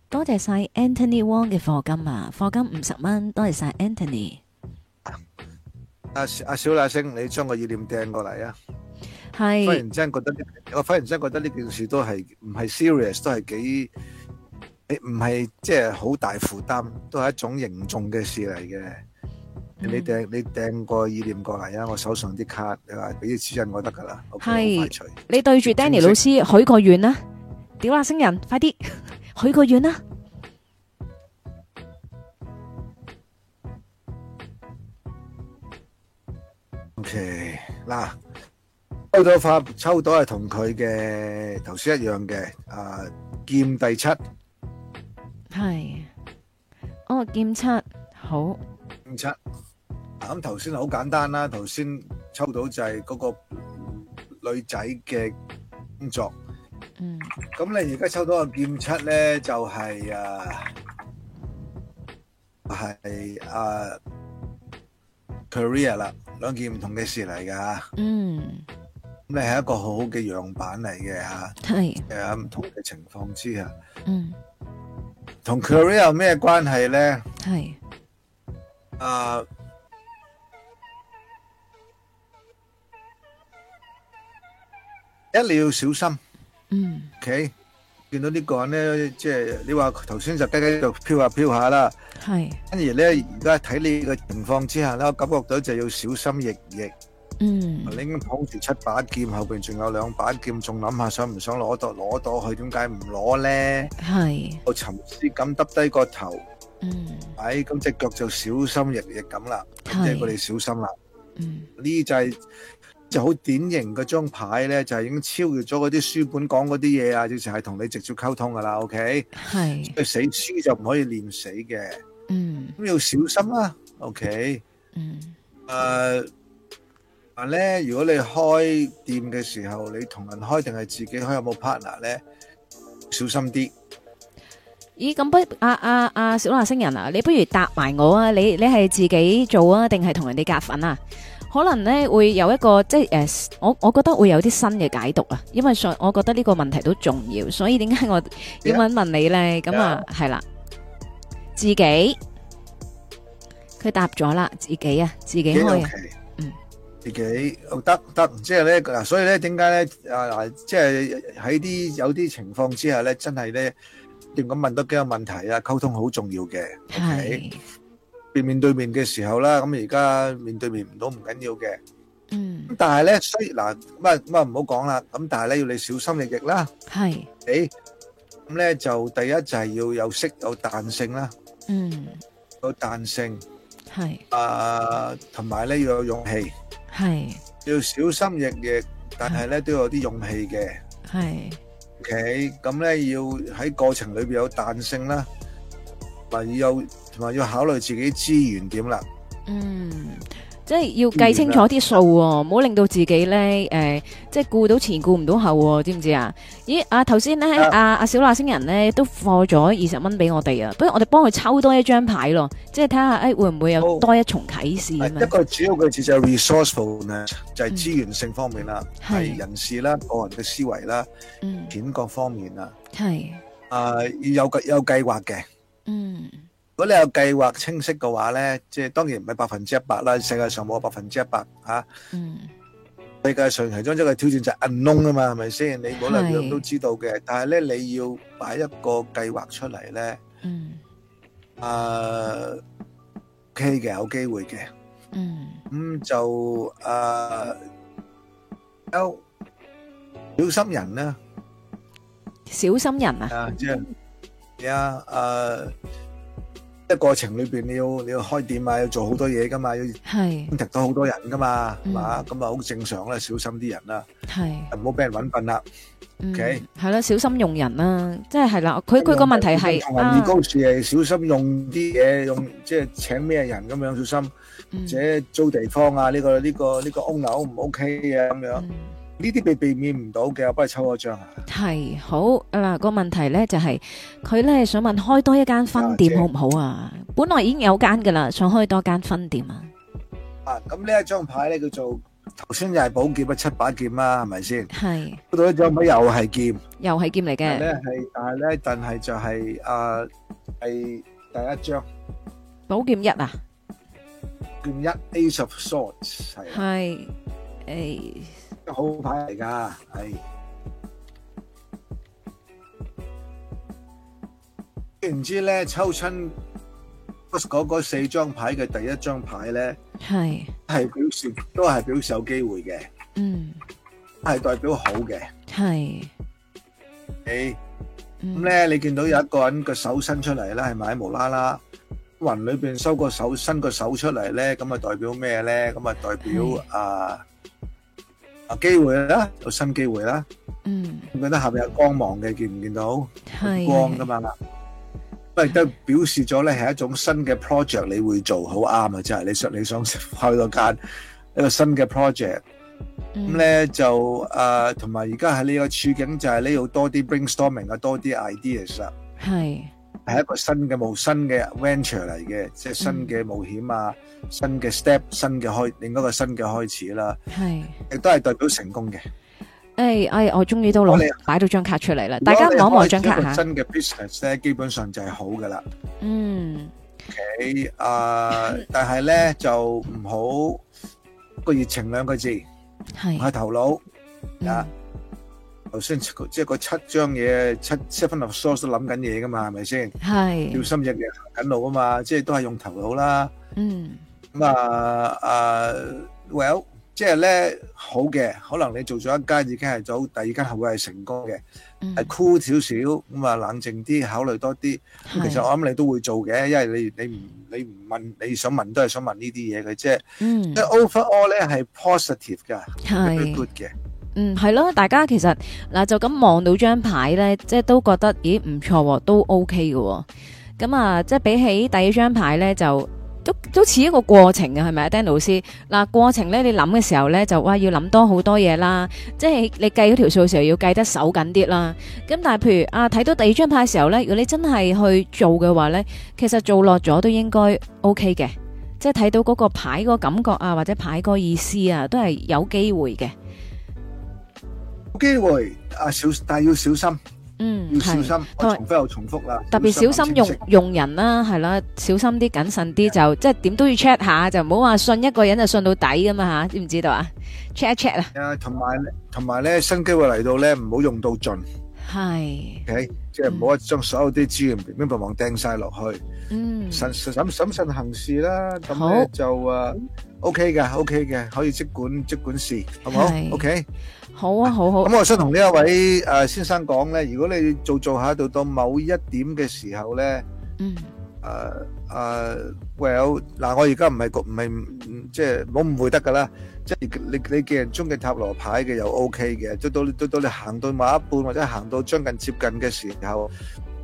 多謝晒 Anthony Wong 嘅課金啊，課金五十蚊，多謝晒 Anthony。阿阿小啦星，你將個意念掟過嚟啊！係。忽然之間覺得，我忽然之間覺得呢件事都係唔係 serious，都係幾誒唔係即係好大負擔，都係一種凝重嘅事嚟嘅。你掟你掟個意念過嚟啊！我手上啲卡，你話俾啲指引我得噶啦。係。你對住 Danny 老師許個願啊，屌啦星人，快啲！許個願啦。OK，嗱，抽到發，抽到係同佢嘅頭先一樣嘅，啊劍第七，係，哦劍七好，劍七，咁頭先好簡單啦，頭先抽到就係嗰個女仔嘅工作。嗯，咁你而家抽到個劍七咧，就係啊，係啊，Korea 啦，兩件唔同嘅事嚟噶吓。嗯，咁你係一個好好嘅樣板嚟嘅吓，係喺唔同嘅情況之下。嗯，同 Korea 有咩關係咧？係，啊，一定要小心。嗯、mm.，OK，見到呢個人呢個咧，即、就、係、是、你話頭先就雞雞度飄下飄下啦，係。跟住咧，而家睇你嘅情況之下咧，我感覺到就要小心翼翼。嗯。拎住七把劍，後面仲有兩把劍，仲諗下想唔想攞到攞到佢，點解唔攞咧？係。我沉思咁耷低個頭。嗯、mm. 哎。誒，咁隻腳就小心翼翼咁啦，即係我哋小心啦。嗯。呢、mm. 就係、是。就好典型嗰張牌咧，就係、是、已經超越咗嗰啲書本講嗰啲嘢啊！要就係、是、同你直接溝通噶啦，OK？係。死書就唔可以練死嘅。嗯。咁要小心啊，OK？嗯。誒，但咧，如果你開店嘅時候，你同人開定係自己開，有冇 partner 咧、啊啊啊？小心啲。咦？咁不阿阿阿小外星人啊，你不如答埋我啊！你你係自己做啊，定係同人哋夾份啊？可能咧會有一個即係誒，我我覺得會有啲新嘅解讀啊，因為上我覺得呢個問題都重要，所以點解我要問問你咧？咁啊係啦，自己佢答咗啦，自己啊，自己開啊，嗯，自己得得，即係咧嗱，所以咧點解咧啊，即係喺啲有啲情況之下咧，真係咧點解問多幾個問題啊，溝通好重要嘅，係。面面對面嘅時候啦，咁而家面對面唔到唔緊要嘅。嗯。咁但係咧，雖然嗱，咁啊咁啊唔好講啦。咁但係咧，要你小心翼翼啦。係。誒，咁咧就第一就係要有色有彈性啦。嗯。有彈性。係。啊，同埋咧要有勇氣。係。要小心翼翼，但係咧都要有啲勇氣嘅。係。OK，咁咧要喺過程裏邊有彈性啦，同埋有。要考慮自己資源點啦，嗯，即係要計清楚啲數，唔好令到自己咧，誒、呃，即係顧到前顧唔到後，知唔知啊？咦，啊頭先咧，阿阿小辣星人咧都貨咗二十蚊俾我哋啊，不如我哋幫佢抽多一張牌咯，即係睇下，誒，會唔會有多一重啟示？哦？一個主要嘅字就係 resourceful 咧，就係資源性方面啦，係、嗯、人事啦，個、嗯、人嘅思維啦，嗯，錢各方面啦，係，要有計有計劃嘅，嗯。如果你有計劃清晰嘅話咧，即係當然唔係百分之一百啦，世界上冇百分之一百吓。嗯。世界上其中一個挑戰就係 unknown 啊嘛，係咪先？你冇理由都知道嘅。但係咧，你要擺一個計劃出嚟咧。嗯。誒，OK 嘅，有機會嘅。嗯。咁就誒，小心人啦。小心人啊！啊，即係，啊誒。喺過程裏邊，你要你要開店啊，要做好多嘢噶嘛，要搵到好多人噶嘛，係嘛？咁啊好正常啦，小心啲人啦，係唔好俾人搵笨啦，OK，係咯，小心用人啦，即係係啦，佢佢個問題係啊，二高時係小心用啲嘢，用即係請咩人咁樣小心，或者租地方啊，呢個呢個呢個屋樓唔 OK 嘅咁樣。呢啲被避免唔到嘅，我幫你抽一張。係好啊，嗱，個問題咧就係佢咧想問開多一間分店好唔好啊？本來已經有間噶啦，想開多間分店啊。啊，咁呢一張牌咧叫做頭先又係寶劍啊，七把劍啦，係咪先？係。到呢張咪又係劍，又係劍嚟嘅。咧係，但係咧，但係就係啊，係第一張寶劍一啊。劍一，Ace of Swords，係。係誒。好牌嚟噶，係。你知唔知咧，秋春嗰嗰四張牌嘅第一張牌咧，係係表示都係表示有機會嘅，嗯，係代表好嘅，係。你咁咧，你見到有一個人個手伸出嚟啦，係埋喺無啦啦雲裏邊，收個手，伸個手出嚟咧，咁啊代表咩咧？咁啊代表啊。機、啊、會啦，有新機會啦。嗯，你覺得下面有光芒嘅，見唔見到光噶嘛？咁亦都表示咗咧係一種新嘅 project，你會做好啱啊！就係你想你想開多間一個新嘅 project，咁咧、嗯、就誒，同埋而家喺呢個處境就係你要多啲 brainstorming 啊，多啲 ideas 喇。係。.係一個新嘅冒新嘅 venture 嚟嘅，即係新嘅冒險啊，新嘅 step，新嘅開，另一個新嘅開始啦。係，亦都係代表成功嘅。誒誒，我終於都攞你擺到張卡出嚟啦！大家望一望張卡吓。新嘅 business 咧，基本上就係好噶啦。嗯。誒啊，但係咧就唔好個熱情兩個字，係我頭腦啊。頭先即係嗰七張嘢，七 seven of source 都諗緊嘢噶嘛，係咪先？係要深入嘅行緊路啊嘛，即係都係用頭腦啦。嗯，咁啊啊，well，即係咧好嘅，可能你做咗一間已經係早，第二間，係會係成功嘅，係 cool 少少咁啊，冷靜啲，考慮多啲。其實我諗你都會做嘅，因為你你唔你唔問，你想問都係想問呢啲嘢嘅啫。嗯，即係 overall 咧係 positive 嘅，係 good 嘅。嗯，係咯，大家其實嗱、啊、就咁望到張牌呢，即係都覺得，咦唔錯，都 OK 嘅。咁啊，即係比起第二張牌呢，就都都似一個過程㗎，係咪啊，Danny 老師？嗱、啊，過程呢，你諗嘅時候呢，就哇、啊、要諗多好多嘢啦。即係你計嗰條數嘅時候，要計得手緊啲啦。咁但係譬如啊，睇到第二張牌嘅時候呢，如果你真係去做嘅話呢，其實做落咗都應該 OK 嘅。即係睇到嗰個牌個感覺啊，或者牌個意思啊，都係有機會嘅。機會啊，小但係要小心，嗯，要小心同埋，重複又重複啦，特別小心用用人啦，係啦，小心啲，謹慎啲，就即係點都要 check 下，就唔好話信一個人就信到底㗎嘛吓，知唔知道啊？check 一 check 啦！啊，同埋同埋咧，新機會嚟到咧，唔好用到盡，係，ok，即係唔好將所有啲資源乒乒乓乓掟晒落去，嗯，審審審慎行事啦，咁咧就誒，ok 嘅，ok 嘅，可以即管即管試，好唔好？ok。好啊，好，好。咁我想同呢一位誒先生講咧，如果你做做下到到某一點嘅時候咧，嗯，誒誒，well，嗱，我而家唔係唔係即係唔好誤會得㗎啦，即係你你既然中嘅塔羅牌嘅又 OK 嘅，到到到到你行到某一半或者行到將近接近嘅時候。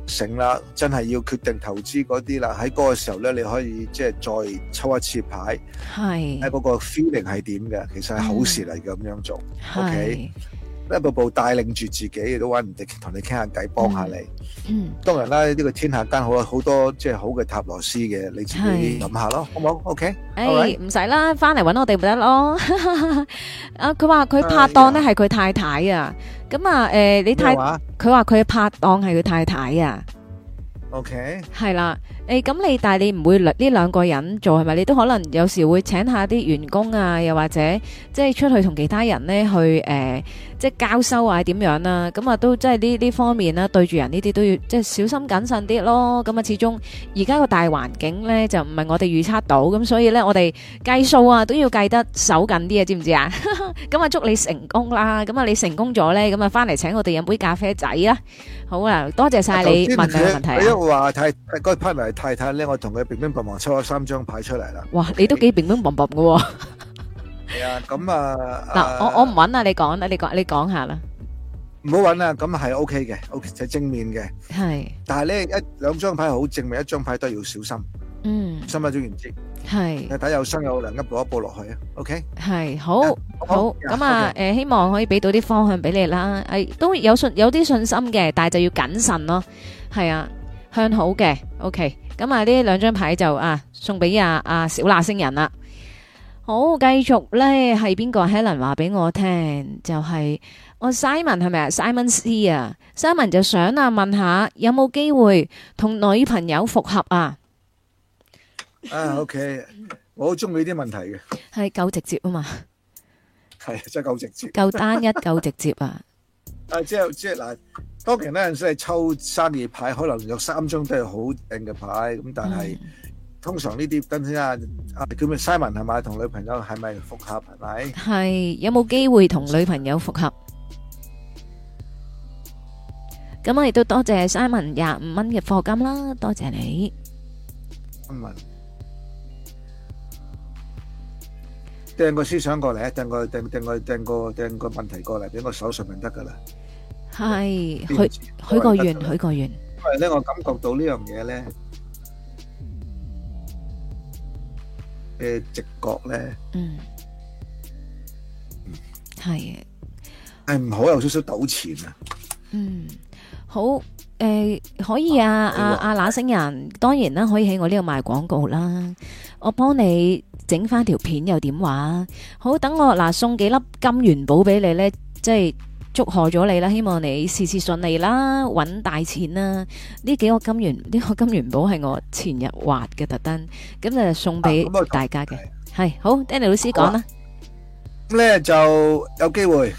醒啦！真係要決定投資嗰啲啦，喺嗰個時候咧，你可以即係再抽一次牌，喺嗰個 feeling 係點嘅，其實係好事嚟嘅咁樣做。OK，一步步帶領住自己，亦都揾人哋同你傾下偈，幫下你。嗯，當然啦，呢個天下間好好多即係好嘅塔羅師嘅，你自己諗下咯，好唔好？OK，哎，唔使啦，翻嚟揾我哋咪得咯。啊，佢話佢拍檔咧係佢太太啊。咁啊，誒、呃，你睇，佢話佢嘅拍檔係佢太太啊，OK，係啦。誒咁你，但係你唔會兩呢兩個人做係咪？你都可能有時會請下啲員工啊，又或者即係出去同其他人咧去誒，即係交收啊點樣啦？咁啊都即係呢呢方面啦，對住人呢啲都要即係小心謹慎啲咯。咁啊，始終而家個大環境咧就唔係我哋預測到，咁所以咧我哋計數啊都要計得守緊啲啊，知唔知啊？咁啊祝你成功啦！咁啊你成功咗咧，咁啊返嚟請我哋飲杯咖啡仔啦！好啊，多謝晒你問嘅問題。我話太太該批埋。太太咧，我同佢乒乒乓乓抽咗三張牌出嚟啦。哇，你都幾乒乒乓乓嘅。係啊，咁啊嗱，我我唔揾啦，你講啦，你講你講下啦。唔好揾啦，咁係 OK 嘅，OK 就正面嘅。係。但係咧一兩張牌係好正面，一張牌都要小心。嗯，心有中元知。係。睇睇有生有糧，一步一步落去啊。OK。係，好，好，咁啊，誒，希望可以俾到啲方向俾你啦。誒，都有信，有啲信心嘅，但係就要謹慎咯。係啊，向好嘅，OK。咁、嗯、啊！呢兩張牌就啊送俾阿阿小喇星人啦。好，繼續咧係邊個？Helen 話俾我聽，就係、是、我 Simon 係咪啊？Simon C 啊，Simon 就想啊，問下有冇機會同女朋友復合啊？啊、ah，OK， [LAUGHS] 我好中意呢啲問題嘅，係夠直接啊嘛，係真係夠直接，夠單一，夠直接啊！啊，即係即係嗱。當然咧，即係抽生意牌，可能有三張都係好正嘅牌。咁但係、嗯、通常呢啲，等等下啊叫咩 Simon 係咪？同女朋友係咪複合係咪？係有冇機會同女朋友複合？咁我亦都多謝 Simon 廿五蚊嘅課金啦，多謝你。Simon，掟個思想過嚟，掟個掟掟個掟個掟個問題過嚟俾我手上咪得噶啦。係，許許個願，許個願。因為咧，我感覺到呢樣嘢咧嘅直覺咧，嗯，嗯，係，誒，唔好有少少賭錢啊。嗯，好，誒，可以啊，阿阿那星人，當然啦，可以喺我呢度賣廣告啦，我幫你整翻條片又點話？好，等我嗱送幾粒金元寶俾你咧，即係。祝賀咗你啦！希望你事事順利啦，搵大錢啦！呢幾個金元呢個金元寶係我前日畫嘅特登，咁就送俾大家嘅。係，好，Danny 老師講啦。咁咧就有機會，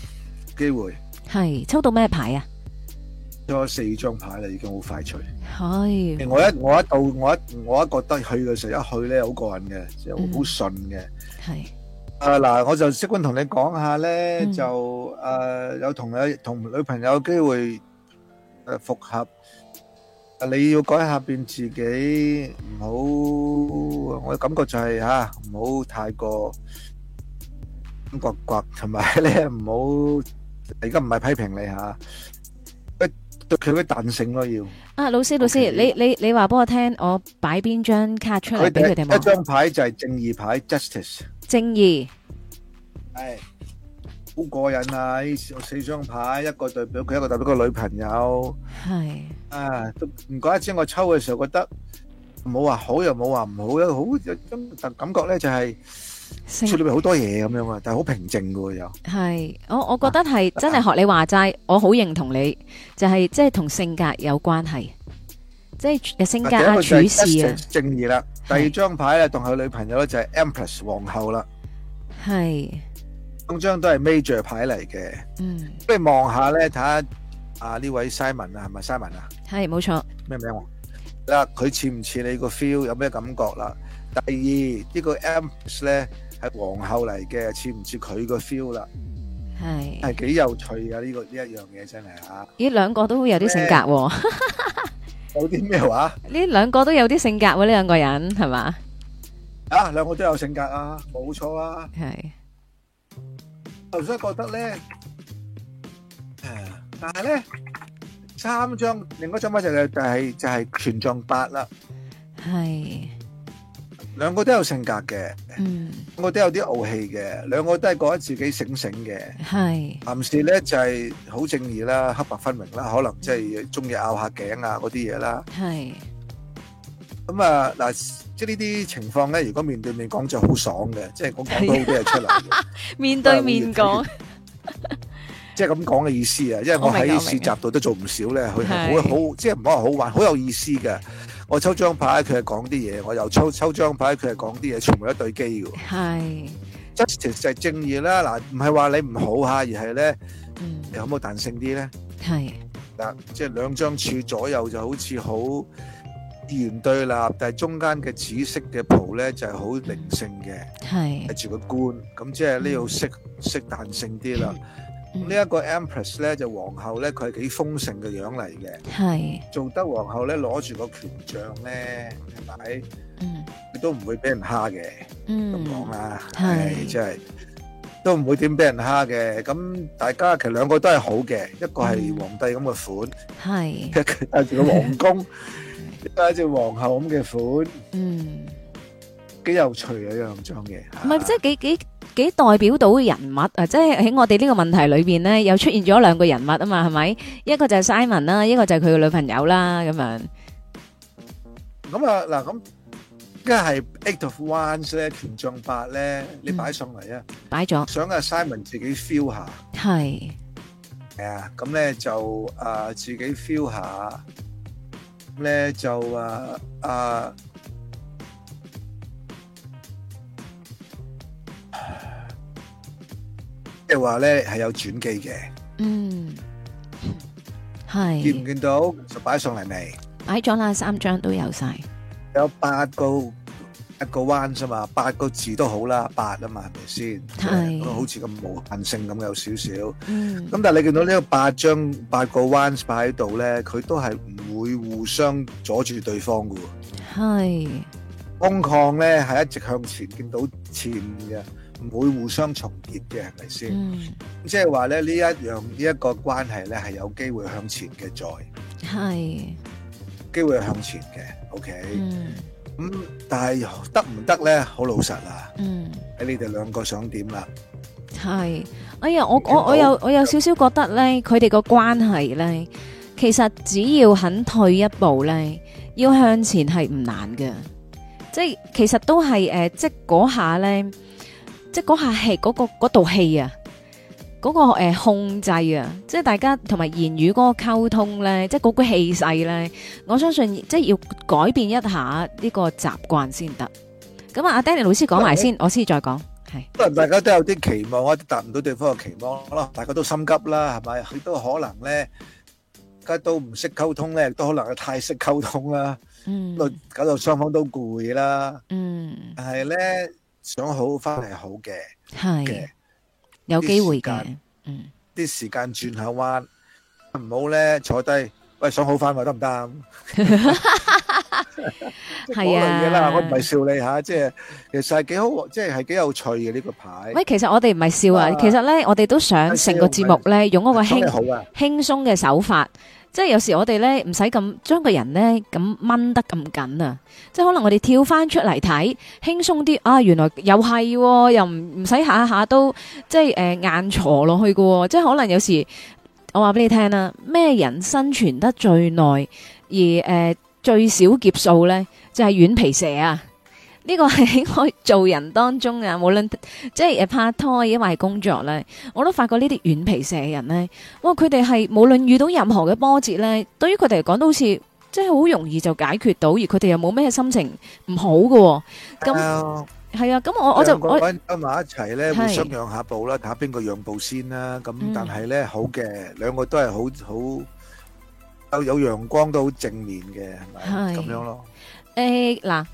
機會係抽到咩牌啊？抽咗四張牌啦，已經好快脆。係，我一我一到我一我一覺得去嘅時候一去咧好過癮嘅，即係好順嘅。係。啊、uh, 嗱，我就即管同你講下咧，嗯，就誒、uh, 有同女同女朋友機會誒復合，你要改下變自己唔好，我感覺就係吓唔好太過咁刮刮，同埋咧唔好。而家唔係批評你吓，對佢啲彈性咯要。啊，老師老師、okay，你你你話俾我聽，你你我擺邊張卡出嚟俾佢哋望。一張牌就係正義牌，Justice。正義係好過癮啊！呢次有四張牌，一個代表佢，一個代表個女朋友，係啊，都唔怪得之我抽嘅時候覺得冇話好又冇話唔好，有好有咁，但感覺咧就係出裏面好多嘢，咁樣啊，但係好平靜嘅，又係我我覺得係真係學你話齋，我好認同你，就係即係同性格有關係，即係性格處事啊，正義啦。第二張牌咧，同佢女朋友咧，就係、是、Empress 皇后啦。係。兩張都係 Major 牌嚟嘅。嗯。咁你望下咧，睇下啊呢位 Simon 啊，係咪 Simon 啊？係，冇錯。咩名？嗱，佢似唔似你個 feel？有咩感覺啦？第二呢、這個 Empress 咧係皇后嚟嘅，似唔似佢個 feel 啦？係。係幾有趣㗎？呢、這個呢一樣嘢真係嚇。咦兩個都會有啲性格喎。呃 [LAUGHS] 有啲咩話？呢兩個都有啲性格喎，呢兩個人係嘛？啊，兩個都有性格啊，冇錯啊。係，頭先覺得咧，誒，但係咧，三張，另外一張咪就係就係就係權杖八啦。係。兩個都有性格嘅，嗯，我都有啲傲氣嘅，兩個都係覺得自己醒醒嘅，係，同時咧就係、是、好正義啦，黑白分明啦，可能即係中意拗下頸啊嗰啲嘢啦，係。咁、嗯、啊嗱，即係呢啲情況咧，如果面對面講就好爽嘅，即係我講到好多嘢出嚟， [LAUGHS] 面對面講， [LAUGHS] 即係咁講嘅意思啊，因為我喺市集度都做唔少咧，佢係好，好即係唔係話好玩，好有意思嘅。我抽張牌，佢係講啲嘢；我又抽抽張牌，佢係講啲嘢，全部一對機㗎喎。係 Justice 就係正義啦。嗱，唔係話你唔好吓，而係咧、嗯，你可唔可以彈性啲咧？係嗱，即係、就是、兩張柱左右就好似好嚴對立，但係中間嘅紫色嘅袍咧就係好靈性嘅，係住個官咁，即係呢度識識彈性啲啦。呢、嗯、一、這個 Empress 咧就皇后咧，佢係幾豐盛嘅樣嚟嘅。係做得皇后咧，攞住個權杖咧，係咪？嗯，都唔會俾人蝦嘅。嗯，咁講啦，係真係都唔會點俾人蝦嘅。咁大家其實兩個都係好嘅、嗯，一個係皇帝咁嘅款，係，一個帶住個皇宮， [LAUGHS] 一個帶住皇后咁嘅款，嗯。幾有趣嘅呢兩張嘢，唔係即係幾幾幾代表到人物啊！即係喺我哋呢個問題裏邊咧，又出現咗兩個人物啊嘛，係咪？一個就係 Simon 啦，一個就係佢嘅女朋友啦，咁樣。咁啊，嗱咁，一係 Eight of Wands 咧，權杖八咧，你擺上嚟啊！擺咗想阿 Simon 自己 feel 下，係係啊，咁咧就啊自己 feel 下，咁咧就啊啊。即係話咧，係有轉機嘅。嗯，係見唔見到？就擺上嚟未？擺咗啦，三張都有晒。有八個一個彎啫嘛，八個字都好啦，八啊嘛，係咪先？係好似咁無限性咁，有少少。嗯。咁但係你見到呢個八張八個彎擺喺度咧，佢都係唔會互相阻住對方噶。係。空曠咧，係一直向前見到前嘅。唔會互相重疊嘅，係咪先？嗯，即係話咧，呢一樣呢一個關係咧，係有機會向前嘅，在係機會向前嘅。OK，嗯，咁但係得唔得咧？好老實啦，嗯，喺你哋兩個想點啦？係哎呀，我我我有我有少少覺得咧，佢哋個關係咧，其實只要肯退一步咧，要向前係唔難嘅。即係其實都係誒，即係嗰下咧。即係嗰下戲，嗰個嗰度戲啊，嗰個誒控制啊，即係大家同埋言語嗰個溝通咧，即係嗰個氣勢咧，我相信即係要改變一下呢個習慣先得。咁啊，阿 Danny 老師講埋先，我先再講係。可能大家都有啲期望啊，或者達唔到對方嘅期望咯，大家都心急啦，係咪？佢都可能咧，家都唔識溝通咧，都可能係太識溝通啦，嗯，搞到雙方都攰啦，嗯，係咧。想好翻嚟好嘅，係，有機會嘅，嗯，啲時間轉下彎，唔好咧坐低，喂，想好翻話得唔得？係 [LAUGHS] [LAUGHS] [LAUGHS] 啊，啊，我唔係笑你吓，即係其實係幾好，即係係幾有趣嘅呢個牌。喂，其實我哋唔係笑啊，其實咧我哋都想成個節目咧用一個輕輕鬆嘅手法。即係有時我哋咧唔使咁將個人咧咁掹得咁緊啊！即係可能我哋跳翻出嚟睇，輕鬆啲啊！原來又係、哦、又唔唔使下下都即係誒、呃、硬坐落去喎、哦。即係可能有時我話俾你聽、啊、啦，咩人生存得最耐而誒、呃、最少劫數咧，就係、是、軟皮蛇啊！呢個係喺我做人當中啊，無論即係誒拍拖，亦或係工作咧，我都發覺呢啲軟皮蛇嘅人咧，哇！佢哋係無論遇到任何嘅波折咧，對於佢哋嚟講都好似即係好容易就解決到，而佢哋又冇咩心情唔好嘅。咁係啊，咁我我就我，執埋一齊咧，互相讓下步啦，睇下邊個讓步先啦。咁但係咧，好嘅，兩個都係好好有有陽光，都好正面嘅，係咪咁樣咯？誒，嗱。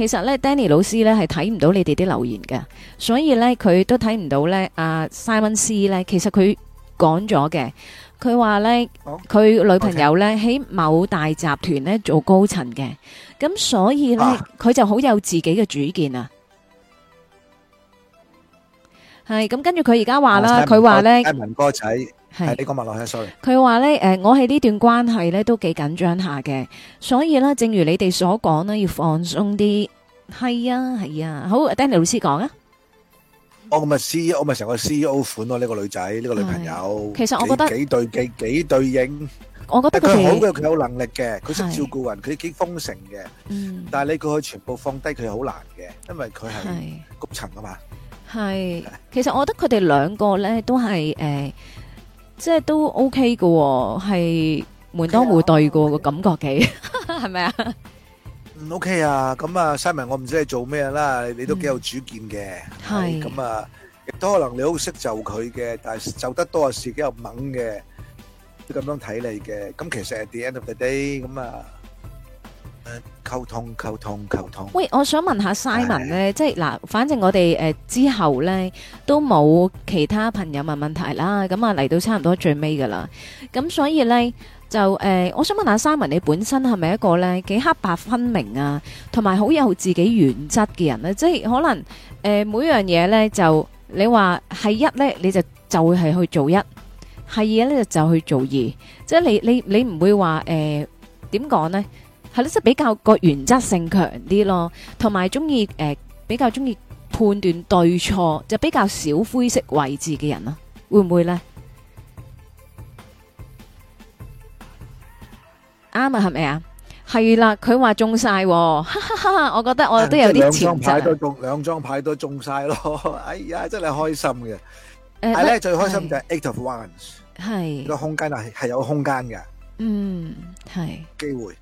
其實咧，Danny 老師咧係睇唔到你哋啲留言嘅，所以咧佢都睇唔到咧阿、啊、Simon C 咧，其實佢講咗嘅，佢話咧佢女朋友咧喺、okay. 某大集團咧做高層嘅，咁所以咧佢、ah. 就好有自己嘅主見啊。係、ah. 咁，跟住佢而家話啦，佢話咧。Ah. 文哥仔。係你講埋落去，sorry。佢話咧，誒，我係呢段關係咧都幾緊張下嘅，所以咧，正如你哋所講咧，要放鬆啲。係啊，係啊，好，Danny 老師講啊。我咪 C，我咪成個 CEO 款咯，呢個女仔，呢個女朋友。其實我覺得幾對幾幾對應。我覺得佢好嘅，佢有能力嘅，佢識照顧人，佢幾豐盛嘅。嗯。但係你佢去全部放低，佢好難嘅，因為佢係高層啊嘛。係，其實我覺得佢哋兩個咧都係誒。即係都 OK 嘅，係門當戶對嘅個感覺嘅，係咪啊？OK 啊！咁啊，Simon，我唔知你做咩啦，你都幾有主見嘅。係。咁啊，亦都可能你好識就佢嘅，但係就得多嘅事比較猛嘅，都咁樣睇你嘅。咁其實 at the end of the day，咁啊。溝通溝通溝通。喂，我想問下 Simon 呢即係嗱，反正我哋誒、呃、之後呢都冇其他朋友問問題啦，咁啊嚟到差唔多最尾噶啦，咁所以呢，就誒、呃，我想問下 Simon，你本身係咪一個呢幾黑白分明啊，同埋好有自己原則嘅人呢？即係可能誒、呃，每樣嘢呢，就你話係一呢，你就就會係去做一；係二呢，就去做二，即係你你你唔會話誒點講咧？呃怎係咯，即係比較個原則性強啲咯，同埋中意誒，比較中意判斷對錯，就比較少灰色位置嘅人咯，會唔會咧？啱啊，係咪啊？係啦，佢話中晒，我覺得我都有啲潮牌。兩張牌都中，兩張牌都中晒咯！哎呀，真係開心嘅。誒，咧最開心就係 Eight of Wands，係個空間係係有空間嘅。嗯，係機會。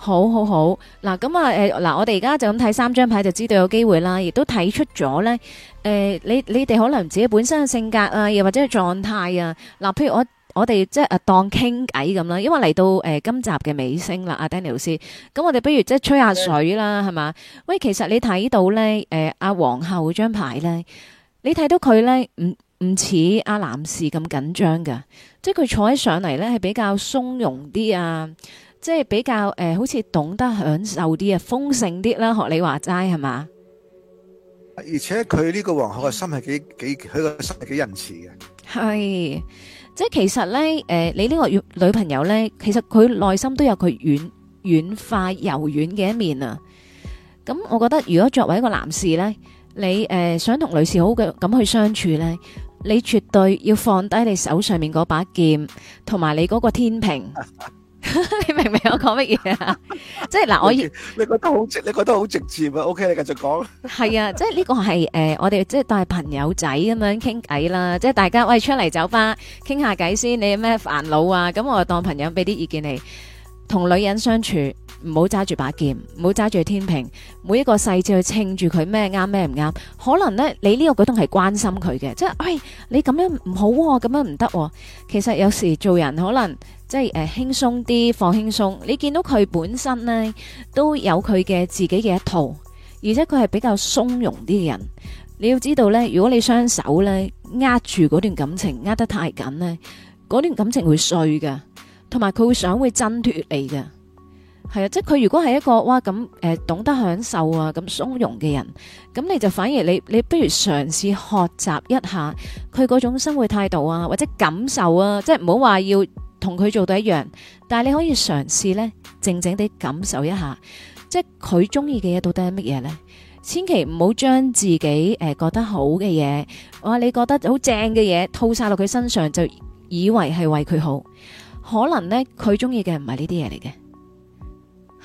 好好好，嗱咁啊，誒，嗱我哋而家就咁睇三張牌，就知道有機會啦，亦都睇出咗咧。誒、呃，你你哋可能自己本身嘅性格啊，又或者狀態啊，嗱，譬如我我哋即係誒當傾偈咁啦，因為嚟到誒、呃、今集嘅尾聲啦，阿 Danny 老師，咁、 [MUSIC] 啊、我哋不如即係吹下水啦，係嘛？喂，其實你睇到咧，誒、呃、阿皇后嗰張牌咧，你睇到佢咧，唔唔似阿男士咁緊張噶，即係佢坐喺上嚟咧係比較鬆容啲啊。即係比較誒、呃，好似懂得享受啲啊，豐盛啲啦。學你話齋係嘛？而且佢呢個皇后嘅心係幾幾，佢個心係幾仁慈嘅。係，即係其實呢，誒、呃，你呢個女朋友呢，其實佢內心都有佢軟軟化、柔軟嘅一面啊。咁我覺得，如果作為一個男士呢，你誒、呃，想同女士好嘅咁去相處呢，你絕對要放低你手上面嗰把劍，同埋你嗰個天平。 [LAUGHS] [LAUGHS] 你明唔明我講乜嘢啊？即係嗱，我以你覺得好直，你覺得好直，直接啊？OK，你繼續講。係 [LAUGHS] 啊，即係呢個係誒、呃，我哋即係帶朋友仔咁樣傾偈啦。即係大家喂出嚟酒吧傾下偈先，你有咩煩惱啊？咁我就當朋友俾啲意見你。同女人相處，唔好揸住把劍，唔好揸住天平，每一個細節去稱住佢咩啱咩唔啱。可能咧，你呢個舉動係關心佢嘅，即係喂、哎、你咁樣唔好、啊，咁樣唔得、啊。其實有時做人可能。即係誒，輕鬆啲，放輕鬆。你見到佢本身呢，都有佢嘅自己嘅一套，而且佢係比較鬆容啲嘅人。你要知道呢，如果你雙手呢，握住嗰段感情握得太緊呢，嗰段感情會碎噶，同埋佢會想會掙脫你噶。係啊，即係佢如果係一個哇咁誒、呃、懂得享受啊咁鬆容嘅人，咁你就反而你你不如嘗試學習一下佢嗰種生活態度啊，或者感受啊，即係唔好話要。同佢做到一樣，但係你可以嘗試呢，靜靜地感受一下，即係佢中意嘅嘢到底係乜嘢呢？千祈唔好將自己誒、呃、覺得好嘅嘢，哇你覺得好正嘅嘢，套晒落佢身上就以為係為佢好，可能呢，佢中意嘅唔係呢啲嘢嚟嘅。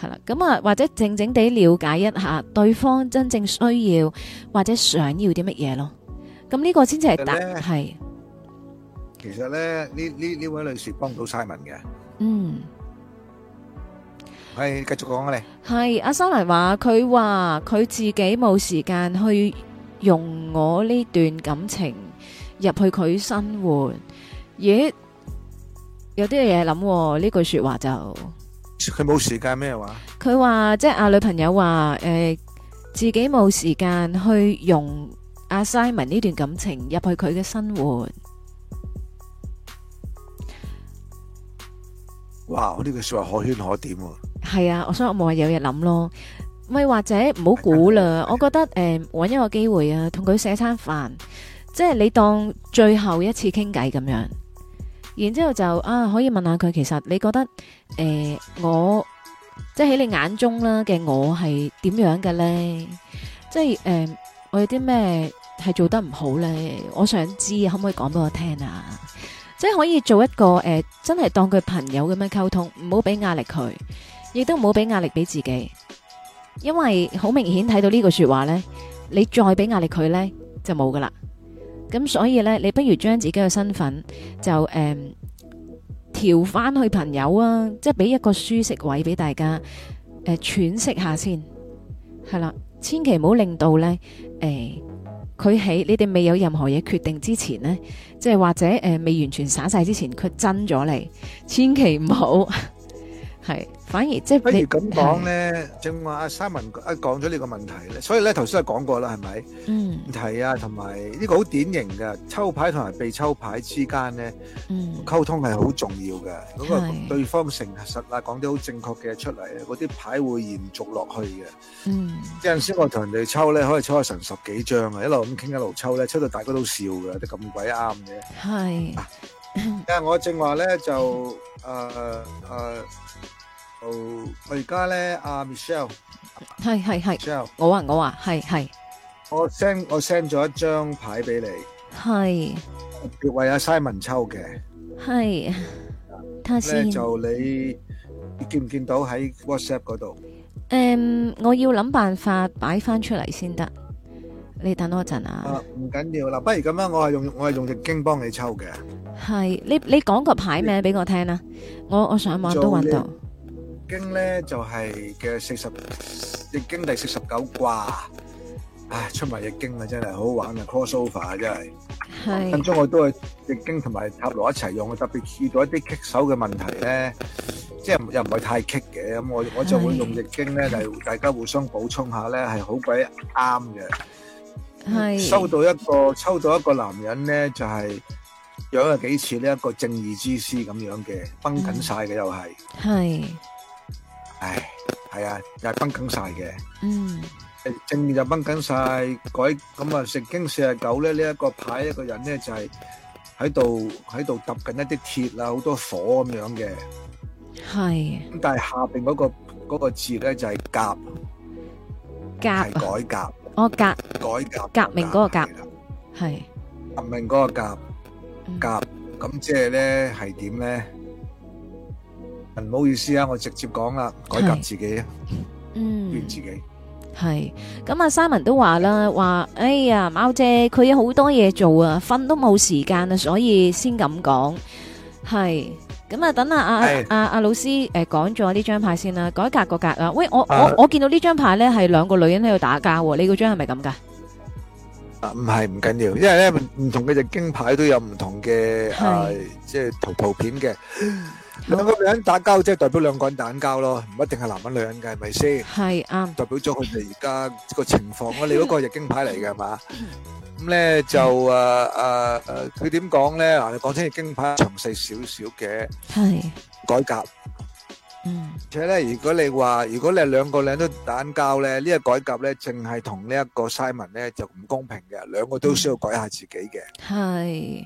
係啦，咁啊或者靜靜地了解一下對方真正需要或者想要啲乜嘢咯，咁呢個先至係答案。其實咧，呢呢呢位女士幫唔到 Simon 嘅。嗯，係繼續講啊，你係阿 Simon 話佢話佢自己冇時間去用我呢段感情入去佢生活。咦？有啲嘢諗呢句說話，就佢冇時間咩話？佢話即係阿女朋友話誒、呃，自己冇時間去用阿 Simon 呢段感情入去佢嘅生活。哇！我呢句說話可圈可點喎、啊。係啊，所以我冇話有嘢諗咯，咪或者唔好估啦。我覺得誒，搵、呃、一個機會啊，同佢食餐飯，即係你當最後一次傾偈咁樣。然之後就啊，可以問下佢，其實你覺得誒、呃，我即係喺你眼中啦嘅我係點樣嘅咧？即係誒、呃，我有啲咩係做得唔好咧？我想知可唔可以講俾我聽啊？你可以做一個誒、呃，真係當佢朋友咁樣溝通，唔好俾壓力佢，亦都唔好俾壓力俾自己，因為好明顯睇到呢句說話呢，你再俾壓力佢呢，就冇噶啦。咁所以呢，你不如將自己嘅身份就誒、呃、調翻去朋友啊，即係俾一個舒適位俾大家、呃、喘息一下先，係啦，千祈唔好令到呢。誒、呃。佢喺你哋未有任何嘢決定之前呢，即係或者誒未完全散晒之前，佢真咗嚟，千祈唔好係。 [LAUGHS] 反而即係不如咁講咧，正話阿 Simon 一講咗呢個問題咧，所以咧頭先又講過啦，係咪？嗯。問題啊，同埋呢個好典型嘅抽牌同埋被抽牌之間咧，嗯，溝通係好重要嘅。係。嗰個對方誠實啊，講啲好正確嘅出嚟啊，嗰啲牌會延續落去嘅。嗯。有陣時我同人哋抽咧，可以抽一成十幾張啊，一路咁傾一路抽咧，抽到大家都笑嘅，都咁鬼啱嘅。係。但係我正話咧就誒誒。我而家咧，阿 Michelle，係係係，Michelle，我話我話，係係，我 send 我 send 咗一張牌俾你，係，為阿 Simon 抽嘅，係，他先，就你，你見唔見到喺 WhatsApp 嗰度？誒，我要諗辦法擺翻出嚟先得，你等我一陣啊，唔緊要，嗱，不如咁樣，我係用我係用直徑幫你抽嘅，係，你你講個牌名俾我聽啦，我我上網都搵到。經咧就係嘅四十易經第四十九卦。唉，出埋易經啦，真係好好玩啊！cross over 啊，真係。係。近中我都係易經同埋塔羅一齊用，特別遇到一啲棘手嘅問題咧，即係又唔係太棘嘅，咁我我就會用易經咧，就大家互相補充下咧，係好鬼啱嘅。係。收到一個抽到一個男人咧，就係有幾似呢一個正義之師咁樣嘅，繃緊晒嘅又係。係。唉，係啊，就係繃緊晒嘅。嗯，正面就繃緊晒改咁啊。易經四十九咧，呢一個牌一個人咧就係喺度喺度揼緊一啲鐵啊，好多火咁樣嘅。係。咁但係下邊嗰個嗰個字咧就係革，革係改革。哦，革改革革命嗰個革，係革命嗰個革革。咁即係咧係點咧？唔好意思啊，我直接講啦，改革自己，嗯，變自己，係。咁阿 Simon 都話啦，話哎呀，貓姐佢有好多嘢做啊，瞓都冇時間啊，所以先咁講。係咁啊，等阿阿阿阿老師誒講咗呢張牌先啦，改革個格啦。喂，我我我見到呢張牌咧係兩個女人喺度打架，你嗰張係咪咁噶？啊，唔係唔緊要，因為咧唔同嘅日經牌都有唔同嘅誒，即係圖圖片嘅。兩個女人打交，即係代表兩個人打交咯，唔一定係男人女人嘅，係咪先？係啱。代表咗佢哋而家個情況咯、 [LAUGHS] 呃呃。你嗰個月經牌嚟嘅係嘛？咁咧就啊啊啊，佢點講咧？嗱，講啲月經牌詳細少少嘅。係。改革。嗯。而且咧，如果你話，如果你係兩個女人都打交咧，呢、呢個改革咧，淨係同呢一個 Simon 咧就唔公平嘅，兩個都需要改下自己嘅。係。.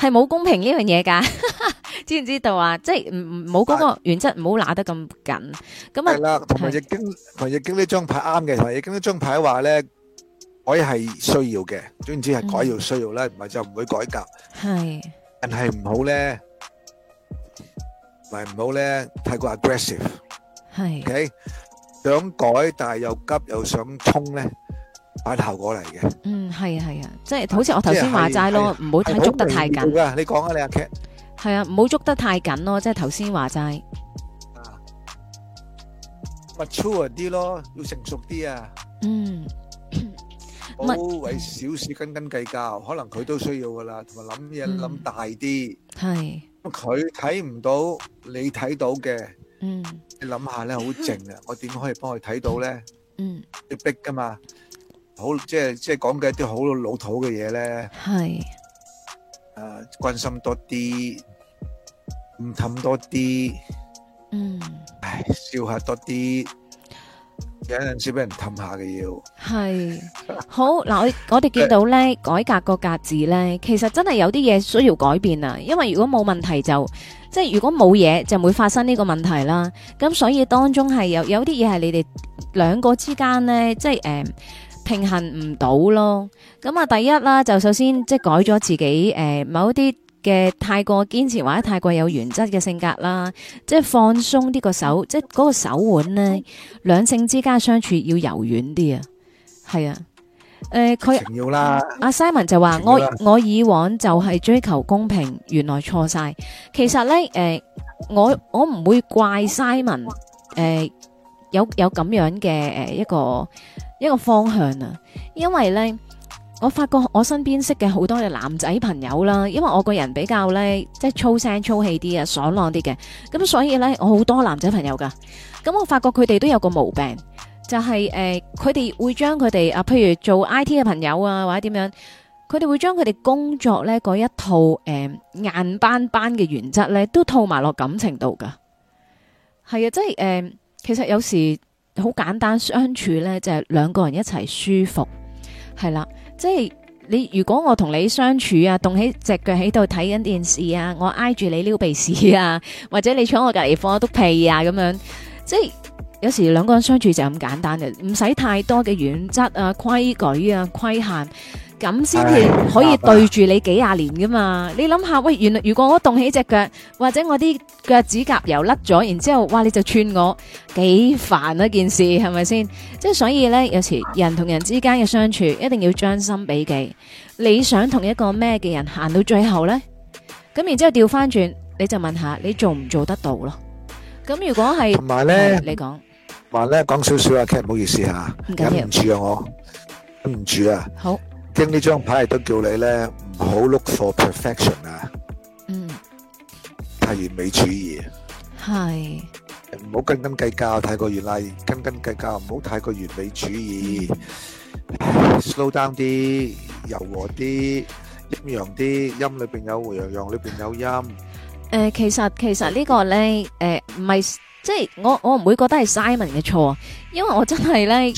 係冇公平呢樣嘢噶，知唔知道啊？即係唔唔冇嗰個原則，唔好拿得咁緊。咁啊，係啦，同埋易經同易經呢張牌啱嘅，同易經呢張牌話咧，改係需要嘅，總言之係改要需要啦，唔係就唔會改革。係，但係唔好咧，唔係唔好咧，太過 aggressive。係，OK，想改但係又急又想衝咧。擺效果嚟嘅，嗯，係啊，啊，係啊，即係好似我頭先話齋咯，唔好太捉得太緊。好噶，你講啊，你阿 Cat 係啊，唔好捉得太緊咯，即係頭先話齋。啊，mature 啲咯，要成熟啲啊。嗯。唔好為小事斤斤計較，可能佢都需要噶啦，同埋諗嘢諗大啲。係。咁佢睇唔到，你睇到嘅。嗯。嗯。你諗下咧，好靜啊！我點可以幫佢睇到咧？嗯。要逼噶嘛好即係即係講嘅一啲好老土嘅嘢咧，係誒關心多啲，唔氹多啲，嗯，唉笑下多啲，有陣時俾人氹下嘅要係好嗱。我我哋見到咧，改革個格字咧，其實真係有啲嘢需要改變啊。因為如果冇問題就即係如果冇嘢就唔會發生呢個問題啦。咁所以當中係有有啲嘢係你哋兩個之間咧，即係誒。平衡唔到咯，咁、嗯、啊，第一啦，就首先即係改咗自己誒、呃，某啲嘅太過堅持或者太過有原則嘅性格啦，即係放鬆啲個手，即係嗰個手腕呢，兩性之間相處要柔軟啲啊，係、呃、啊，誒，佢要啦，阿 Simon 就話我我以往就係追求公平，原來錯晒，其實呢，誒、呃，我我唔會怪 Simon 誒、呃，有有咁樣嘅誒一個。一個方向啊，因為呢，我發覺我身邊識嘅好多嘅男仔朋友啦，因為我個人比較呢，即係粗聲粗氣啲啊，爽朗啲嘅，咁所以呢，我好多男仔朋友噶，咁我發覺佢哋都有個毛病，就係、是、誒，佢、呃、哋會將佢哋啊，譬如做 IT 嘅朋友啊，或者點樣，佢哋會將佢哋工作呢嗰一套誒、呃、硬斑斑嘅原則呢，都套埋落感情度噶，係啊，即係誒、呃，其實有時。好簡單相處呢就係、是、兩個人一齊舒服，係啦。即係你如果我同你相處啊，動起隻腳喺度睇緊電視啊，我挨住你撩鼻屎啊，或者你坐我隔籬放一督屁啊，咁樣。即係有時兩個人相處就咁簡單嘅，唔使太多嘅原則啊、規矩啊、規限啊。咁先至可以對住你幾廿年噶嘛？你諗下，喂，原來如果我凍起隻腳，或者我啲腳指甲油甩咗，然之後，哇，你就串我，幾煩一件事係咪先？即係所以呢，有時人同人之間嘅相處一定要將心比己。你想同一個咩嘅人行到最後呢？咁然之後調翻轉，你就問下你做唔做得到咯？咁如果係同埋呢，嗯、你講同埋呢，講少少啊 Cat 唔好意思吓，忍唔住啊，我忍唔住啊，好。經呢張牌都叫你咧唔好 look for perfection 啊，嗯，太完美主義，係唔好斤斤計較，太過嚴厲，斤斤計較唔好太過完美主義，slow down 啲，柔和啲，陰陽啲，陰裏邊有陽，陽裏邊有陰。誒，其實其實呢個咧，誒唔係。即係我我唔會覺得係 Simon 嘅錯，因為我真係咧，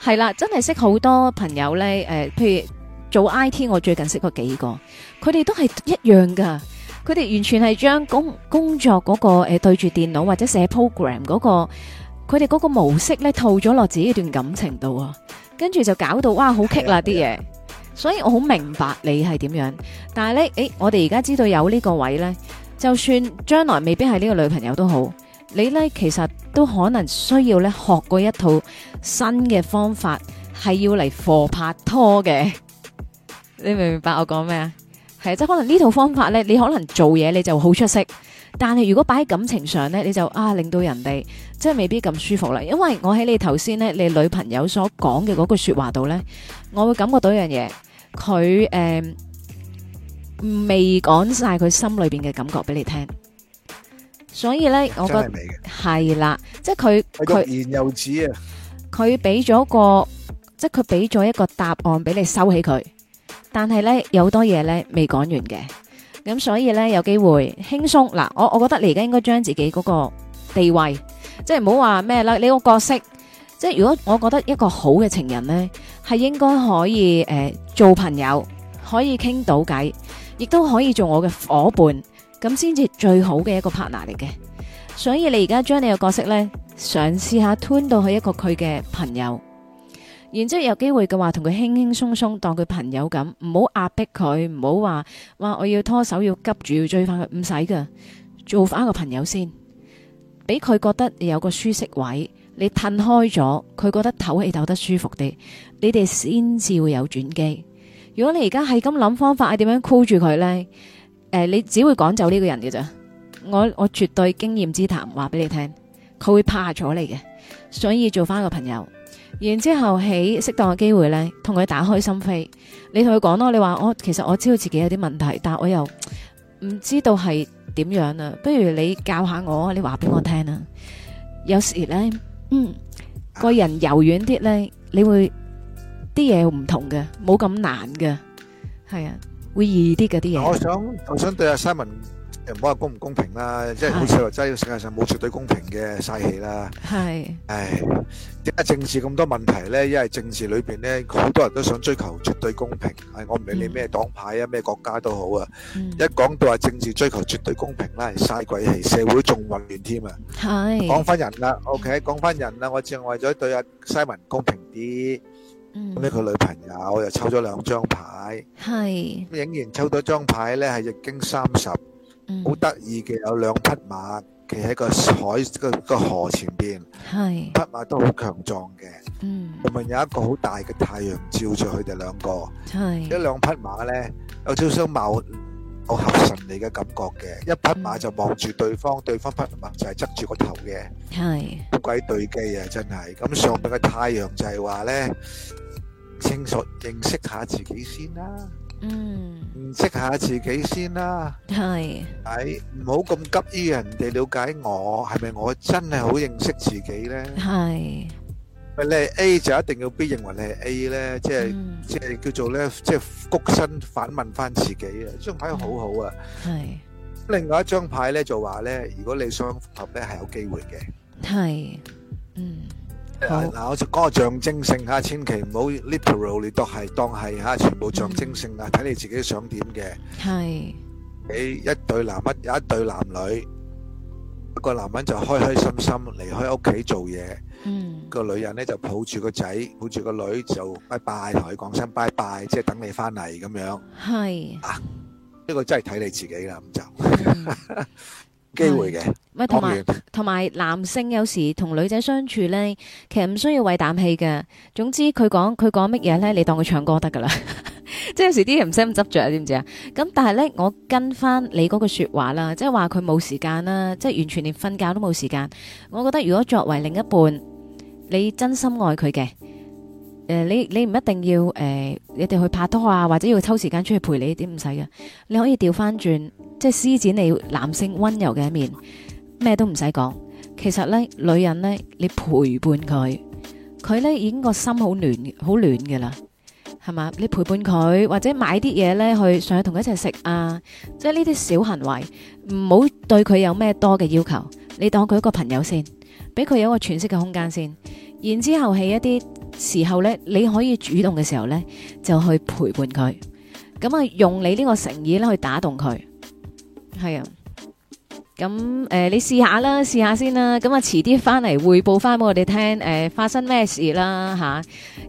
係啦，真係識好多朋友咧。誒、呃，譬如做 IT，我最近識過幾個，佢哋都係一樣噶，佢哋完全係將工工作嗰、嗰個誒、呃、對住電腦或者寫 program 嗰、嗰個，佢哋嗰個模式咧套咗落自己段感情度啊，跟住就搞到哇好棘啦啲嘢，所以我好明白你係點樣，但係咧誒，我哋而家知道有呢個位咧，就算將來未必係呢個女朋友都好。你咧其實都可能需要咧學過一套新嘅方法，係要嚟貨拍拖嘅。 [LAUGHS] 你明唔明白我講咩啊？係即係可能呢套方法咧，你可能做嘢你就好出色，但係如果擺喺感情上咧，你就啊令到人哋即係未必咁舒服啦。因為我喺你頭先咧，你女朋友所講嘅嗰句說話度咧，我會感覺到一樣嘢，佢誒、呃、未講晒佢心裏邊嘅感覺俾你聽。所以咧，我覺得係啦，即係佢佢欲言又止啊，佢俾咗個，即係佢俾咗一個答案俾你收起佢，但係咧，有好多嘢咧未講完嘅，咁所以咧，有機會輕鬆嗱，我我覺得你而家應該將自己嗰個地位，即係唔好話咩啦，你個角色，即係如果我覺得一個好嘅情人咧，係應該可以誒、呃、做朋友，可以傾到偈，亦都可以做我嘅伙伴。咁先至最好嘅一個 partner 嚟嘅。所以你而家將你個角色呢，嘗試下吞到去一個佢嘅朋友，然之後有機會嘅話同佢輕輕松鬆當佢朋友咁，唔好壓迫佢，唔好話話我要拖手，要急住要追翻佢，唔使噶，做翻個朋友先，俾佢覺得你有個舒適位，你褪開咗，佢覺得唞氣唞得舒服啲，你哋先至會有轉機。如果你而家係咁諗方法，係點樣箍住佢呢？誒、呃，你只會趕走呢個人嘅咋？我我絕對經驗之談，話俾你聽，佢會怕咗你嘅，所以做翻個朋友，然之後喺適當嘅機會呢，同佢打開心扉，你同佢講咯，你話我其實我知道自己有啲問題，但係我又唔知道係點樣啊。不如你教下我，你話俾我聽啊。有時呢，嗯，個人柔軟啲呢，你會啲嘢唔同嘅，冇咁難嘅，係啊。會易啲嗰啲人，我想我想對阿 Simon 唔好話公唔公平啦，即係好似話齋，世界上冇絕對公平嘅，嘥氣啦係唉，點解政治咁多問題咧？因為政治裏邊咧，好多人都想追求絕對公平。係我唔理你咩黨派啊，咩國家都好啊。一講到話政治追求絕對公平啦，晒鬼氣，社會仲混亂添啊。係，講翻人啦，OK，講翻人啦，我淨係為咗對阿 Simon 公平啲。咁咧佢女朋友又抽咗兩張牌，係影完抽咗張牌咧係易經三十，好得意嘅有兩匹馬企喺個海個個河前邊，係匹馬都好強壯嘅，同埋有一個好大嘅太陽照住佢哋兩個，係一兩匹馬咧有少少貌貌合神離嘅感覺嘅，一匹馬就望住對方，對方匹馬就係側住個頭嘅，係好鬼對機啊真係，咁上邊嘅太陽就係話咧。清楚認識下自己先啦，嗯，認識下自己先啦，係，係唔好咁急於人哋了解我，係咪我真係好認識自己咧？係，你係 A 就一定要 B 認為你係 A 咧，即係即係叫做咧，即係谷身反問返自己啊！張牌好好啊，係，另外一張牌咧就話咧，如果你雙合咧係有機會嘅，係，嗯。係嗱，我就嗰個象徵性吓，千祈唔好 literal，你都係當係吓，全部象徵性啊，睇你自己想點嘅。係你一對男一對男女，個男人就開開心心離開屋企做嘢，個女人咧就抱住個仔，抱住個女就拜拜，同佢講聲拜拜，即係等你翻嚟咁樣。係啊，呢個真係睇你自己啦，咁就。機會嘅，唔係，同埋同埋男性有時同女仔相處呢，其實唔需要為啖氣嘅。總之佢講佢講乜嘢呢？你當佢唱歌得噶啦。 [LAUGHS] 即係有時啲嘢唔使咁執着，知唔知啊？咁但係呢，我跟翻你嗰句說話啦，即係話佢冇時間啦，即係完全連瞓覺都冇時間。我覺得如果作為另一半，你真心愛佢嘅。誒、呃，你你唔一定要誒、呃，你哋去拍拖啊，或者要抽時間出去陪你，點唔使噶？你可以調翻轉，即係施展你男性溫柔嘅一面，咩都唔使講。其實咧，女人咧，你陪伴佢，佢咧已經個心好暖好暖噶啦，係嘛？你陪伴佢，或者買啲嘢咧去，上去同佢一齊食啊，即係呢啲小行為，唔好對佢有咩多嘅要求。你當佢一個朋友先，俾佢有一個喘息嘅空間先，然之後係一啲時候呢，你可以主動嘅時候呢，就去陪伴佢，咁啊，用你這個誠呢個誠意咧去打動佢，係啊。咁誒、呃，你試下啦，試下先啦。咁啊，遲啲翻嚟，匯報翻俾我哋聽，誒、呃，發生咩事啦吓？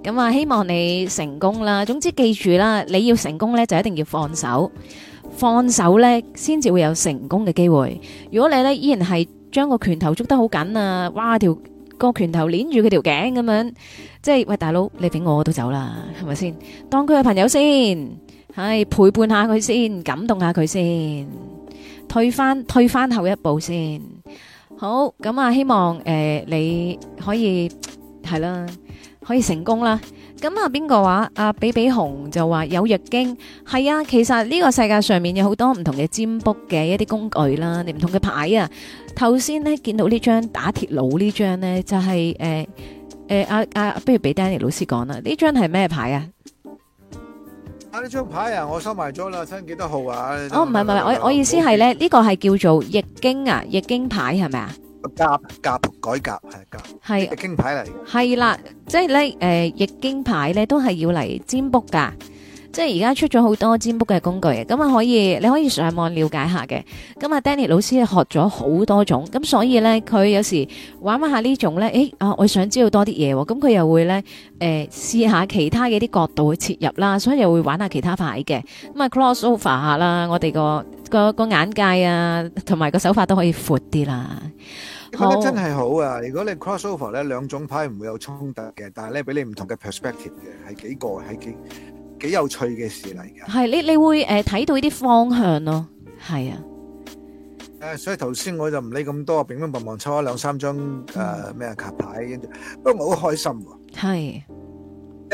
咁啊、嗯，希望你成功啦。總之記住啦，你要成功呢，就一定要放手，放手呢，先至會有成功嘅機會。如果你呢，依然係將個拳頭捉得好緊啊，哇，條個拳頭捏住佢條頸咁樣。即係喂，大佬，你俾我，我都走啦，係咪先？當佢嘅朋友先，係陪伴下佢先，感動下佢先，退翻退翻後一步先。好，咁啊，希望誒、呃、你可以係啦，可以成功啦。咁啊，邊個話？阿、啊、比比熊就話有藥經，係啊，其實呢個世界上面有好多唔同嘅占卜嘅一啲工具啦，你唔同嘅牌啊。頭先呢，見到呢張打鐵佬呢張呢，就係、是、誒。呃誒、欸，阿、啊、阿、啊、不如俾 Danny 老師講啦，呢張係咩牌啊？啊呢張牌啊，我收埋咗啦，收幾多號啊？哦，唔係唔係，我我，我意思係咧，呢、這個係叫做易經啊，易經牌係咪啊？革革改革係革係易經牌嚟嘅。係啦，即係咧，誒、呃、易經牌咧都係要嚟占卜㗎。即係而家出咗好多占卜嘅工具，咁啊可以，你可以上網了解下嘅。咁啊，Danny 老師學咗好多種，咁所以咧佢有時玩玩下呢種咧，誒、欸、啊，我想知道多啲嘢喎，咁佢又會咧誒、呃、試下其他嘅啲角度去切入啦，所以又會玩下其他牌嘅。咁啊，cross over 下啦，我哋個個個眼界啊，同埋個手法都可以闊啲啦。覺得真係好啊！如果你 cross over 咧，兩種牌唔會有衝突嘅，但係咧俾你唔同嘅 perspective 嘅，係幾個係幾？幾有趣嘅事嚟噶，係你你會誒睇、呃、到呢啲方向咯，係啊，誒、呃，所以頭先我就唔理咁多，乒乒乓乓抽咗兩三張誒咩卡牌，不過我好開心喎，係，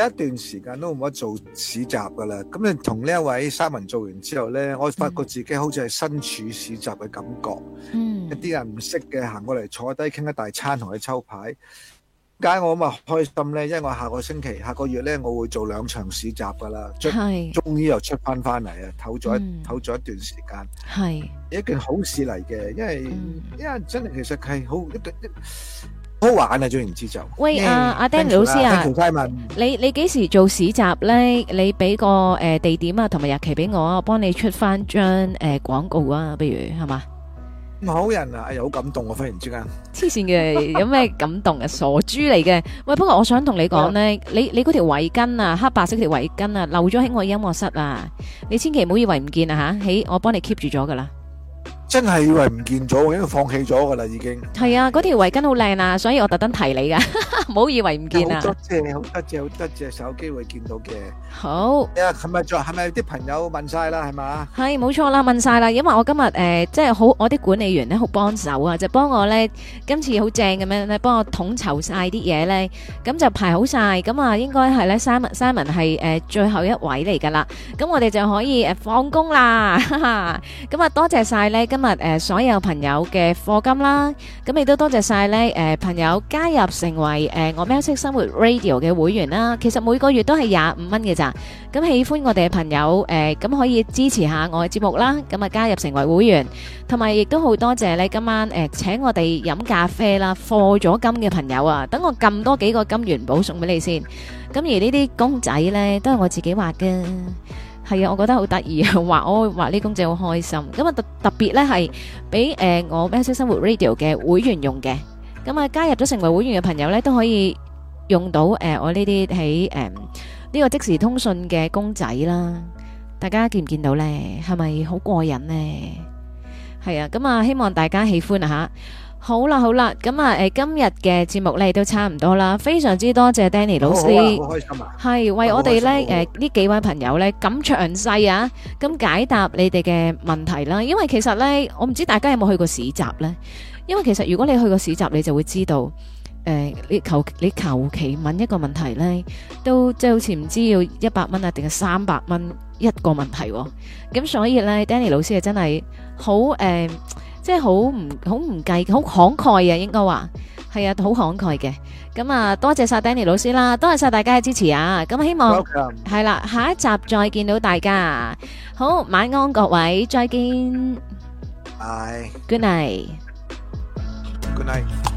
有一段時間都冇得做市集噶啦，咁你同呢一位三文做完之後咧，我發覺自己好似係身處市集嘅感覺，嗯，一啲人唔識嘅行過嚟，坐低傾一大餐同佢抽牌。點解我咁啊開心咧？因為我下個星期、下個月咧，我會做兩場市集噶啦，終終於又出翻翻嚟啊，唞咗唞咗一段時間，係一件好事嚟嘅，因為因為真係其實係好一個好好玩啊，總之就喂阿阿 Danny 老師啊，你你幾時做市集咧？你俾個誒地點啊，同埋日期俾我，我幫你出翻張誒廣告啊，不如係咪？唔好人啊！又、哎、好感動啊，忽然之間，黐線嘅有咩感動啊？ [LAUGHS] 傻豬嚟嘅喂！不過我想同你講咧， [LAUGHS] 你你嗰條圍巾啊，黑白色條圍巾啊，漏咗喺我音樂室啊！你千祈唔好以為唔見啊吓，起、hey, 我幫你 keep 住咗噶啦。真係以為唔見咗，因為放棄咗噶啦，已經係啊！嗰條圍巾好靚啊，所以我特登提你㗎，唔好以為唔見啊！好多謝，好多謝，好多謝，手機會見到嘅好啊，係咪仲係咪啲朋友問曬啦？係咪？係冇錯啦，問曬啦，因為我今日誒即係好，我啲管理員咧好幫手啊，就幫我咧今次好正咁樣咧，幫我統籌曬啲嘢咧，咁就排好曬，咁啊應該係咧 Simon，Simon 係誒最後一位嚟㗎啦，咁我哋就可以誒放工啦，咁啊多謝曬咧今。今日誒，所有朋友嘅課金啦，咁亦都多謝晒咧。誒，朋友加入成為誒我喵式生活 Radio 嘅會員啦。其實每個月都係廿五蚊嘅咋。咁喜歡我哋嘅朋友誒，咁可以支持下我嘅節目啦。咁咪加入成為會員，同埋亦都好多謝你今晚誒，請我哋飲咖啡啦，課咗金嘅朋友啊，等我撳多幾個金元寶送俾你先。咁而呢啲公仔咧，都係我自己畫嘅。係啊，我覺得好得意啊，畫我畫呢公仔好開心。咁啊特特別咧係俾誒我喵式生活 Radio 嘅會員用嘅，咁啊加入咗成為會員嘅朋友咧都可以用到誒我呢啲喺誒呢個即時通訊嘅公仔啦。大家見唔見到咧？係咪好過癮咧？係啊，咁啊希望大家喜歡啊吓。好啦好啦，咁啊誒，今日嘅節目呢都差唔多啦，非常之多謝 Danny 老師，好，好，好開心，啊，係為我哋呢誒呢，呃，幾位朋友呢咁詳細啊咁解答你哋嘅問題啦。因為其實呢，我唔知大家有冇去過市集呢？因為其實如果你去過市集，你就會知道誒，呃，你求你求其問一個問題呢，都即係好似唔知要一百蚊啊，定係三百蚊一個問題，啊。咁所以呢 Danny 老師係真係好誒。呃即係好唔好唔計，好慷慨啊，應該話係啊，好慷慨嘅。咁啊，多謝晒 Danny 老師啦，多謝晒大家嘅支持啊。咁希望係啦，下一集再見到大家。好，晚安各位，再見。拜拜。Good night. Good night.